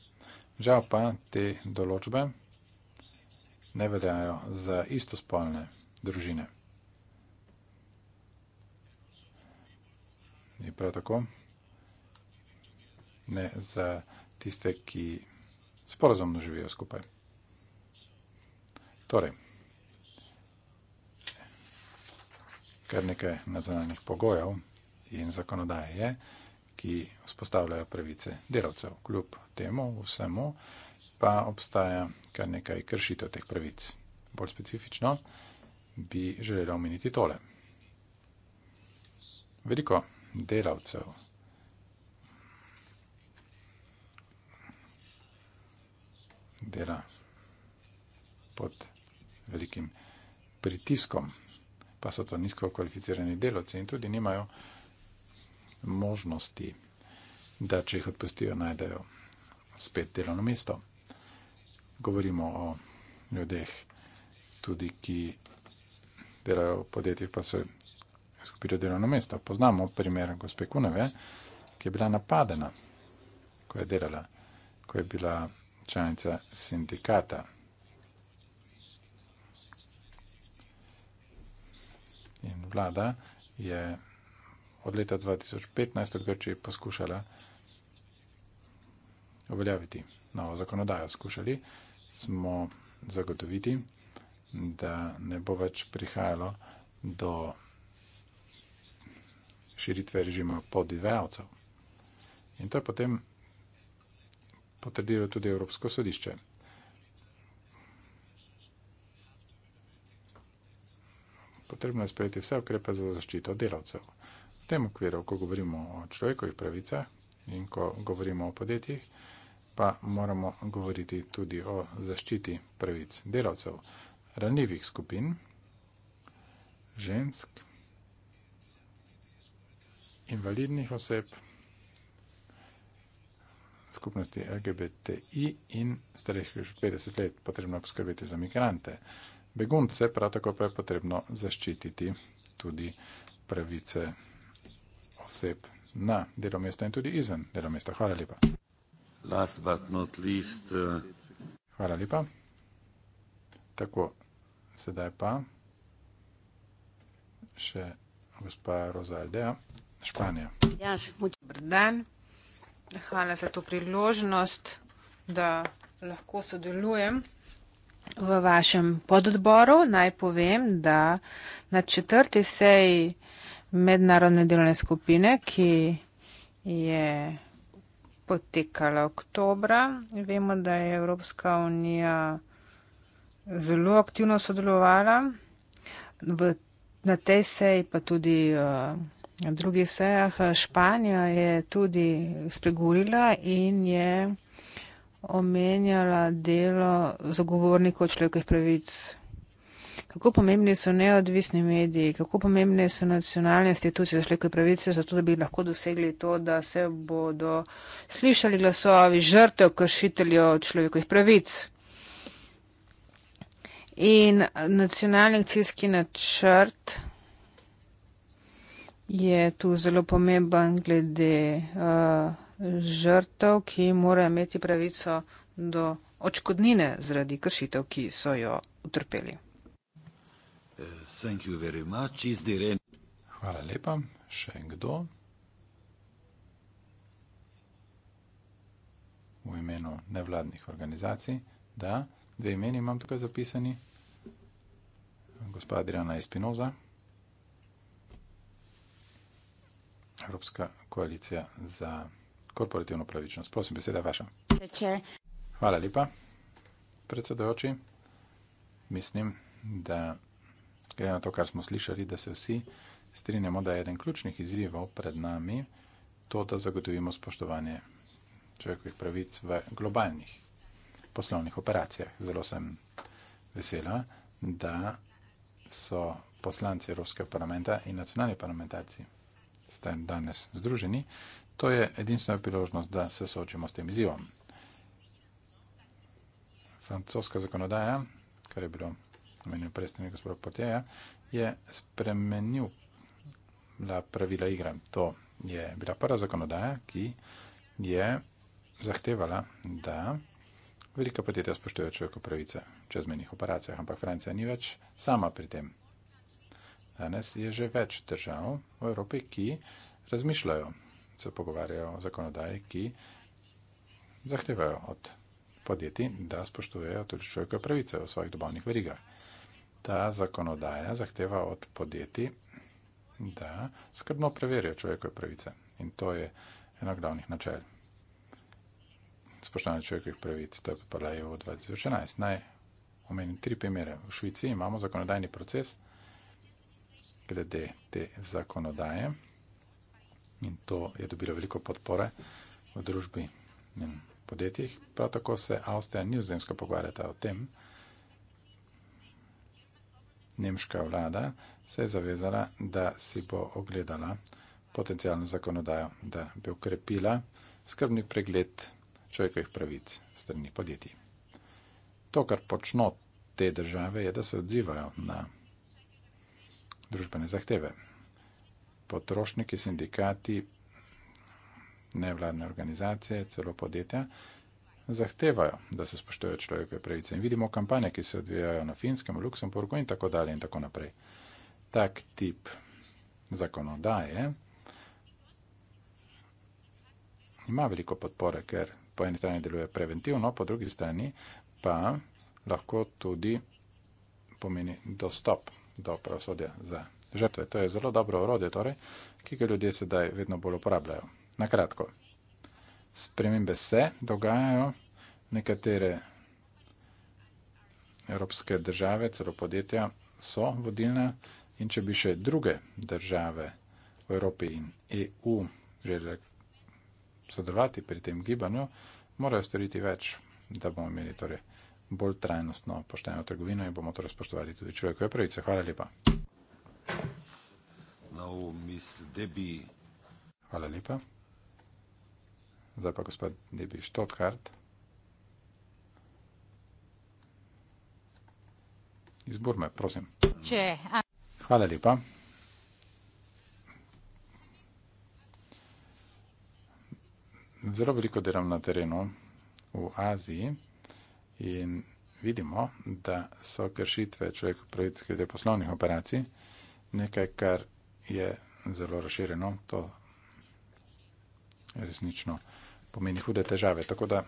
Žal pa te določbe ne veljajo za istospolne družine. In prav tako ne za tiste, ki sporazumno živijo skupaj. Torej, kar nekaj nacionalnih pogojev in zakonodaje je, ki vzpostavljajo pravice delavcev. Kljub temu vsemu pa obstaja kar nekaj kršitev teh pravic. Bolj specifično bi želela omeniti tole. Veliko delavcev dela pod velikim pritiskom, pa so to nizko kvalificirani deloci in tudi nimajo možnosti, da če jih odpustijo, najdejo spet delovno mesto. Govorimo o ljudeh, tudi ki delajo v podjetjih, pa so izgubili delovno mesto. Poznamo primer gospe Kuneve, ki je bila napadena, ko je delala, ko je bila članica sindikata. In vlada je od leta 2015 v Grčiji poskušala uveljaviti novo zakonodajo. Skušali smo zagotoviti, da ne bo več prihajalo do širitve režima podizvajalcev. In to je potem potrdilo tudi Evropsko sodišče. Potrebno je sprejeti vse ukrepe za zaščito delavcev. V tem okviru, ko govorimo o človekovih pravicah in ko govorimo o podjetjih, pa moramo govoriti tudi o zaščiti pravic delavcev, ranljivih skupin, žensk, invalidnih oseb skupnosti LGBTI in starih 50 let potrebno poskrbeti za migrante. Begunce prav tako pa je potrebno zaščititi tudi pravice oseb na delomesta in tudi izven delomesta. Hvala lepa. Last but not least. Uh, Hvala lepa. Tako, sedaj pa še gospa Roza Aldea, Španija. Ja, dan. Hvala za to priložnost, da lahko sodelujem v vašem pododboru. Naj povem, da na četrti seji mednarodne delovne skupine, ki je potekala oktobra, vemo, da je Evropska unija zelo aktivno sodelovala. V, na tej seji pa tudi. Uh, drugih sejah. Eh, Španija je tudi spregovorila in je omenjala delo zagovornikov človekovih pravic. Kako pomembni so neodvisni mediji, kako pomembne so nacionalne institucije za človekove pravice, zato da bi lahko dosegli to, da se bodo slišali glasovi žrtev kršiteljev človekovih pravic. In nacionalni akcijski načrt je tu zelo pomemben glede uh, žrtev, ki morajo imeti pravico do očkodnine zaradi kršitev, ki so jo utrpeli. Much, Hvala lepa. Še kdo? V imenu nevladnih organizacij. Da, dve imeni imam tukaj zapisani. Gospa Adriana Espinoza. Iz Evropska koalicija za korporativno pravičnost. Prosim, beseda vaša. Hvala lepa, predsedojoči. Mislim, da glede na to, kar smo slišali, da se vsi strinjamo, da je eden ključnih izzivov pred nami to, da zagotovimo spoštovanje človekovih pravic v globalnih poslovnih operacijah. Zelo sem vesela, da so poslanci Evropskega parlamenta in nacionalni parlamentarci ste danes združeni, to je edinstvena priložnost, da se soočimo s tem izzivom. Francoska zakonodaja, kar je bilo omenjeno predstavnik gospoda Porteja, je spremenila pravila igre. To je bila prva zakonodaja, ki je zahtevala, da velika podjetja spoštujejo človekove pravice v čezmenih operacijah, ampak Francija ni več sama pri tem. Danes je že več držav v Evropi, ki razmišljajo, se pogovarjajo o zakonodaji, ki zahtevajo od podjetij, da spoštujejo tudi človekove pravice v svojih dobavnih verigah. Ta zakonodaja zahteva od podjetij, da skrbno preverijo človekove pravice in to je eno glavnih načel. Spoštovanje človekovih pravic, to je pa le v 2011. Naj omenim tri primere. V Švici imamo zakonodajni proces, glede te zakonodaje. In to je dobilo veliko podpore v družbi in podjetjih. Prav tako se Avstrija in Nizozemska pogovarjata o tem. Nemška vlada se je zavezala, da si bo ogledala potencijalno zakonodajo, da bi ukrepila skrbni pregled človekovih pravic strani podjetij. To, kar počno te države, je, da se odzivajo na družbene zahteve. Potrošniki, sindikati, nevladne organizacije, celo podjetja zahtevajo, da se spoštujejo človekove pravice. In vidimo kampanje, ki se odvijajo na Finskem, v Luksemburgu in tako dalje in tako naprej. Tak tip zakonodaje ima veliko podpore, ker po eni strani deluje preventivno, po drugi strani pa lahko tudi pomeni dostop do pravosodja za žrtve. To je zelo dobro orodje, torej, ki ga ljudje sedaj vedno bolj uporabljajo. Na kratko, spremembe se dogajajo, nekatere evropske države, celo podjetja so vodilne in če bi še druge države v Evropi in EU želeli sodelovati pri tem gibanju, morajo storiti več, da bomo imeli torej bolj trajnostno pošteno trgovino in bomo torej spoštovali tudi človekove pravice. Hvala lepa. No, Hvala lepa. Zdaj pa gospod Debi Štotkart iz Burme, prosim. Če, a... Hvala lepa. Zelo veliko delam na terenu v Aziji in vidimo, da so kršitve človekov pravic glede poslovnih operacij nekaj, kar je zelo razširjeno. To resnično pomeni hude težave. Tako da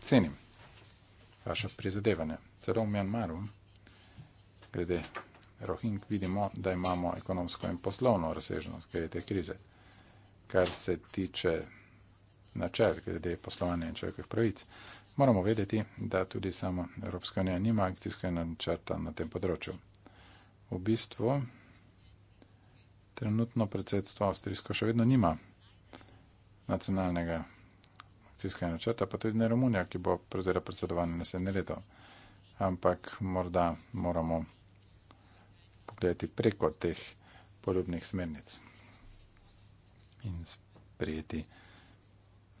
cenim vaše prizadevanje. Celo v Mjanmaru, glede Rohing, vidimo, da imamo ekonomsko in poslovno razsežnost glede te krize. Kar se tiče načel glede poslovanja in človekovih pravic, Moramo vedeti, da tudi samo Evropska unija nima akcijskega načrta na tem področju. V bistvu trenutno predsedstvo Avstrijsko še vedno nima nacionalnega akcijskega načrta, pa tudi ne Romunija, ki bo prevzela predsedovanje naslednje leto. Ampak morda moramo pogledati preko teh podobnih smernic in sprijeti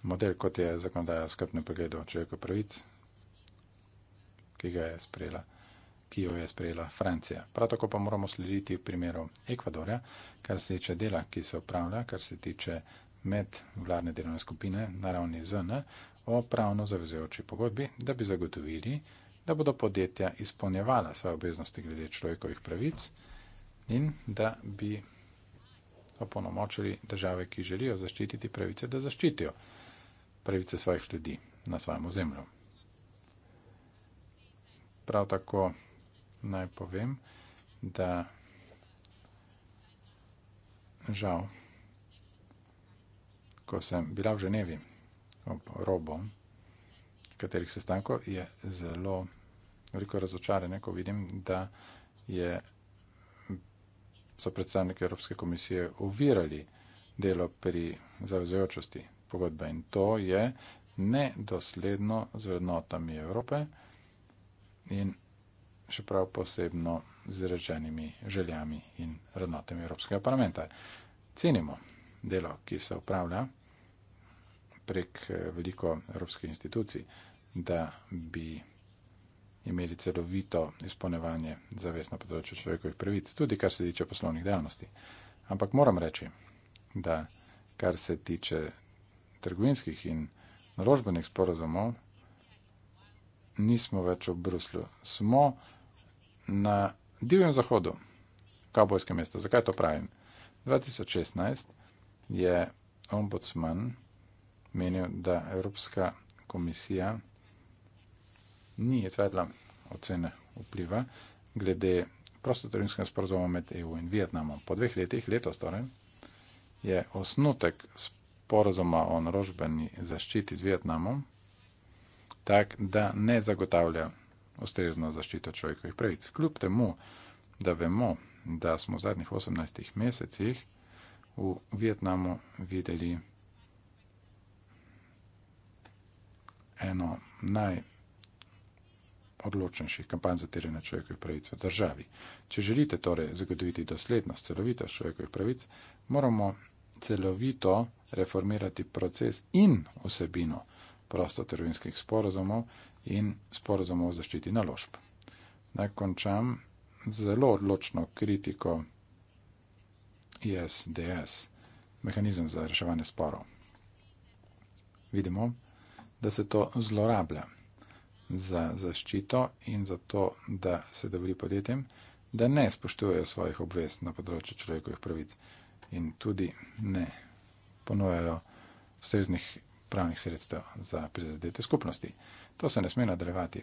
model, kot je zakonodaja o skrbnem pregledu človekovih pravic, ki, sprejela, ki jo je sprejela Francija. Prav tako pa moramo slediti v primeru Ekvadorja, kar se tiče dela, ki se upravlja, kar se tiče medvladne delovne skupine na ravni ZN o pravno zavezujoči pogodbi, da bi zagotovili, da bodo podjetja izpolnjevala svoje obveznosti glede človekovih pravic in da bi opolnomočili države, ki želijo zaščititi pravice, da zaščitijo pravice svojih ljudi na svojem ozemlju. Prav tako naj povem, da žal, ko sem bila v Ženevi ob robo katerih sestankov, je zelo veliko razočarenje, ko vidim, da je, so predstavniki Evropske komisije uvirali delo pri zavezojočosti pogodbe in to je nedosledno z vrednotami Evrope in še prav posebno z reženimi željami in vrednotami Evropskega parlamenta. Cenimo delo, ki se upravlja prek eh, veliko evropskih institucij, da bi imeli celovito izpolnevanje zavest na področju človekovih pravic, tudi kar se tiče poslovnih dejavnosti. Ampak moram reči, da kar se tiče trgovinskih in naložbenih sporozumov, nismo več v Bruslju. Smo na divjem zahodu, kavbojske mesto. Zakaj to pravim? 2016 je ombudsman menil, da Evropska komisija ni izvedla ocene vpliva glede prostotrinskega sporozuma med EU in Vietnamom. Po dveh letih, letos torej, je osnutek sporozuma sporozuma o naložbeni zaščiti z Vietnamom, tak da ne zagotavlja ustrezno zaščito človekovih pravic. Kljub temu, da vemo, da smo v zadnjih 18 mesecih v Vietnamu videli eno najodločnejših kampanj za terjene človekovih pravic v državi. Če želite torej zagotoviti doslednost, celovitost človekovih pravic, moramo celovito reformirati proces in osebino prostotrovinskih sporozumov in sporozumov zaščiti naložb. Naj končam zelo odločno kritiko ISDS, mehanizem za reševanje sporov. Vidimo, da se to zlorablja za zaščito in za to, da se dovoli podjetjem, da ne spoštujejo svojih obvez na področju človekovih pravic in tudi ne ponujajo ustreznih pravnih sredstev za prizadete skupnosti. To se ne sme nadaljevati.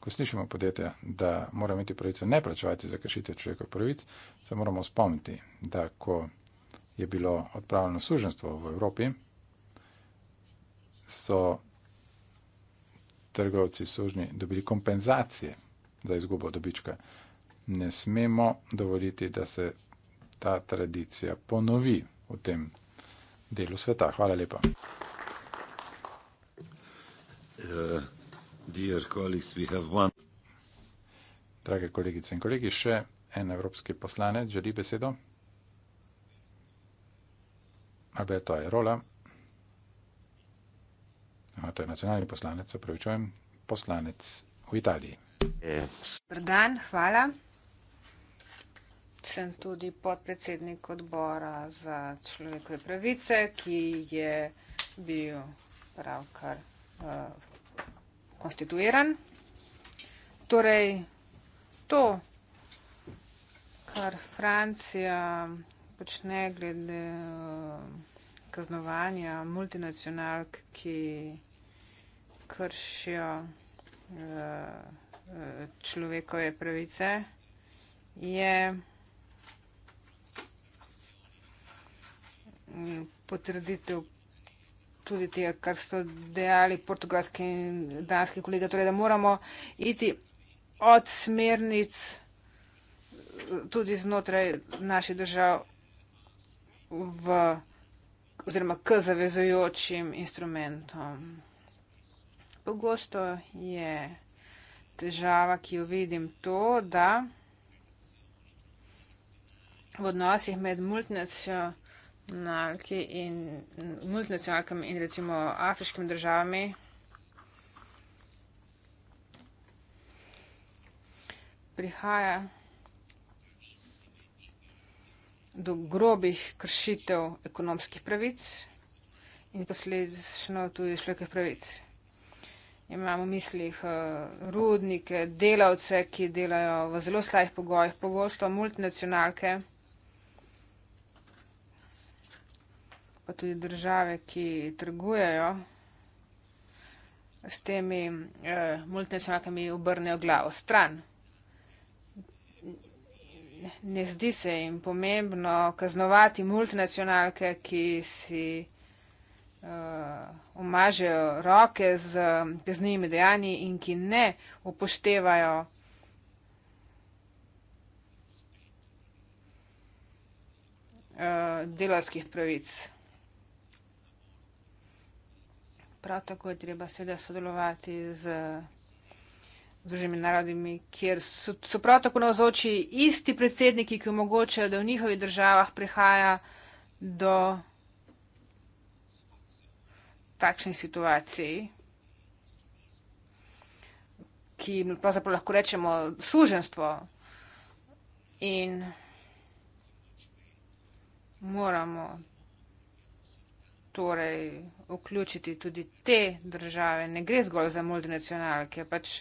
Ko slišimo podjetja, da mora imeti pravico ne plačevati za kršitve človekovih pravic, se moramo spomniti, da ko je bilo odpravljeno suženstvo v Evropi, so trgovci sužni dobili kompenzacije za izgubo dobička. Ne smemo dovoliti, da se ta tradicija ponovi v tem delu sveta. Hvala lepa. Uh, Drage kolegice in kolegi, še en evropski poslanec želi besedo. Alberto Airola. Aha, to je nacionalni poslanec, opravičujem, poslanec v Italiji. Dobar dan, hvala sem tudi podpredsednik odbora za človekove pravice, ki je bil pravkar uh, konstituiran. Torej, to, kar Francija počne glede uh, kaznovanja multinacionalk, ki kršijo uh, človekove pravice, je potrditev tudi tega, kar so dejali portugalski in danski kolega, torej da moramo iti od smernic eh, tudi znotraj naših držav v, oziroma k zavezujočim instrumentom. Pogosto je težava, ki jo vidim, to, da v odnosih med multinacionalno nalki in multinacionalkami in recimo afriškimi državami. Prihaja do grobih kršitev ekonomskih pravic in posledično tudi človekovih pravic. Imamo v mislih eh, rudnike, delavce, ki delajo v zelo slabih pogojih, pogosto multinacionalke. pa tudi države, ki trgujejo s temi eh, multinacionalkami, obrnejo glavo stran. Ne zdi se jim pomembno kaznovati multinacionalke, ki si eh, umažejo roke z kaznimi dejanji in ki ne upoštevajo. Eh, delovskih pravic. prav tako je treba seveda sodelovati z družimi narodimi, kjer so, so prav tako navzoči isti predsedniki, ki omogočajo, da v njihovih državah prihaja do takšnih situacij, ki pravzaprav lahko rečemo suženstvo in moramo torej vključiti tudi te države. Ne gre zgolj za multinacionalke, pač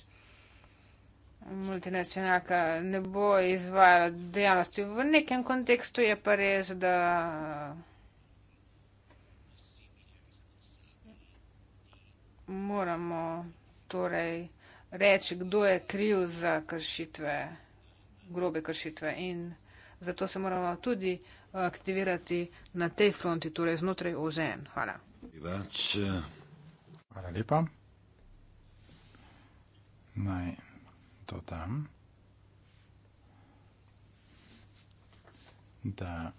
multinacionalka ne bo izvajala dejavnosti. V nekem kontekstu je pa res, da. Moramo torej reči, kdo je kriv za kršitve, grobe kršitve, in zato se moramo tudi aktivirati na tej fronti, torej znotraj OZN. Hvala. Hvala lepa. Naj to dam. Da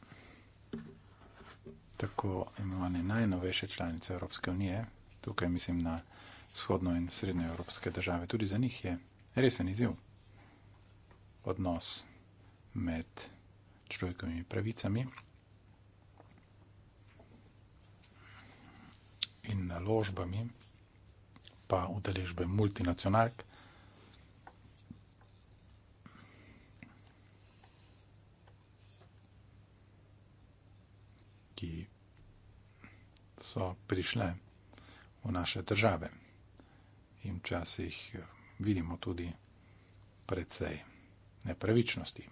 tako imenovane najnovejše članice Evropske unije, tukaj mislim na vzhodno in srednjo evropske države, tudi za njih je resen izziv odnos med človekovimi pravicami in naložbami, pa udeležbe multinacionalk. So prišle v naše države in včasih vidimo tudi precej nepravičnosti.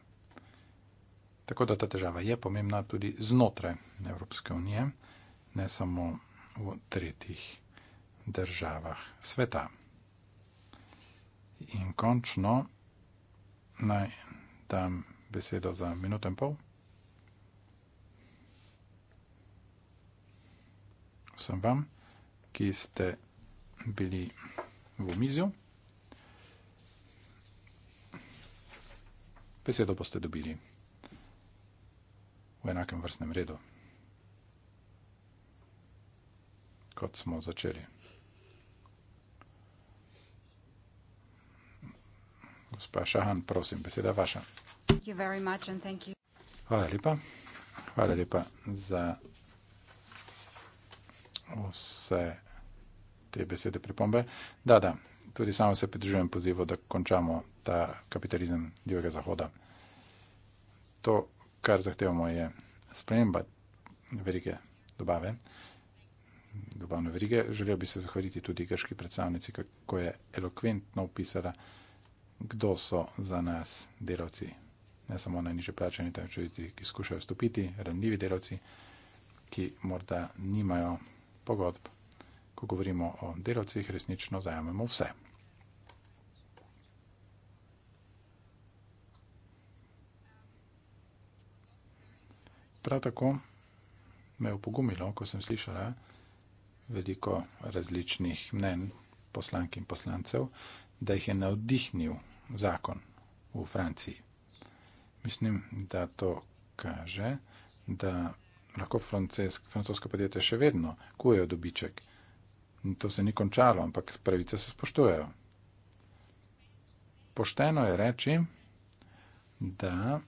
Tako da ta težava je pomembna tudi znotraj Evropske unije, ne samo v tretjih državah sveta. In končno naj dam besedo za minuto in pol. Vsem vam, ki ste bili v mizju. Besedo boste dobili v enakem vrstnem redu, kot smo začeli. Gospa Šahan, prosim, beseda vaša. Hvala lepa. Hvala lepa za vse te besede pripombe. Da, da, tudi samo se pridružujem pozivu, da končamo ta kapitalizem divjega zahoda. To kar zahtevamo, je sprememba verige dobave, dobavne verige. Želel bi se zahvaliti tudi grški predstavnici, kako je elokventno opisala, kdo so za nas delavci, ne samo najniže plačeni, temveč tudi, ki skušajo vstopiti, ranljivi delavci, ki morda nimajo pogodb. Ko govorimo o delavcih, resnično zajamemo vse. prav tako me je opogumilo, ko sem slišala veliko različnih mnen poslank in poslancev, da jih je navdihnil zakon v Franciji. Mislim, da to kaže, da lahko francoska podjetja še vedno kujejo dobiček. In to se ni končalo, ampak pravice se spoštujejo. Pošteno je reči, da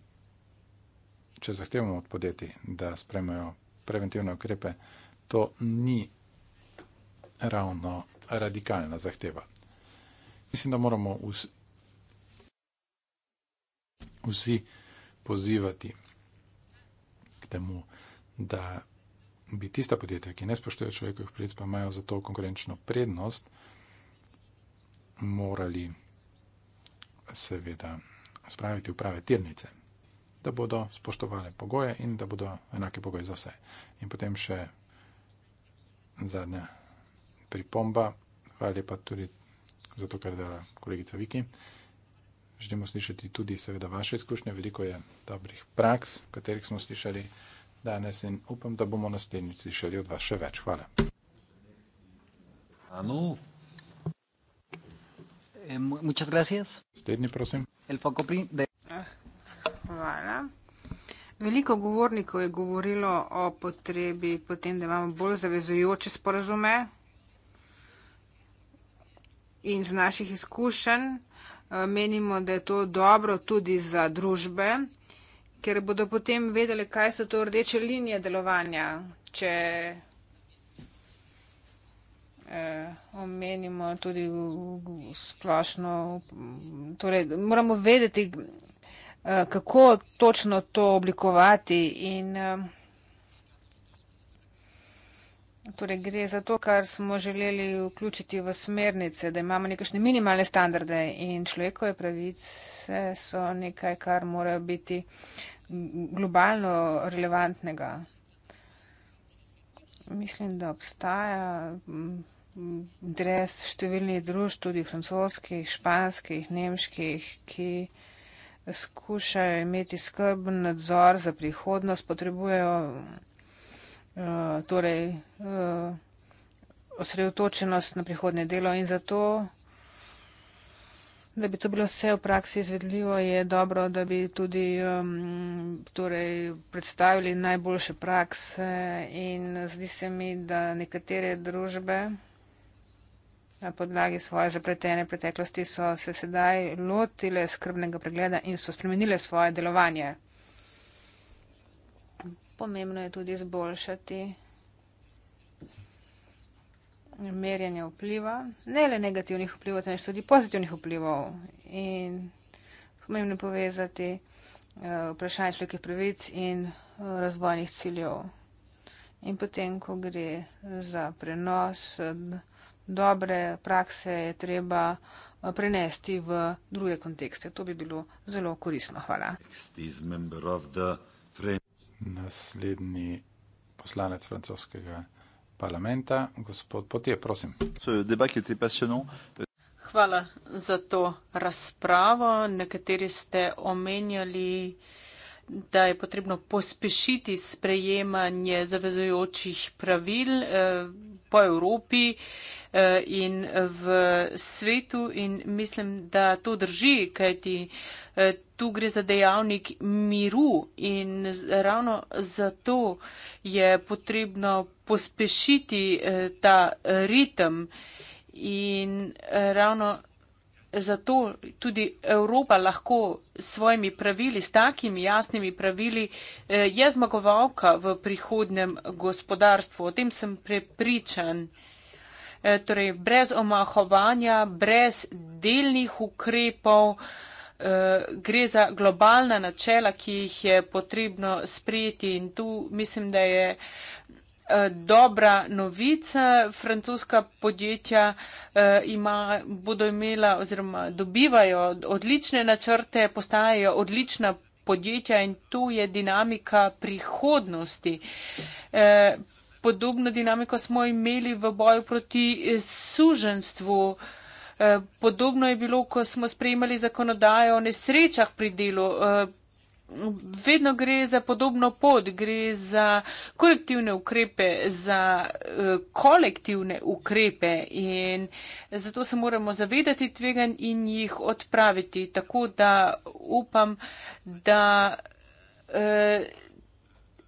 če zahtevamo od podjetij, da spremajo preventivne ukrepe, to ni ravno radikalna zahteva. Mislim, da moramo vsi, vsi pozivati k temu, da bi tista podjetja, ki ne spoštujejo človekovih pravic, pa imajo za to konkurenčno prednost, morali seveda spraviti v prave tirnice da bodo spoštovali pogoje in da bodo enake pogoje za vse. In potem še zadnja pripomba, hvala lepa tudi za to, kar je dala kolegica Viki. Želimo slišati tudi seveda vaše izkušnje, veliko je dobrih praks, katerih smo slišali danes in upam, da bomo naslednjič slišali od vas še več. Hvala. Anu. Eh, muchas gracias. Slednji, prosim. El foco de... Ah, Hvala. Veliko govornikov je govorilo o potrebi potem, da imamo bolj zavezujoče sporazume in z naših izkušenj eh, menimo, da je to dobro tudi za družbe, ker bodo potem vedeli, kaj so to rdeče linije delovanja, če eh, omenimo tudi splošno, torej moramo vedeti, Eh, kako točno to oblikovati. In, eh, torej gre za to, kar smo želeli vključiti v smernice, da imamo nekašne minimalne standarde in človekove pravice so nekaj, kar mora biti globalno relevantnega. Mislim, da obstaja dres mm, številnih družb, tudi francoskih, španskih, nemških, ki skušajo imeti skrben nadzor za prihodnost, potrebujejo uh, torej uh, osredotočenost na prihodnje delo in zato, da bi to bilo vse v praksi izvedljivo, je dobro, da bi tudi um, torej predstavili najboljše prakse in zdi se mi, da nekatere družbe na podlagi svoje zapletene preteklosti so se sedaj lotile skrbnega pregleda in so spremenile svoje delovanje. Pomembno je tudi izboljšati merjenje vpliva, ne le negativnih vplivov, temveč tudi pozitivnih vplivov. In pomembno je povezati eh, vprašanje človekih pravic in eh, razvojnih ciljev. In potem, ko gre za prenos. Od, eh, dobre prakse je treba eh, prenesti v druge kontekste. To bi bilo zelo korisno. Hvala. Naslednji poslanec francoskega parlamenta, gospod Potje, prosim. Hvala za to razpravo. Nekateri ste omenjali, da je potrebno pospešiti sprejemanje zavezujočih pravil. Eh, po Evropi eh, in v svetu in mislim, da to drži, kajti eh, tu gre za dejavnik miru in ravno zato je potrebno pospešiti eh, ta ritem in ravno zato tudi Evropa lahko s svojimi pravili, s takimi jasnimi pravili, eh, je zmagovalka v prihodnem gospodarstvu. O tem sem prepričan. Eh, torej, brez omahovanja, brez delnih ukrepov eh, gre za globalna načela, ki jih je potrebno sprejeti in tu mislim, da je Eh, dobra novica. Francoska podjetja eh, ima, bodo imela oziroma dobivajo odlične načrte, postajajo odlična podjetja in tu je dinamika prihodnosti. Eh, podobno dinamiko smo imeli v boju proti suženstvu. Podobno je bilo, ko smo sprejemali zakonodajo o nesrečah pri delu vedno gre za podobno pot, gre za kolektivne ukrepe, za eh, kolektivne ukrepe in zato se moramo zavedati tvegan in jih odpraviti. Tako da upam, da eh,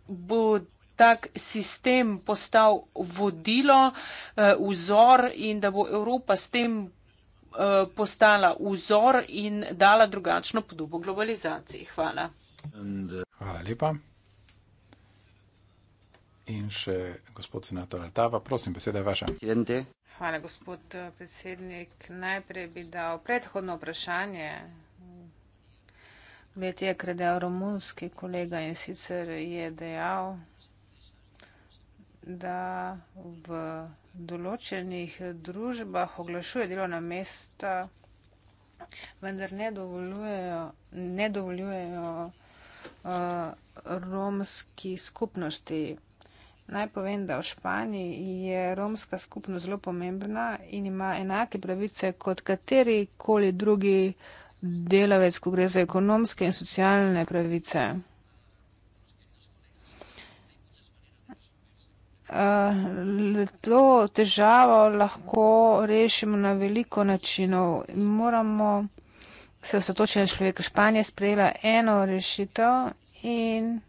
bo tak sistem postal vodilo, eh, vzor in da bo Evropa s tem postala vzor in dala drugačno podobo globalizaciji. Hvala. Uh, Hvala lepa. In še gospod senator Altava, prosim, beseda je vaša. Hvala, gospod eh, predsednik. Najprej bi dal predhodno vprašanje. Glede je kredel romunski kolega in sicer je dejal, da v določenih družbah oglašuje delovna mesta, vendar ne dovoljujejo. Ne dovoljujejo Eh, romski skupnosti. Naj povem, da v Španiji je romska skupnost zelo pomembna in ima enake pravice kot kateri koli drugi delavec, ko gre za ekonomske in socialne pravice. Eh, to težavo lahko rešimo na veliko načinov. Moramo se je osotočila človeka. Španija je sprejela eno rešitev in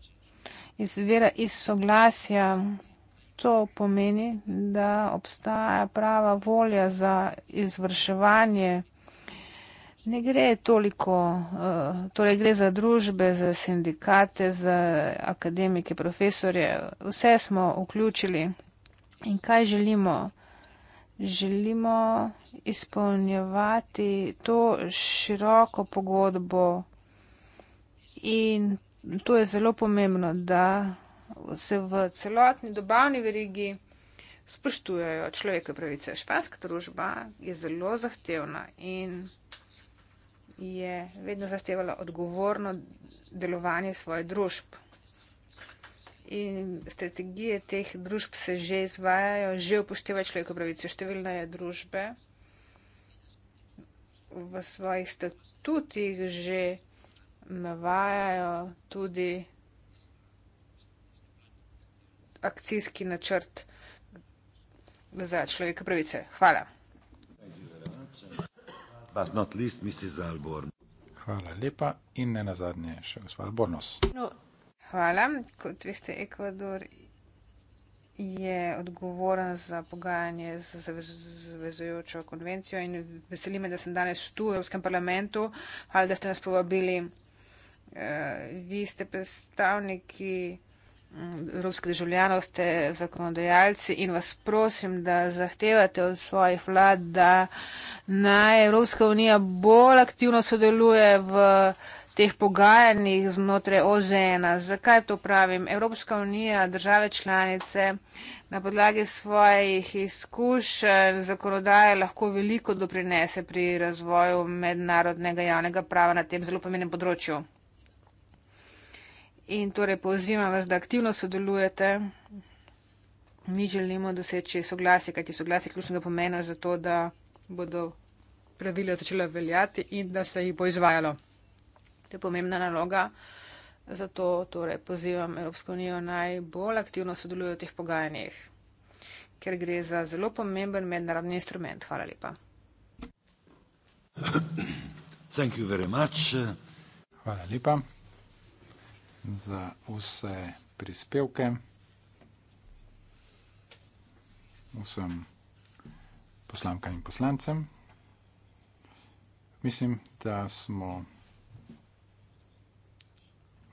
izvira iz soglasja. To pomeni, da obstaja prava volja za izvrševanje. Ne gre toliko, eh, torej gre za družbe, za sindikate, za akademike, profesorje. Vse smo vključili. In kaj želimo? želimo izpolnjevati to široko pogodbo. In to je zelo pomembno, da se v celotni dobavni verigi spoštujejo človeke pravice. Španska družba je zelo zahtevna in je vedno zahtevala odgovorno delovanje svojih družb in strategije teh družb se že izvajajo, že upoštevajo človekove pravice. Številne družbe v svojih statutih že navajajo tudi akcijski načrt za človekove pravice. Hvala. Hvala lepa in ne nazadnje še gospod Albornos. No. Hvala. Kot veste, Ekvador je odgovoren za pogajanje z zavezujočo konvencijo in veseli me, da sem danes tu v Evropskem parlamentu. Hvala, da ste nas povabili. Eh, vi ste predstavniki mm, evropskih državljanov, ste zakonodajalci in vas prosim, da zahtevate od svojih vlad, da naj Evropska unija bolj aktivno sodeluje v teh pogajanjih znotraj OZN-a. Zakaj to pravim? Evropska unija, države članice na podlagi svojih izkušenj zakonodaje lahko veliko doprinese pri razvoju mednarodnega javnega prava na tem zelo pomenem področju. In torej pozivam vas, da aktivno sodelujete. Mi želimo doseči soglasje, kajti soglasje ključnega pomena za to, da bodo pravila začela veljati in da se jih bo izvajalo. To je pomembna naloga. Zato torej pozivam Evropsko unijo najbolj aktivno sodeluje v teh pogajanjih, ker gre za zelo pomemben mednarodni instrument. Hvala lepa. Thank you very much. Hvala lepa za vse prispevke. Vsem poslankam in poslancem. Mislim, da smo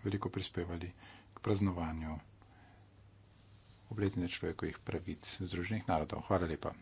veliko prispevali k praznovanju obletnice človekovih pravic Združenih narodov. Hvala lepa.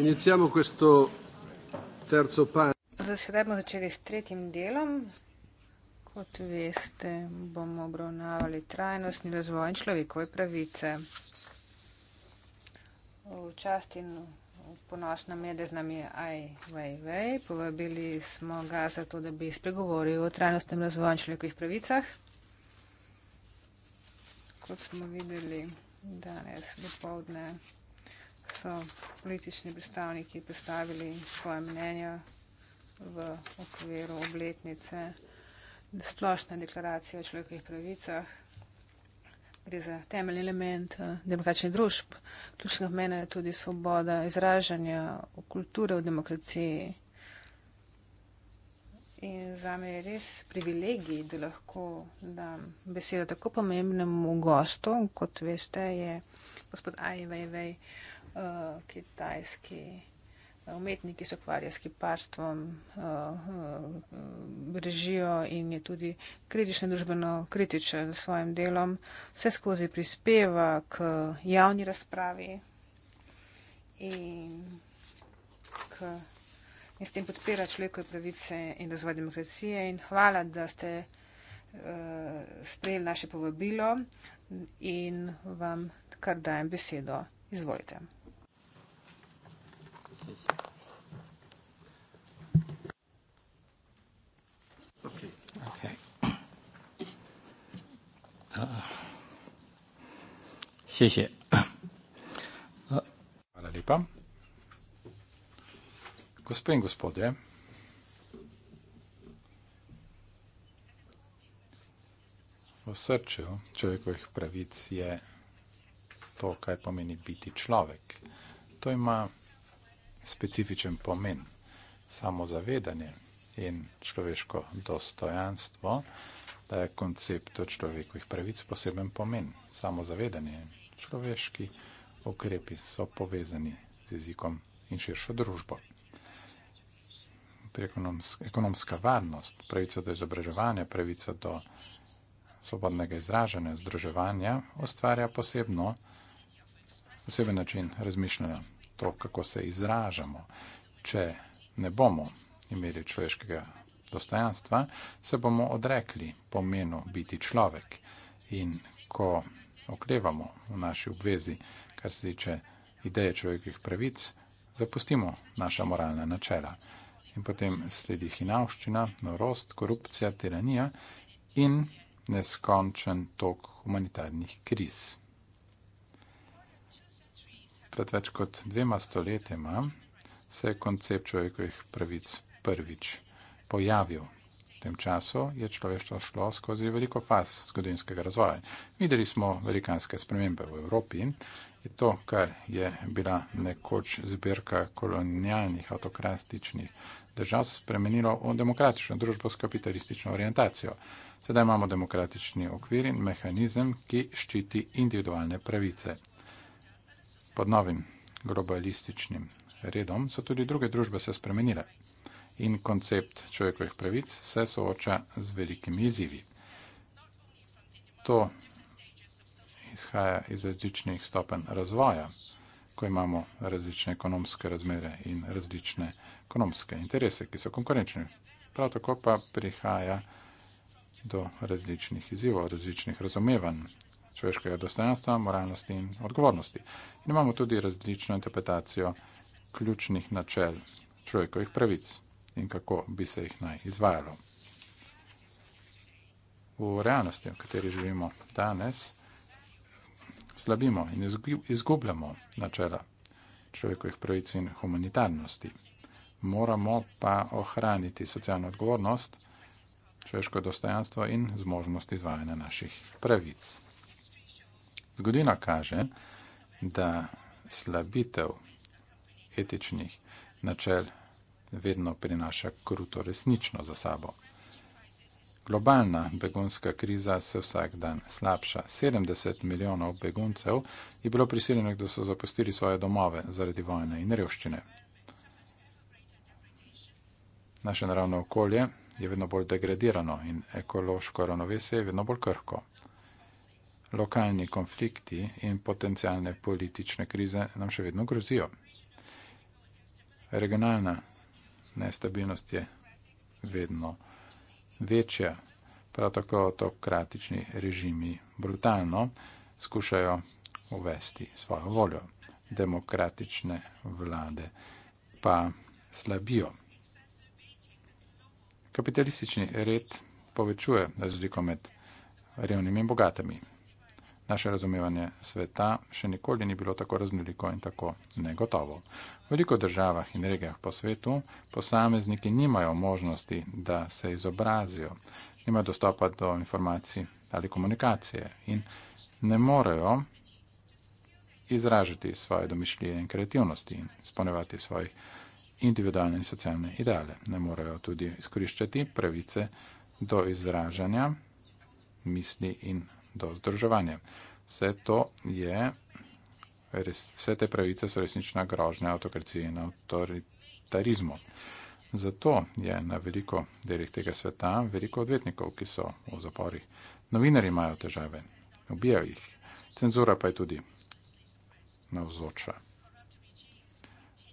Iniziamo questo terzo panel. Zasedajmo začeli s tretjim delom. Kot veste, bomo obravnavali trajnostni razvoj in človekove pravice. V čast in ponos nam je, da z nami je Ai Weiwei. Povabili smo ga za to, da bi spregovoril o trajnostnem razvoju in človekovih pravicah. Kot smo videli danes do povdne, so politični predstavniki predstavili svoje mnenja v okviru obletnice splošne deklaracije o človekovih pravicah. Gre za temeljni element eh, demokratičnih družb. Ključno mene je tudi svoboda izražanja kulture v demokraciji. In za me je res privilegij, da lahko dam besedo tako pomembnemu gostu, kot veste, je gospod Ajvejvej. Aj, aj. Eh, kitajski eh, umetnik, ki se ukvarja s kiparstvom, eh, režijo in je tudi kritično družbeno kritičen s svojim delom, vse skozi prispeva k javni razpravi in k. In s tem podpira človekove pravice in razvoj demokracije. In hvala, da ste uh, sprejeli naše povabilo in vam kar dajem besedo. Izvolite sesija. Okay. Uh, še, še. Uh. Hvala lepa. Gospe in gospodje, v srcu človekovih pravic je to, kaj pomeni biti človek. To ima specifičen pomen. Samozavedanje in človeško dostojanstvo daje konceptu človekovih pravic poseben pomen. Samozavedanje in človeški okrepi so povezani z jezikom in širšo družbo. Ekonomska varnost, pravica do izobraževanja, pravica do svobodnega izražanja, združevanja ustvarja posebno, poseben način razmišljanja to, kako se izražamo. Če ne bomo imeli človeškega dostojanstva, se bomo odrekli pomenu biti človek. In ko okrevamo v naši obvezi, kar se tiče ideje človekovih pravic, zapustimo naša moralna načela. In potem sledi hinavščina, norost, korupcija, tiranija in neskončen tok humanitarnih kriz pred več kot dvema stoletjema se je koncept človekovih pravic prvič pojavil. V tem času je človeštvo šlo skozi veliko faz zgodovinskega razvoja. Videli smo velikanske spremembe v Evropi. Je to, kar je bila nekoč zbirka kolonialnih avtokratičnih držav, spremenilo v demokratično družbo s kapitalistično orientacijo. Sedaj imamo demokratični okvir in mehanizem, ki ščiti individualne pravice. Pod novim globalističnim redom so tudi druge družbe se spremenile in koncept človekovih pravic se sooča z velikimi izzivi. To izhaja iz različnih stopen razvoja, ko imamo različne ekonomske razmere in različne ekonomske interese, ki so konkurenčni. Prav tako pa prihaja do različnih izzivov, različnih razumevanj človeškega dostojanstva, moralnosti in odgovornosti. In imamo tudi različno interpretacijo ključnih načel človekovih pravic in kako bi se jih naj izvajalo. V realnosti, v kateri živimo danes, slabimo in izgubljamo načela človekovih pravic in humanitarnosti. Moramo pa ohraniti socialno odgovornost, človeško dostojanstvo in zmožnost izvajanja naših pravic. Zgodovina kaže, da slabitev etičnih načel vedno prinaša kruto resnično za sabo. Globalna begonska kriza se vsak dan slabša. 70 milijonov beguncev je bilo prisiljenih, da so zapustili svoje domove zaradi vojne in revščine. Naše naravno okolje je vedno bolj degradirano in ekološko ravnovesje je vedno bolj krhko lokalni konflikti in potencijalne politične krize nam še vedno grozijo. Regionalna nestabilnost je vedno večja, prav tako autokratični režimi brutalno skušajo uvesti svojo voljo, demokratične vlade pa slabijo. Kapitalistični red povečuje razliko med revnimi in bogatimi. Naše razumevanje sveta še nikoli ni bilo tako raznoliko in tako negotovo. V veliko državah in regijah po svetu posamezniki nimajo možnosti, da se izobrazijo, nimajo dostopa do informacij ali komunikacije in ne morejo izražati svoje domišljije in kreativnosti in spolnevati svojih individualne in socialne ideale. Ne morejo tudi izkoriščati pravice do izražanja misli in do združevanja. Vse to je, res, vse te pravice so resnična grožnja avtokraciji in avtoritarizmu. Zato je na veliko delih tega sveta veliko odvetnikov, ki so v zaporih. Novinari imajo težave, ubijajo jih, cenzura pa je tudi navzoča.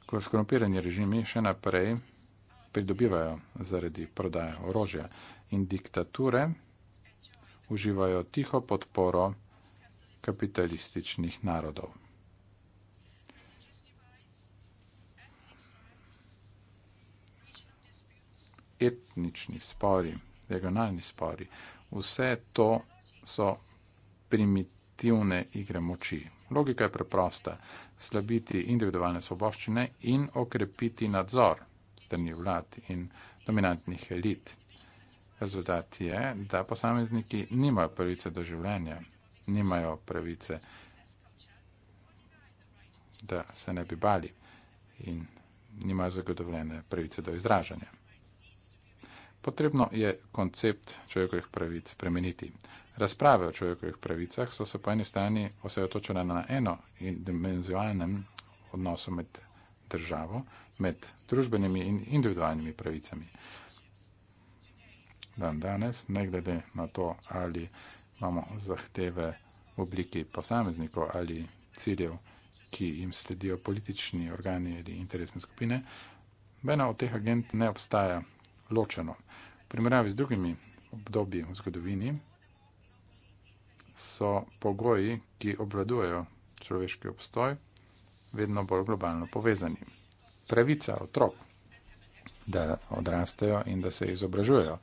Ko skorumpirani režimi še naprej pridobivajo zaradi prodaje orožja in diktature, uživajo tiho podporo kapitalističnih narodov. Etnični spori, regionalni spori, vse to so primitivne igre moči. Logika je preprosta. Slabiti individualne svoboščine in okrepiti nadzor strani vlad in dominantnih elit. Rezultat je, da posamezniki nimajo pravice do življenja, nimajo pravice, da se ne bi bali in nimajo zagotovljene pravice do izražanja. Potrebno je koncept človekovih pravic spremeniti. Razprave o človekovih pravicah so se po eni strani osredotočene na eno in dimenzionalnem odnosu med državo, med družbenimi in individualnimi pravicami dan danes, ne glede na to, ali imamo zahteve v obliki posameznikov ali ciljev, ki jim sledijo politični organi ali interesne skupine, nobena od teh agent ne obstaja ločeno. V primerjavi z drugimi obdobji v zgodovini so pogoji, ki obvladujejo človeški obstoj, vedno bolj globalno povezani. Pravica otrok, da odrastejo in da se izobražujejo,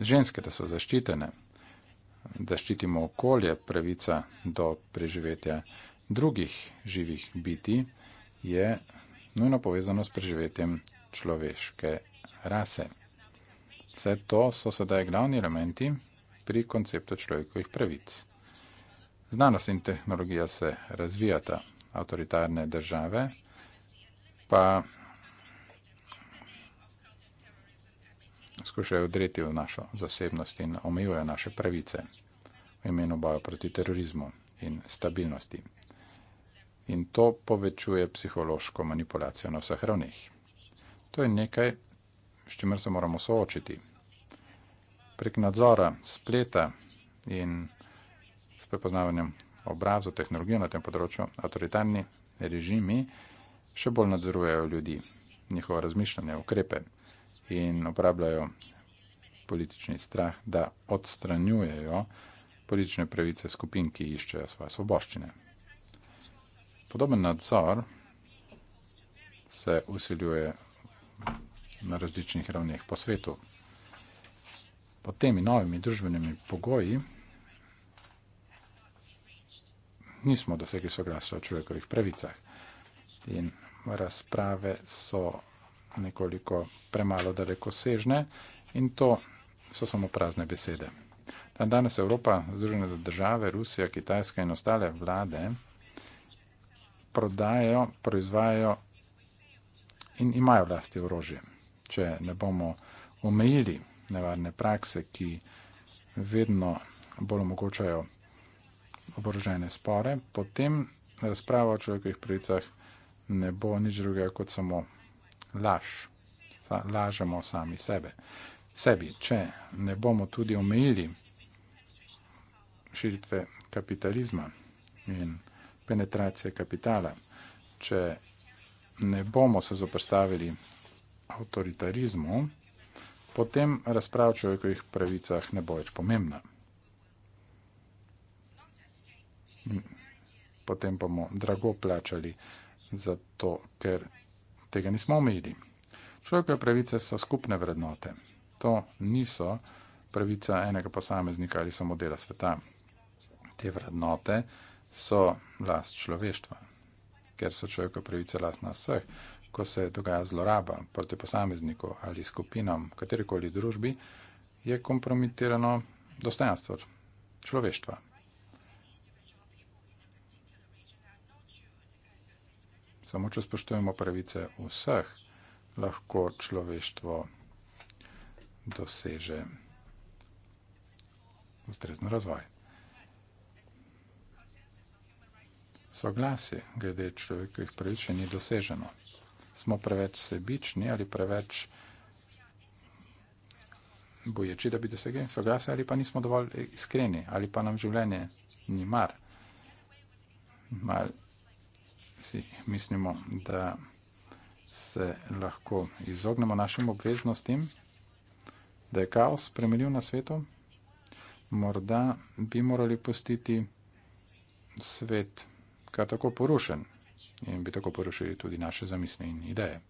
Ženske, da so zaščitene, da ščitimo okolje, pravica do preživetja drugih živih biti je nujno povezano s preživetjem človeške rase. Vse to so sedaj glavni elementi pri konceptu človekovih pravic. Znanost in tehnologija se razvijata, avtoritarne države pa skušajo odreti v našo zasebnost in omejujejo naše pravice v imenu boja proti terorizmu in stabilnosti. In to povečuje psihološko manipulacijo na vseh ravneh. To je nekaj, s čimer se moramo soočiti. Prek nadzora spleta in s prepoznavanjem obrazov tehnologije na tem področju, avtoritarni režimi še bolj nadzorujejo ljudi, njihovo razmišljanje, ukrepe in uporabljajo politični strah, da odstranjujejo politične pravice skupin, ki iščejo svoje svoboščine. Podoben nadzor se usiljuje na različnih ravneh po svetu. Pod temi novimi družbenimi pogoji nismo dosegli soglasja o človekovih pravicah. In razprave so nekoliko premalo dalekosežne in to so samo prazne besede. Dan danes Evropa, Združene države, Rusija, Kitajska in ostale vlade prodajajo, proizvajajo in imajo vlasti orožje. Če ne bomo omejili nevarne prakse, ki vedno bolj omogočajo oborožene spore, potem razprava o človekovih pravicah ne bo nič drugega kot samo laž. Lažemo sami sebe. Sebi, če ne bomo tudi omejili širitve kapitalizma in penetracije kapitala, če ne bomo se zoprstavili avtoritarizmu, potem razprav človekovih pravicah ne bo več pomembna. Potem bomo drago plačali za to, ker tega nismo omejili. Človekove pravice so skupne vrednote. To niso pravica enega posameznika ali samo dela sveta. Te vrednote so last človeštva, ker so človekove pravice last nas vseh. Ko se dogaja zloraba proti posamezniku ali skupinam, katerikoli družbi, je kompromitirano dostojanstvo človeštva. Samo če spoštujemo pravice vseh, lahko človeštvo doseže ustrezen razvoj. Soglasje glede človekovih pravic še ni doseženo. Smo preveč sebični ali preveč boječi, da bi dosegli soglasje, ali pa nismo dovolj iskreni, ali pa nam življenje ni mar. Mal si mislimo, da se lahko izognemo našim obveznostim, da je kaos spremenil na svetu. Morda bi morali pustiti svet kar tako porušen in bi tako porušili tudi naše zamisli in ideje.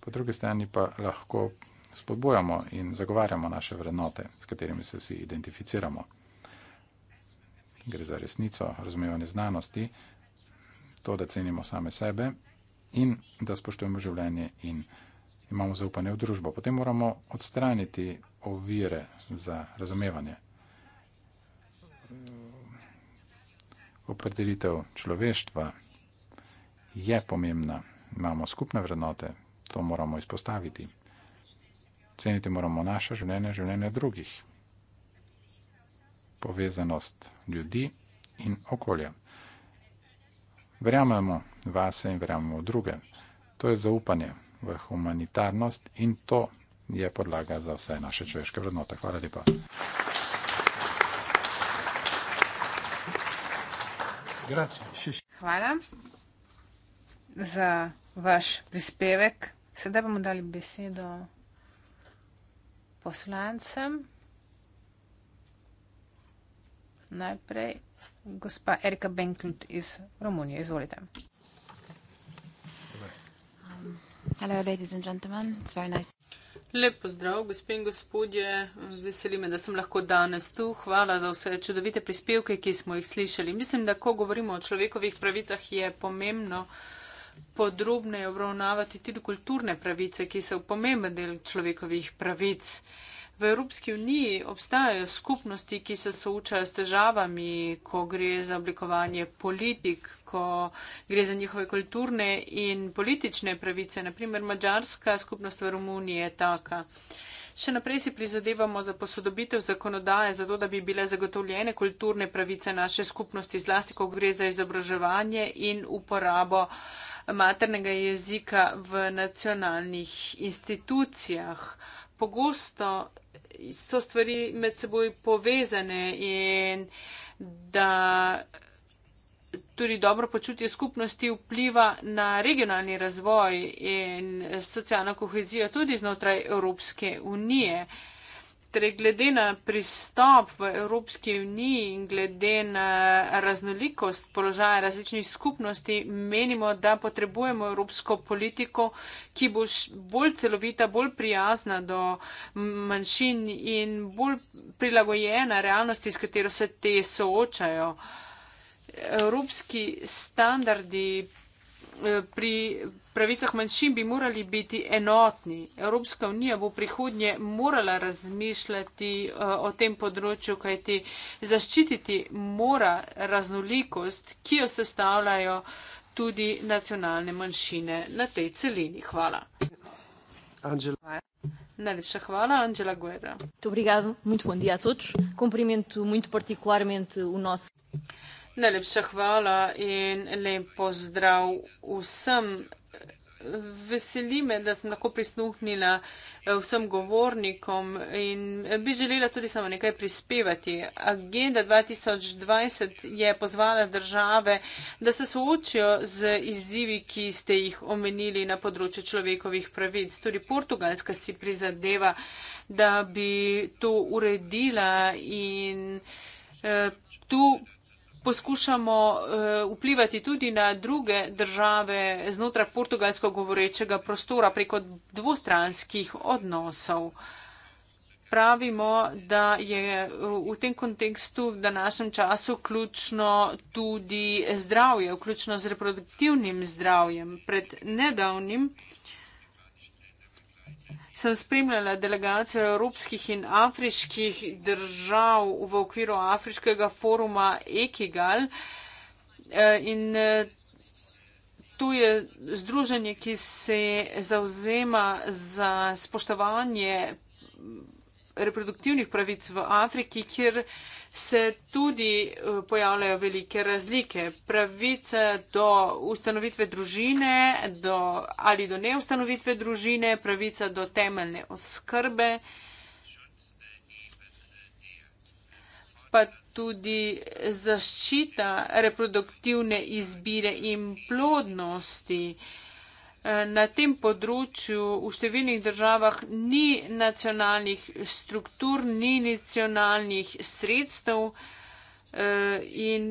Po drugi strani pa lahko spodbojamo in zagovarjamo naše vrednote, s katerimi se vsi identificiramo. Gre za resnico, razumevanje znanosti, to, da cenimo same sebe in da spoštujemo življenje in imamo zaupanje v družbo. Potem moramo odstraniti ovire za razumevanje. Opredelitev človeštva je pomembna. Imamo skupne vrednote, to moramo izpostaviti. Ceniti moramo naše življenje, življenje drugih. Povezanost ljudi in okolja. Verjamemo vase in verjamemo v druge. To je zaupanje v humanitarnost in to je podlaga za vse naše človeške vrednote. Hvala lepa. Hvala za vaš prispevek. Sedaj bomo dali besedo poslancem. Najprej Gospa Erika Benklut iz Romunije, izvolite. Hello, ladies and gentlemen. It's very nice. Lepo zdrav, gospe in gospodje. Veseli me, da sem lahko danes tu. Hvala za vse čudovite prispevke, ki smo jih slišali. Mislim, da ko govorimo o človekovih pravicah, je pomembno podrobneje obravnavati tudi kulturne pravice, ki so pomemben del človekovih pravic v Evropski uniji obstajajo skupnosti, ki se soočajo s težavami, ko gre za oblikovanje politik, ko gre za njihove kulturne in politične pravice. Naprimer, mađarska skupnost v Romuniji je taka. Še naprej si prizadevamo za posodobitev zakonodaje, zato da bi bile zagotovljene kulturne pravice naše skupnosti, zlasti, ko gre za izobraževanje in uporabo maternega jezika v nacionalnih institucijah. Pogosto so stvari med seboj povezane in da tudi dobro počutje skupnosti vpliva na regionalni razvoj in socialno kohezijo tudi znotraj Evropske unije. Uh, Torej, glede na pristop v Evropski uniji in glede na raznolikost položaja različnih skupnosti, menimo, da potrebujemo evropsko politiko, ki bo bolj celovita, bolj prijazna do manjšin in bolj prilagojena realnosti, s katero se te soočajo. Evropski standardi Eh, pri pravicah manjšin bi morali biti enotni. Evropska unija bo prihodnje morala razmišljati eh, o tem področju, kajti zaščititi mora raznolikost, ki jo sestavljajo tudi nacionalne manjšine na tej celini. Hvala. Najlepša hvala, Anđela Guerra. Dobrigado, muito bom dia a todos. Cumprimento muito particularmente o nosso. Najlepša hvala in lep pozdrav vsem. Veseli me, da sem lahko prisluhnila eh, vsem govornikom in eh, bi želela tudi samo nekaj prispevati. Agenda 2020 je pozvala države, da se soočijo z izzivi, ki ste jih omenili na področju človekovih pravic. Tudi Portugalska si prizadeva, da bi to uredila in. Eh, tu poskušamo eh, vplivati tudi na druge države znotraj portugalsko govorečega prostora preko dvostranskih odnosov. Pravimo, da je eh, v tem kontekstu v današnjem času ključno tudi zdravje, vključno z reproduktivnim zdravjem. Pred nedavnim sem spremljala delegacijo evropskih in afriških držav v okviru afriškega foruma Ekigal eh, in eh, tu je združenje, ki se zauzema za spoštovanje reproduktivnih pravic v Afriki, kjer je se tudi eh, pojavljajo velike razlike. Pravica do ustanovitve družine do, ali do neustanovitve družine, pravica do temeljne oskrbe, pa tudi zaščita reproduktivne izbire in plodnosti. Uh, na tem področju v številnih državah ni nacionalnih struktur, ni nacionalnih sredstev eh, in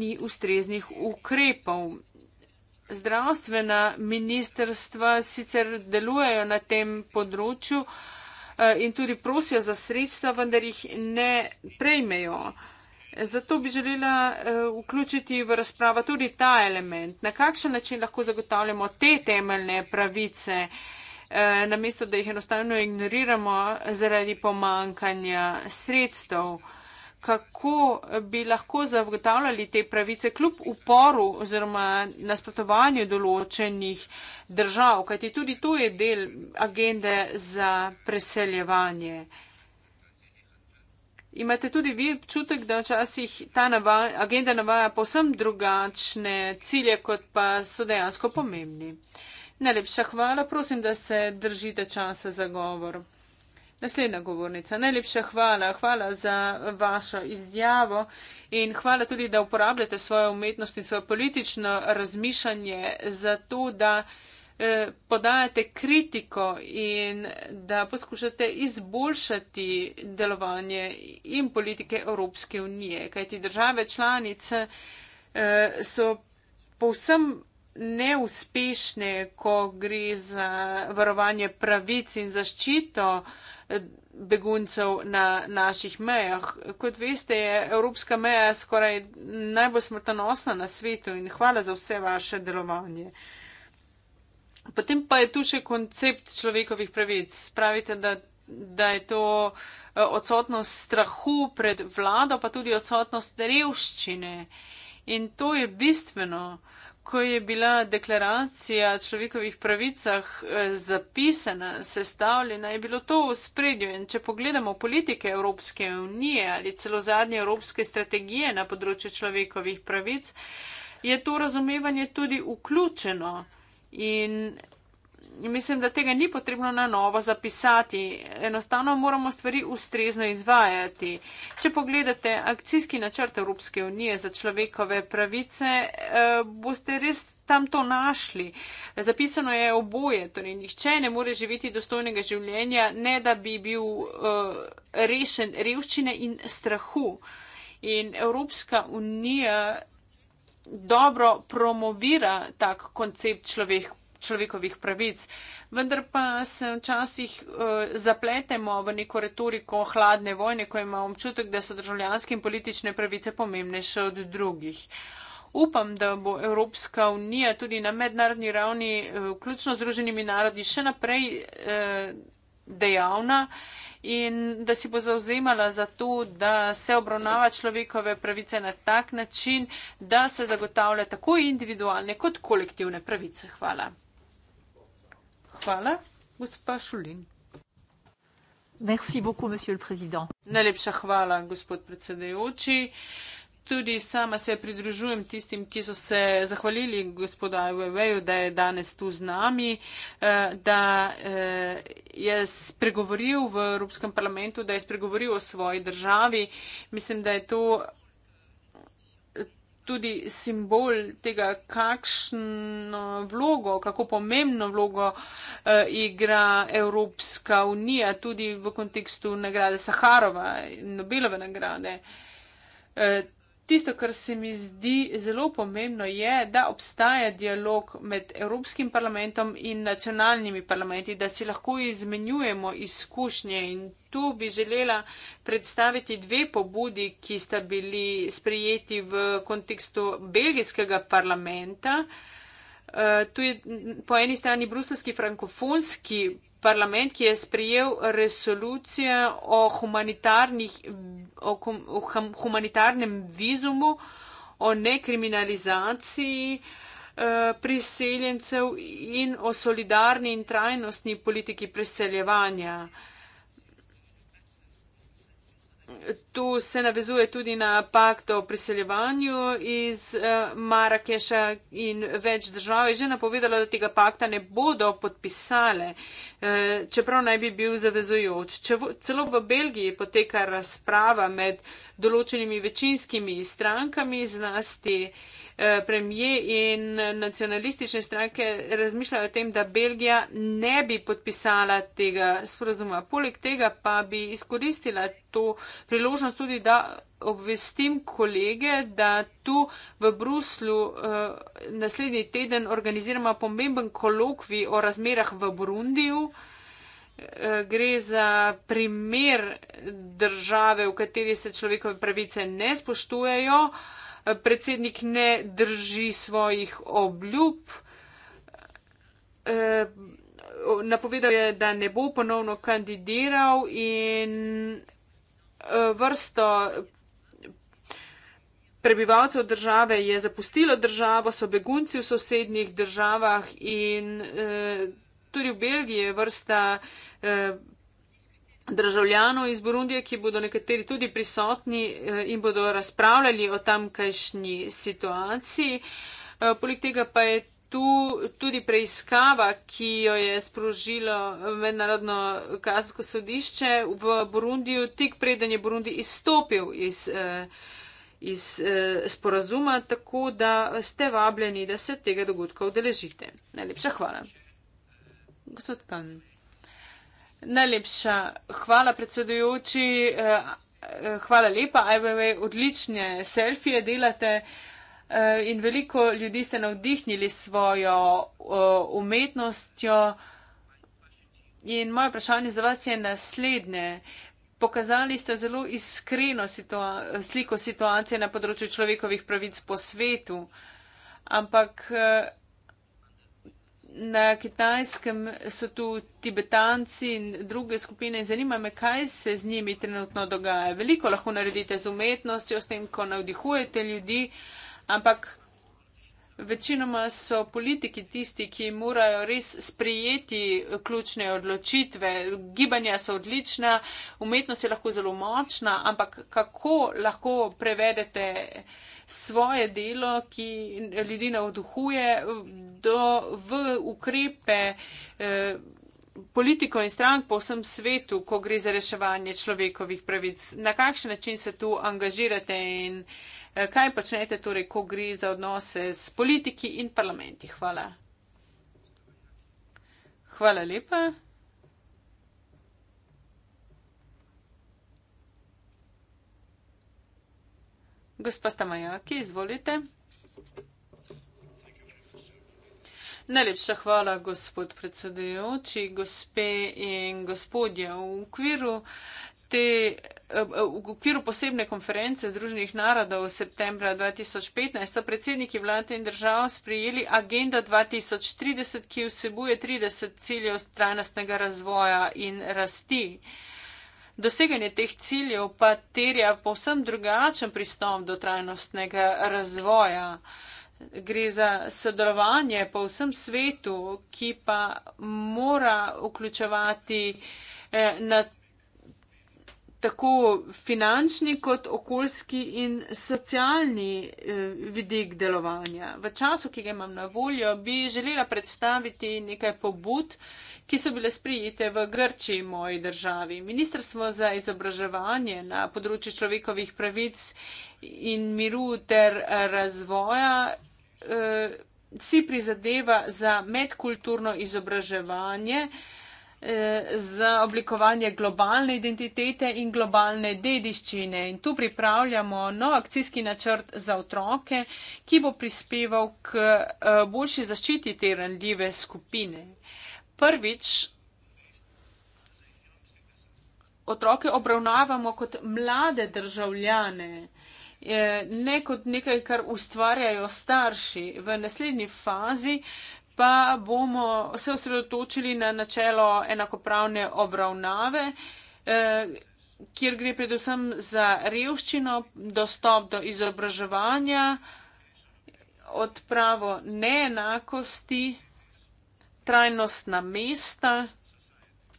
ni ustreznih ukrepov. Zdravstvena ministerstva sicer delujejo na tem področju eh, in tudi prosijo za sredstva, vendar jih ne prejmejo. Zato bi želela uh, vključiti v razpravo tudi ta element, na kakšen način lahko zagotavljamo te temeljne pravice, uh, namesto da jih enostavno ignoriramo zaradi pomankanja sredstev, kako bi lahko zagotavljali te pravice kljub uporu oziroma nasprotovanju določenih držav, kajti tudi to je del agende za preseljevanje. Uh, Imate tudi vi občutek, da včasih ta navaja, agenda navaja povsem drugačne cilje, kot pa so dejansko pomembni. Najlepša hvala, prosim, da se držite časa za govor. Naslednja govornica, najlepša hvala, hvala za vašo izjavo in hvala tudi, da uporabljate svojo umetnost in svoje politično razmišljanje za to, da. Eh, podajate kritiko in da poskušate izboljšati delovanje in politike Evropske unije, kajti države članice eh, so povsem neuspešne, ko gre za varovanje pravic in zaščito eh, beguncev na naših mejah. Kot veste, je evropska meja skoraj najbolj smrtonosna na svetu in hvala za vse vaše delovanje. Uh, Potem pa je tu še koncept človekovih pravic. Pravite, da, da je to eh, odsotnost strahu pred vlado, pa tudi odsotnost revščine. In to je bistveno. Ko je bila deklaracija o človekovih pravicah eh, zapisana, sestavljena, je bilo to v spredju. In če pogledamo politike Evropske unije ali celo zadnje evropske strategije na področju človekovih pravic, je to razumevanje tudi vključeno. In mislim, da tega ni potrebno na novo zapisati. Enostavno moramo stvari ustrezno izvajati. Če pogledate akcijski načrt Evropske unije za človekove pravice, eh, boste res tam to našli. Zapisano je oboje, torej nihče ne more živeti dostojnega življenja, ne da bi bil eh, rešen revščine in strahu. In Evropska unija dobro promovira tak koncept človek, človekovih pravic, vendar pa se včasih uh, zapletemo v neko retoriko hladne vojne, ko imamo občutek, da so državljanske in politične pravice pomembnejše od drugih. Upam, da bo Evropska unija tudi na mednarodni ravni, eh, vključno z druženimi narodi, še naprej eh, dejavna in da si bo zauzemala za to, da se obravnava človekove pravice na tak način, da se zagotavlja tako individualne kot kolektivne pravice. Hvala. Hvala, gospa Šulin. Merci beaucoup, monsieur le président. Najlepša hvala, gospod predsedujoči tudi sama se pridružujem tistim, ki so se zahvalili gospodu Aveveju, da je danes tu z nami, eh, da eh, je spregovoril v Evropskem parlamentu, da je spregovoril o svoji državi. Mislim, da je to eh, tudi simbol tega, kakšno vlogo, kako pomembno vlogo eh, igra Evropska unija tudi v kontekstu nagrade Saharova, Nobelove nagrade. Eh, tisto, kar se mi zdi zelo pomembno, je, da obstaja dialog med Evropskim parlamentom in nacionalnimi parlamenti, da si lahko izmenjujemo izkušnje in tu bi želela predstaviti dve pobudi, ki sta bili sprejeti v kontekstu belgijskega parlamenta. Uh, tu je po eni strani bruselski frankofonski parlament, ki je sprejel resolucijo o, o, o humanitarnem vizumu, o nekriminalizaciji eh, priseljencev in o solidarni in trajnostni politiki preseljevanja. Tu se navezuje tudi na pakt o priseljevanju iz eh, Marakeša in več držav je že napovedala, da tega pakta ne bodo podpisale, eh, čeprav naj bi bil zavezujoč. Celo v Belgiji poteka razprava med določenimi večinskimi strankami, zlasti Eh, premije in nacionalistične stranke razmišljajo o tem, da Belgija ne bi podpisala tega sporozuma. Poleg tega pa bi izkoristila to priložnost tudi, da obvestim kolege, da tu v Bruslu eh, naslednji teden organiziramo pomemben kolokvi o razmerah v Burundiju. Eh, gre za primer države, v kateri se človekove pravice ne spoštujejo. Uh, predsednik ne drži svojih obljub. Eh, napovedal je, da ne bo ponovno kandidiral in eh, vrsto prebivalcev države je zapustilo državo, so begunci v sosednjih državah in eh, tudi v Belgiji je vrsta državljanov iz Burundije, ki bodo nekateri tudi prisotni eh, in bodo razpravljali o tamkajšnji situaciji. Eh, poleg tega pa je tu tudi preiskava, ki jo je sprožilo mednarodno kazansko sodišče v Burundiju, tik preden je Burundi izstopil iz, eh, iz sporazuma, tako da ste vabljeni, da se tega dogodka vdeležite. Najlepša hvala. Gospod Kanj. Najlepša hvala, predsedujoči. Eh, eh, hvala lepa, IBV, odlične selfije delate eh, in veliko ljudi ste navdihnili svojo umetnostjo. In moje vprašanje za vas je naslednje. Pokazali ste zelo iskreno situa sliko situacije na področju človekovih pravic po svetu, ampak na kitajskem so tu tibetanci in druge skupine in zanima me, kaj se z njimi trenutno dogaja. Veliko lahko naredite z umetnostjo, s tem, ko navdihujete ljudi, ampak večinoma so politiki tisti, ki morajo res sprijeti ključne odločitve. Gibanja so odlična, umetnost je lahko zelo močna, ampak kako lahko prevedete svoje delo, ki ljudi navduhuje, do, v ukrepe eh, politiko in strank po vsem svetu, ko gre za reševanje človekovih pravic. Na kakšen način se tu angažirate in eh, kaj počnete, torej, ko gre za odnose s politiki in parlamenti? Hvala. Hvala lepa. Gospa Stamajaki, izvolite. Najlepša hvala, gospod predsedujoči, gospe in gospodje. V okviru, te, v okviru posebne konference Združenih narodov v septembra 2015 so predsedniki vlade in držav sprijeli agenda 2030, ki vsebuje 30 ciljev trajnostnega razvoja in rasti. Doseganje teh ciljev pa terja povsem drugačen pristop do trajnostnega razvoja. Gre za sodelovanje po vsem svetu, ki pa mora vključevati eh, na tako finančni kot okoljski in socialni eh, vidik delovanja. V času, ki ga imam na voljo, bi želela predstaviti nekaj pobud, ki so bile sprijete v Grčiji, moji državi. Ministrstvo za izobraževanje na področju človekovih pravic in miru ter razvoja eh, si prizadeva za medkulturno izobraževanje Eh, za oblikovanje globalne identitete in globalne dediščine. In tu pripravljamo nov akcijski načrt za otroke, ki bo prispeval k eh, boljši zaščiti te randljive skupine. Prvič, otroke obravnavamo kot mlade državljane, eh, ne kot nekaj, kar ustvarjajo starši. V naslednji fazi pa bomo se osredotočili na načelo enakopravne obravnave, eh, kjer gre predvsem za revščino, dostop do izobraževanja, odpravo neenakosti, trajnostna mesta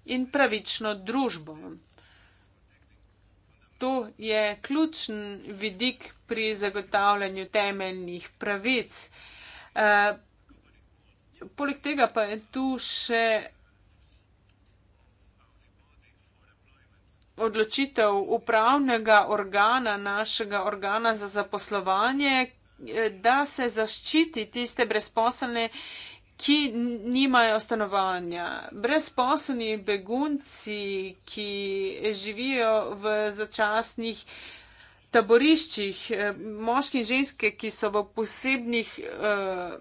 in pravično družbo. To je ključen vidik pri zagotavljanju temeljnih pravic. Eh, Poleg tega pa je tu še odločitev upravnega organa, našega organa za zaposlovanje, da se zaščiti tiste brezposelne, ki nimajo stanovanja. Brezposelni begunci, ki živijo v začasnih taboriščih, eh, moški in ženske, ki so v posebnih. Uh,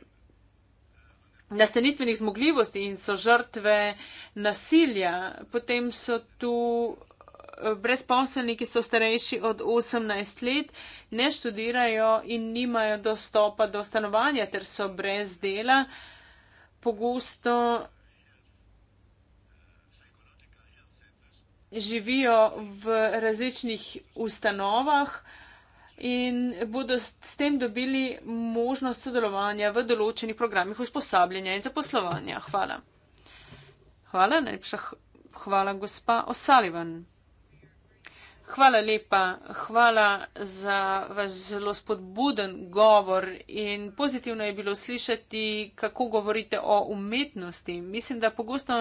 nastanitvenih zmogljivosti in so žrtve nasilja. Potem so tu eh, brezposelni, ki so starejši od 18 let, ne študirajo in nimajo dostopa do stanovanja, ter so brez dela. Pogosto živijo v različnih ustanovah in bodo s tem dobili možnost sodelovanja v določenih programih usposabljanja in zaposlovanja. Hvala. Hvala, najlepša hvala, gospa O'Sullivan. Hvala lepa, hvala za vaš zelo spodbuden govor in pozitivno je bilo slišati, kako govorite o umetnosti. Mislim, da pogosto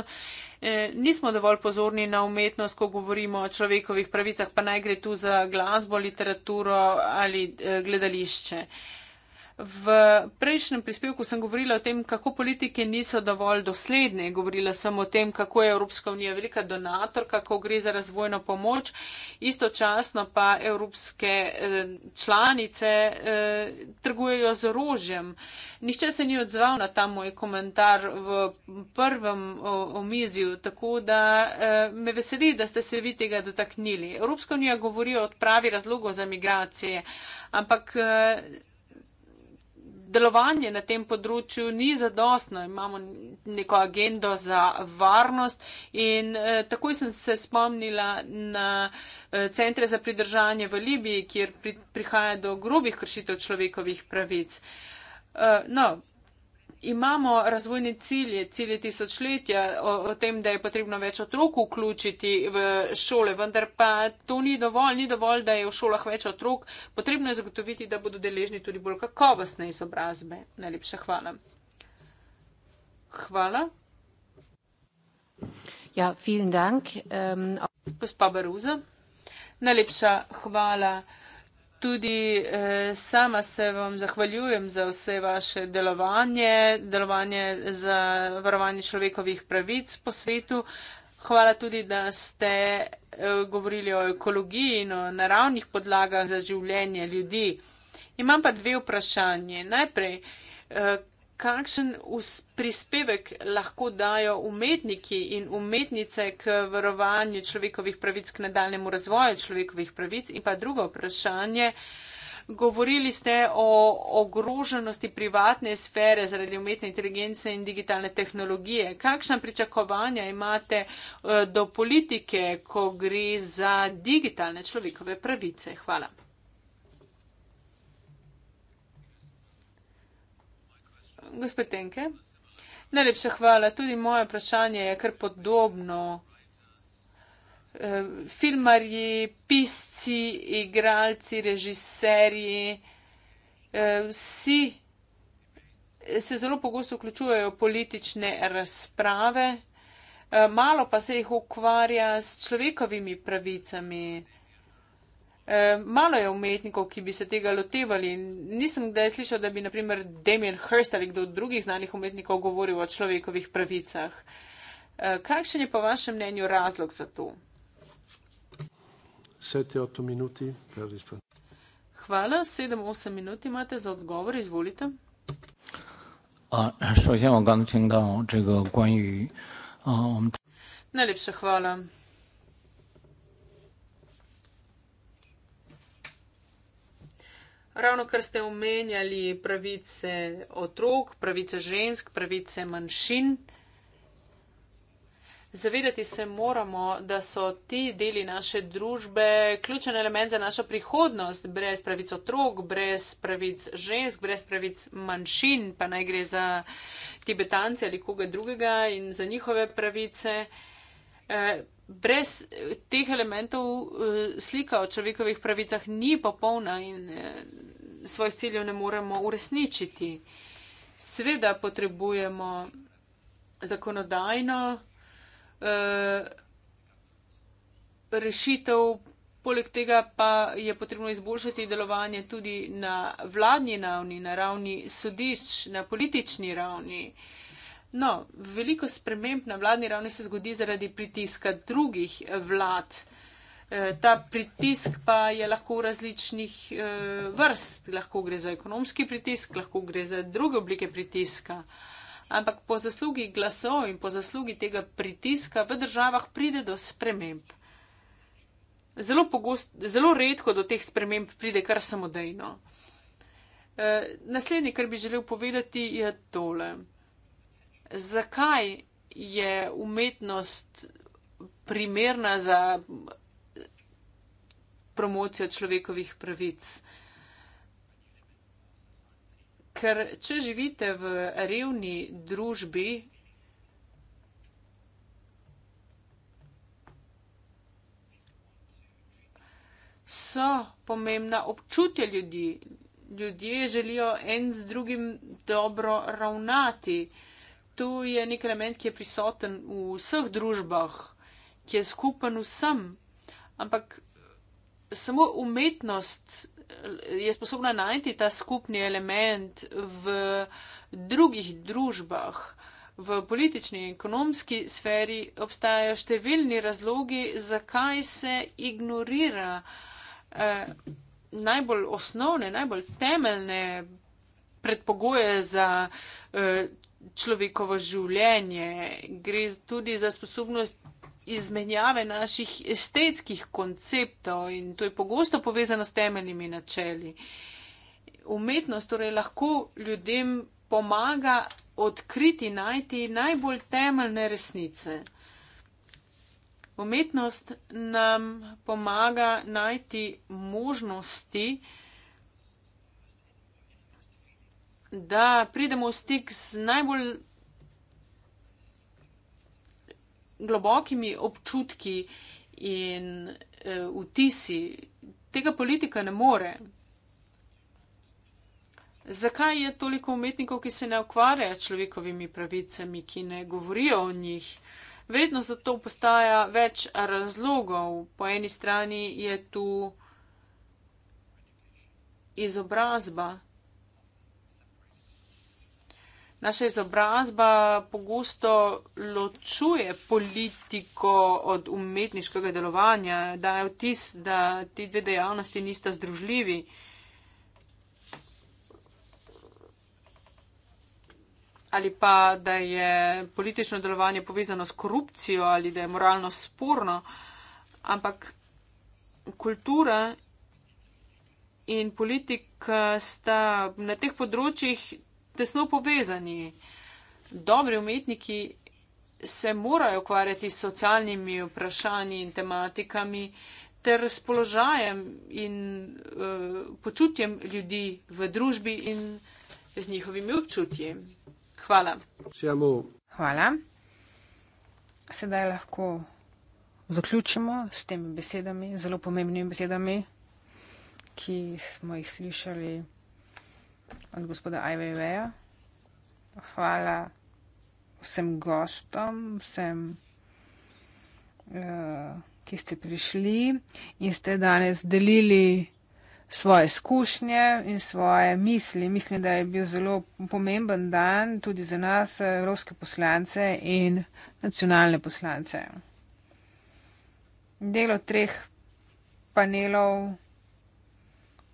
eh, nismo dovolj pozorni na umetnost, ko govorimo o človekovih pravicah, pa naj gre tu za glasbo, literaturo ali eh, gledališče. Eh, V prejšnjem prispevku sem govorila o tem, kako politike niso dovolj dosledne. Govorila sem o tem, kako je Evropska unija velika donator, kako gre za razvojno pomoč. Istočasno pa evropske eh, članice eh, trgujejo z orožjem. Nihče se ni odzval na ta moj komentar v prvem omizju, tako da eh, me veseli, da ste se vi tega dotaknili. Evropska unija govori o odpravi razlogov za migracije, ampak delovanje na tem področju ni zadostno, imamo neko agendo za varnost in eh, takoj sem se spomnila na eh, centre za pridržanje v Libiji, kjer pri, prihaja do grobih kršitev človekovih pravic. Eh, no, imamo razvojne cilje, cilje tisočletja o, o tem, da je potrebno več otrok vključiti v šole, vendar pa to ni dovolj, ni dovolj, da je v šolah več otrok, potrebno je zagotoviti, da bodo deležni tudi bolj kakovostne izobrazbe. Najlepša hvala. Hvala. Ja, vielen Dank. Um... Gospa Baruza, najlepša hvala. Tudi eh, sama se vam zahvaljujem za vse vaše delovanje, delovanje za varovanje človekovih pravic po svetu. Hvala tudi, da ste eh, govorili o ekologiji in o naravnih podlagah za življenje ljudi. Imam pa dve vprašanje. Najprej, eh, kakšen prispevek lahko dajo umetniki in umetnice k varovanju človekovih pravic, k nadaljemu razvoju človekovih pravic. In pa drugo vprašanje. Govorili ste o ogroženosti privatne sfere zaradi umetne inteligence in digitalne tehnologije. Kakšna pričakovanja imate eh, do politike, ko gre za digitalne človekove pravice? Hvala. gospod Tenke. Najlepša hvala. Tudi moje vprašanje je kar podobno. E, filmarji, pisci, igralci, režiserji, e, vsi se zelo pogosto vključujejo v politične razprave, e, malo pa se jih ukvarja s človekovimi pravicami. Eh, malo je umetnikov, ki bi se tega lotevali. Nisem kdaj slišal, da bi naprimer Damien Hirst ali kdo od drugih znanih umetnikov govoril o človekovih pravicah. Eh, kakšen je po vašem mnenju razlog za to? Hvala, 7-8 minut imate za odgovor, izvolite. Um, Najlepša hvala. Ravno kar ste omenjali pravice otrok, pravice žensk, pravice manjšin, zavedati se moramo, da so ti deli naše družbe ključen element za našo prihodnost. Brez pravic otrok, brez pravic žensk, brez pravic manjšin, pa naj gre za tibetance ali koga drugega in za njihove pravice. Eh, brez eh, teh elementov eh, slika o človekovih pravicah ni popolna in eh, svojih ciljev ne moremo uresničiti. Sveda potrebujemo zakonodajno rešitev, poleg tega pa je potrebno izboljšati delovanje tudi na vladni ravni, na ravni sodišč, na politični ravni. No, veliko sprememb na vladni ravni se zgodi zaradi pritiska drugih vlad. E, ta pritisk pa je lahko v različnih e, vrst. Lahko gre za ekonomski pritisk, lahko gre za druge oblike pritiska. Ampak po zaslugi glasov in po zaslugi tega pritiska v državah pride do sprememb. Zelo, pogost, zelo redko do teh sprememb pride kar samodejno. E, naslednje, kar bi želel povedati, je tole zakaj je umetnost primerna za promocijo človekovih pravic. Ker če živite v revni družbi, so pomembna občutja ljudi. Ljudje želijo en z drugim dobro ravnati to je nek element, ki je prisoten v vseh družbah, ki je skupen vsem. Ampak samo umetnost eh, je sposobna najti ta skupni element v drugih družbah. V politični in ekonomski sferi obstajajo številni razlogi, zakaj se ignorira eh, najbolj osnovne, najbolj temeljne predpogoje za eh, človekovo življenje, gre tudi za sposobnost izmenjave naših estetskih konceptov in to je pogosto povezano s temeljnimi načeli. Umetnost torej lahko ljudem pomaga odkriti, najti najbolj temeljne resnice. Umetnost nam pomaga najti možnosti, da pridemo v stik z najbolj globokimi občutki in eh, vtisi. Tega politika ne more. Zakaj je toliko umetnikov, ki se ne ukvarjajo s človekovimi pravicami, ki ne govorijo o njih? Verjetno za to postaja več razlogov. Po eni strani je tu izobrazba naša izobrazba pogosto ločuje politiko od umetniškega delovanja, daje vtis, da ti dve dejavnosti nista združljivi. Ali pa, da je politično delovanje povezano s korupcijo ali da je moralno sporno, ampak kultura in politika sta na teh področjih tesno povezani. Dobri umetniki se morajo ukvarjati s socialnimi vprašanji in tematikami ter s položajem in uh, počutjem ljudi v družbi in z njihovimi občutji. Hvala. Čemu. Hvala. Sedaj lahko zaključimo s temi besedami, zelo pomembnimi besedami, ki smo jih slišali od gospoda Ajveja. Hvala vsem gostom, vsem, uh, ki ste prišli in ste danes delili svoje izkušnje in svoje misli. Mislim, da je bil zelo pomemben dan tudi za nas, evropske poslance in nacionalne poslance. Delo treh panelov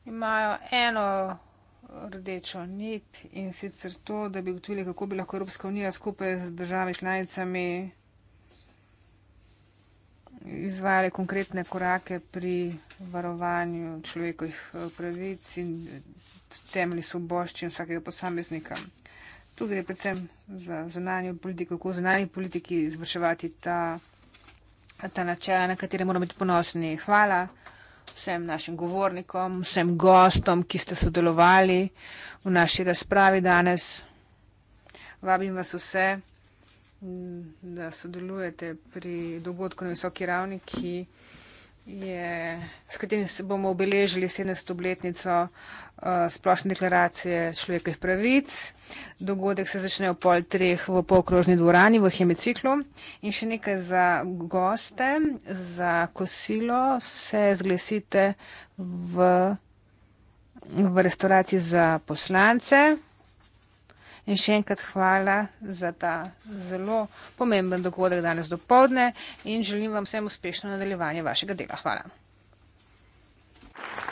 imajo eno rdečo nit in sicer to, da bi ugotovili, kako bi lahko Evropska unija skupaj z državami članicami izvajali konkretne korake pri varovanju človekovih eh, pravic in eh, temeljnih svoboščin vsakega posameznika. Tu gre predvsem za zunanjo politiko, kako zunanji politiki izvrševati ta, ta načela, na katere moramo biti ponosni. Hvala vsem našim govornikom, vsem gostom, ki ste sodelovali v naši razpravi danes. Vabim vas vse, da sodelujete pri dogodku na visoki ravni, ki je, s katerim se bomo obeležili 70. obletnico uh, eh, splošne deklaracije človekovih pravic. Dogodek se začne v pol treh v polkrožni dvorani v hemiciklu. In še nekaj za goste, za kosilo se zglesite v, v restauraciji za poslance in še enkrat hvala za ta zelo pomemben dogodek danes do povdne in želim vam vsem uspešno nadaljevanje vašega dela. Hvala. Thank you.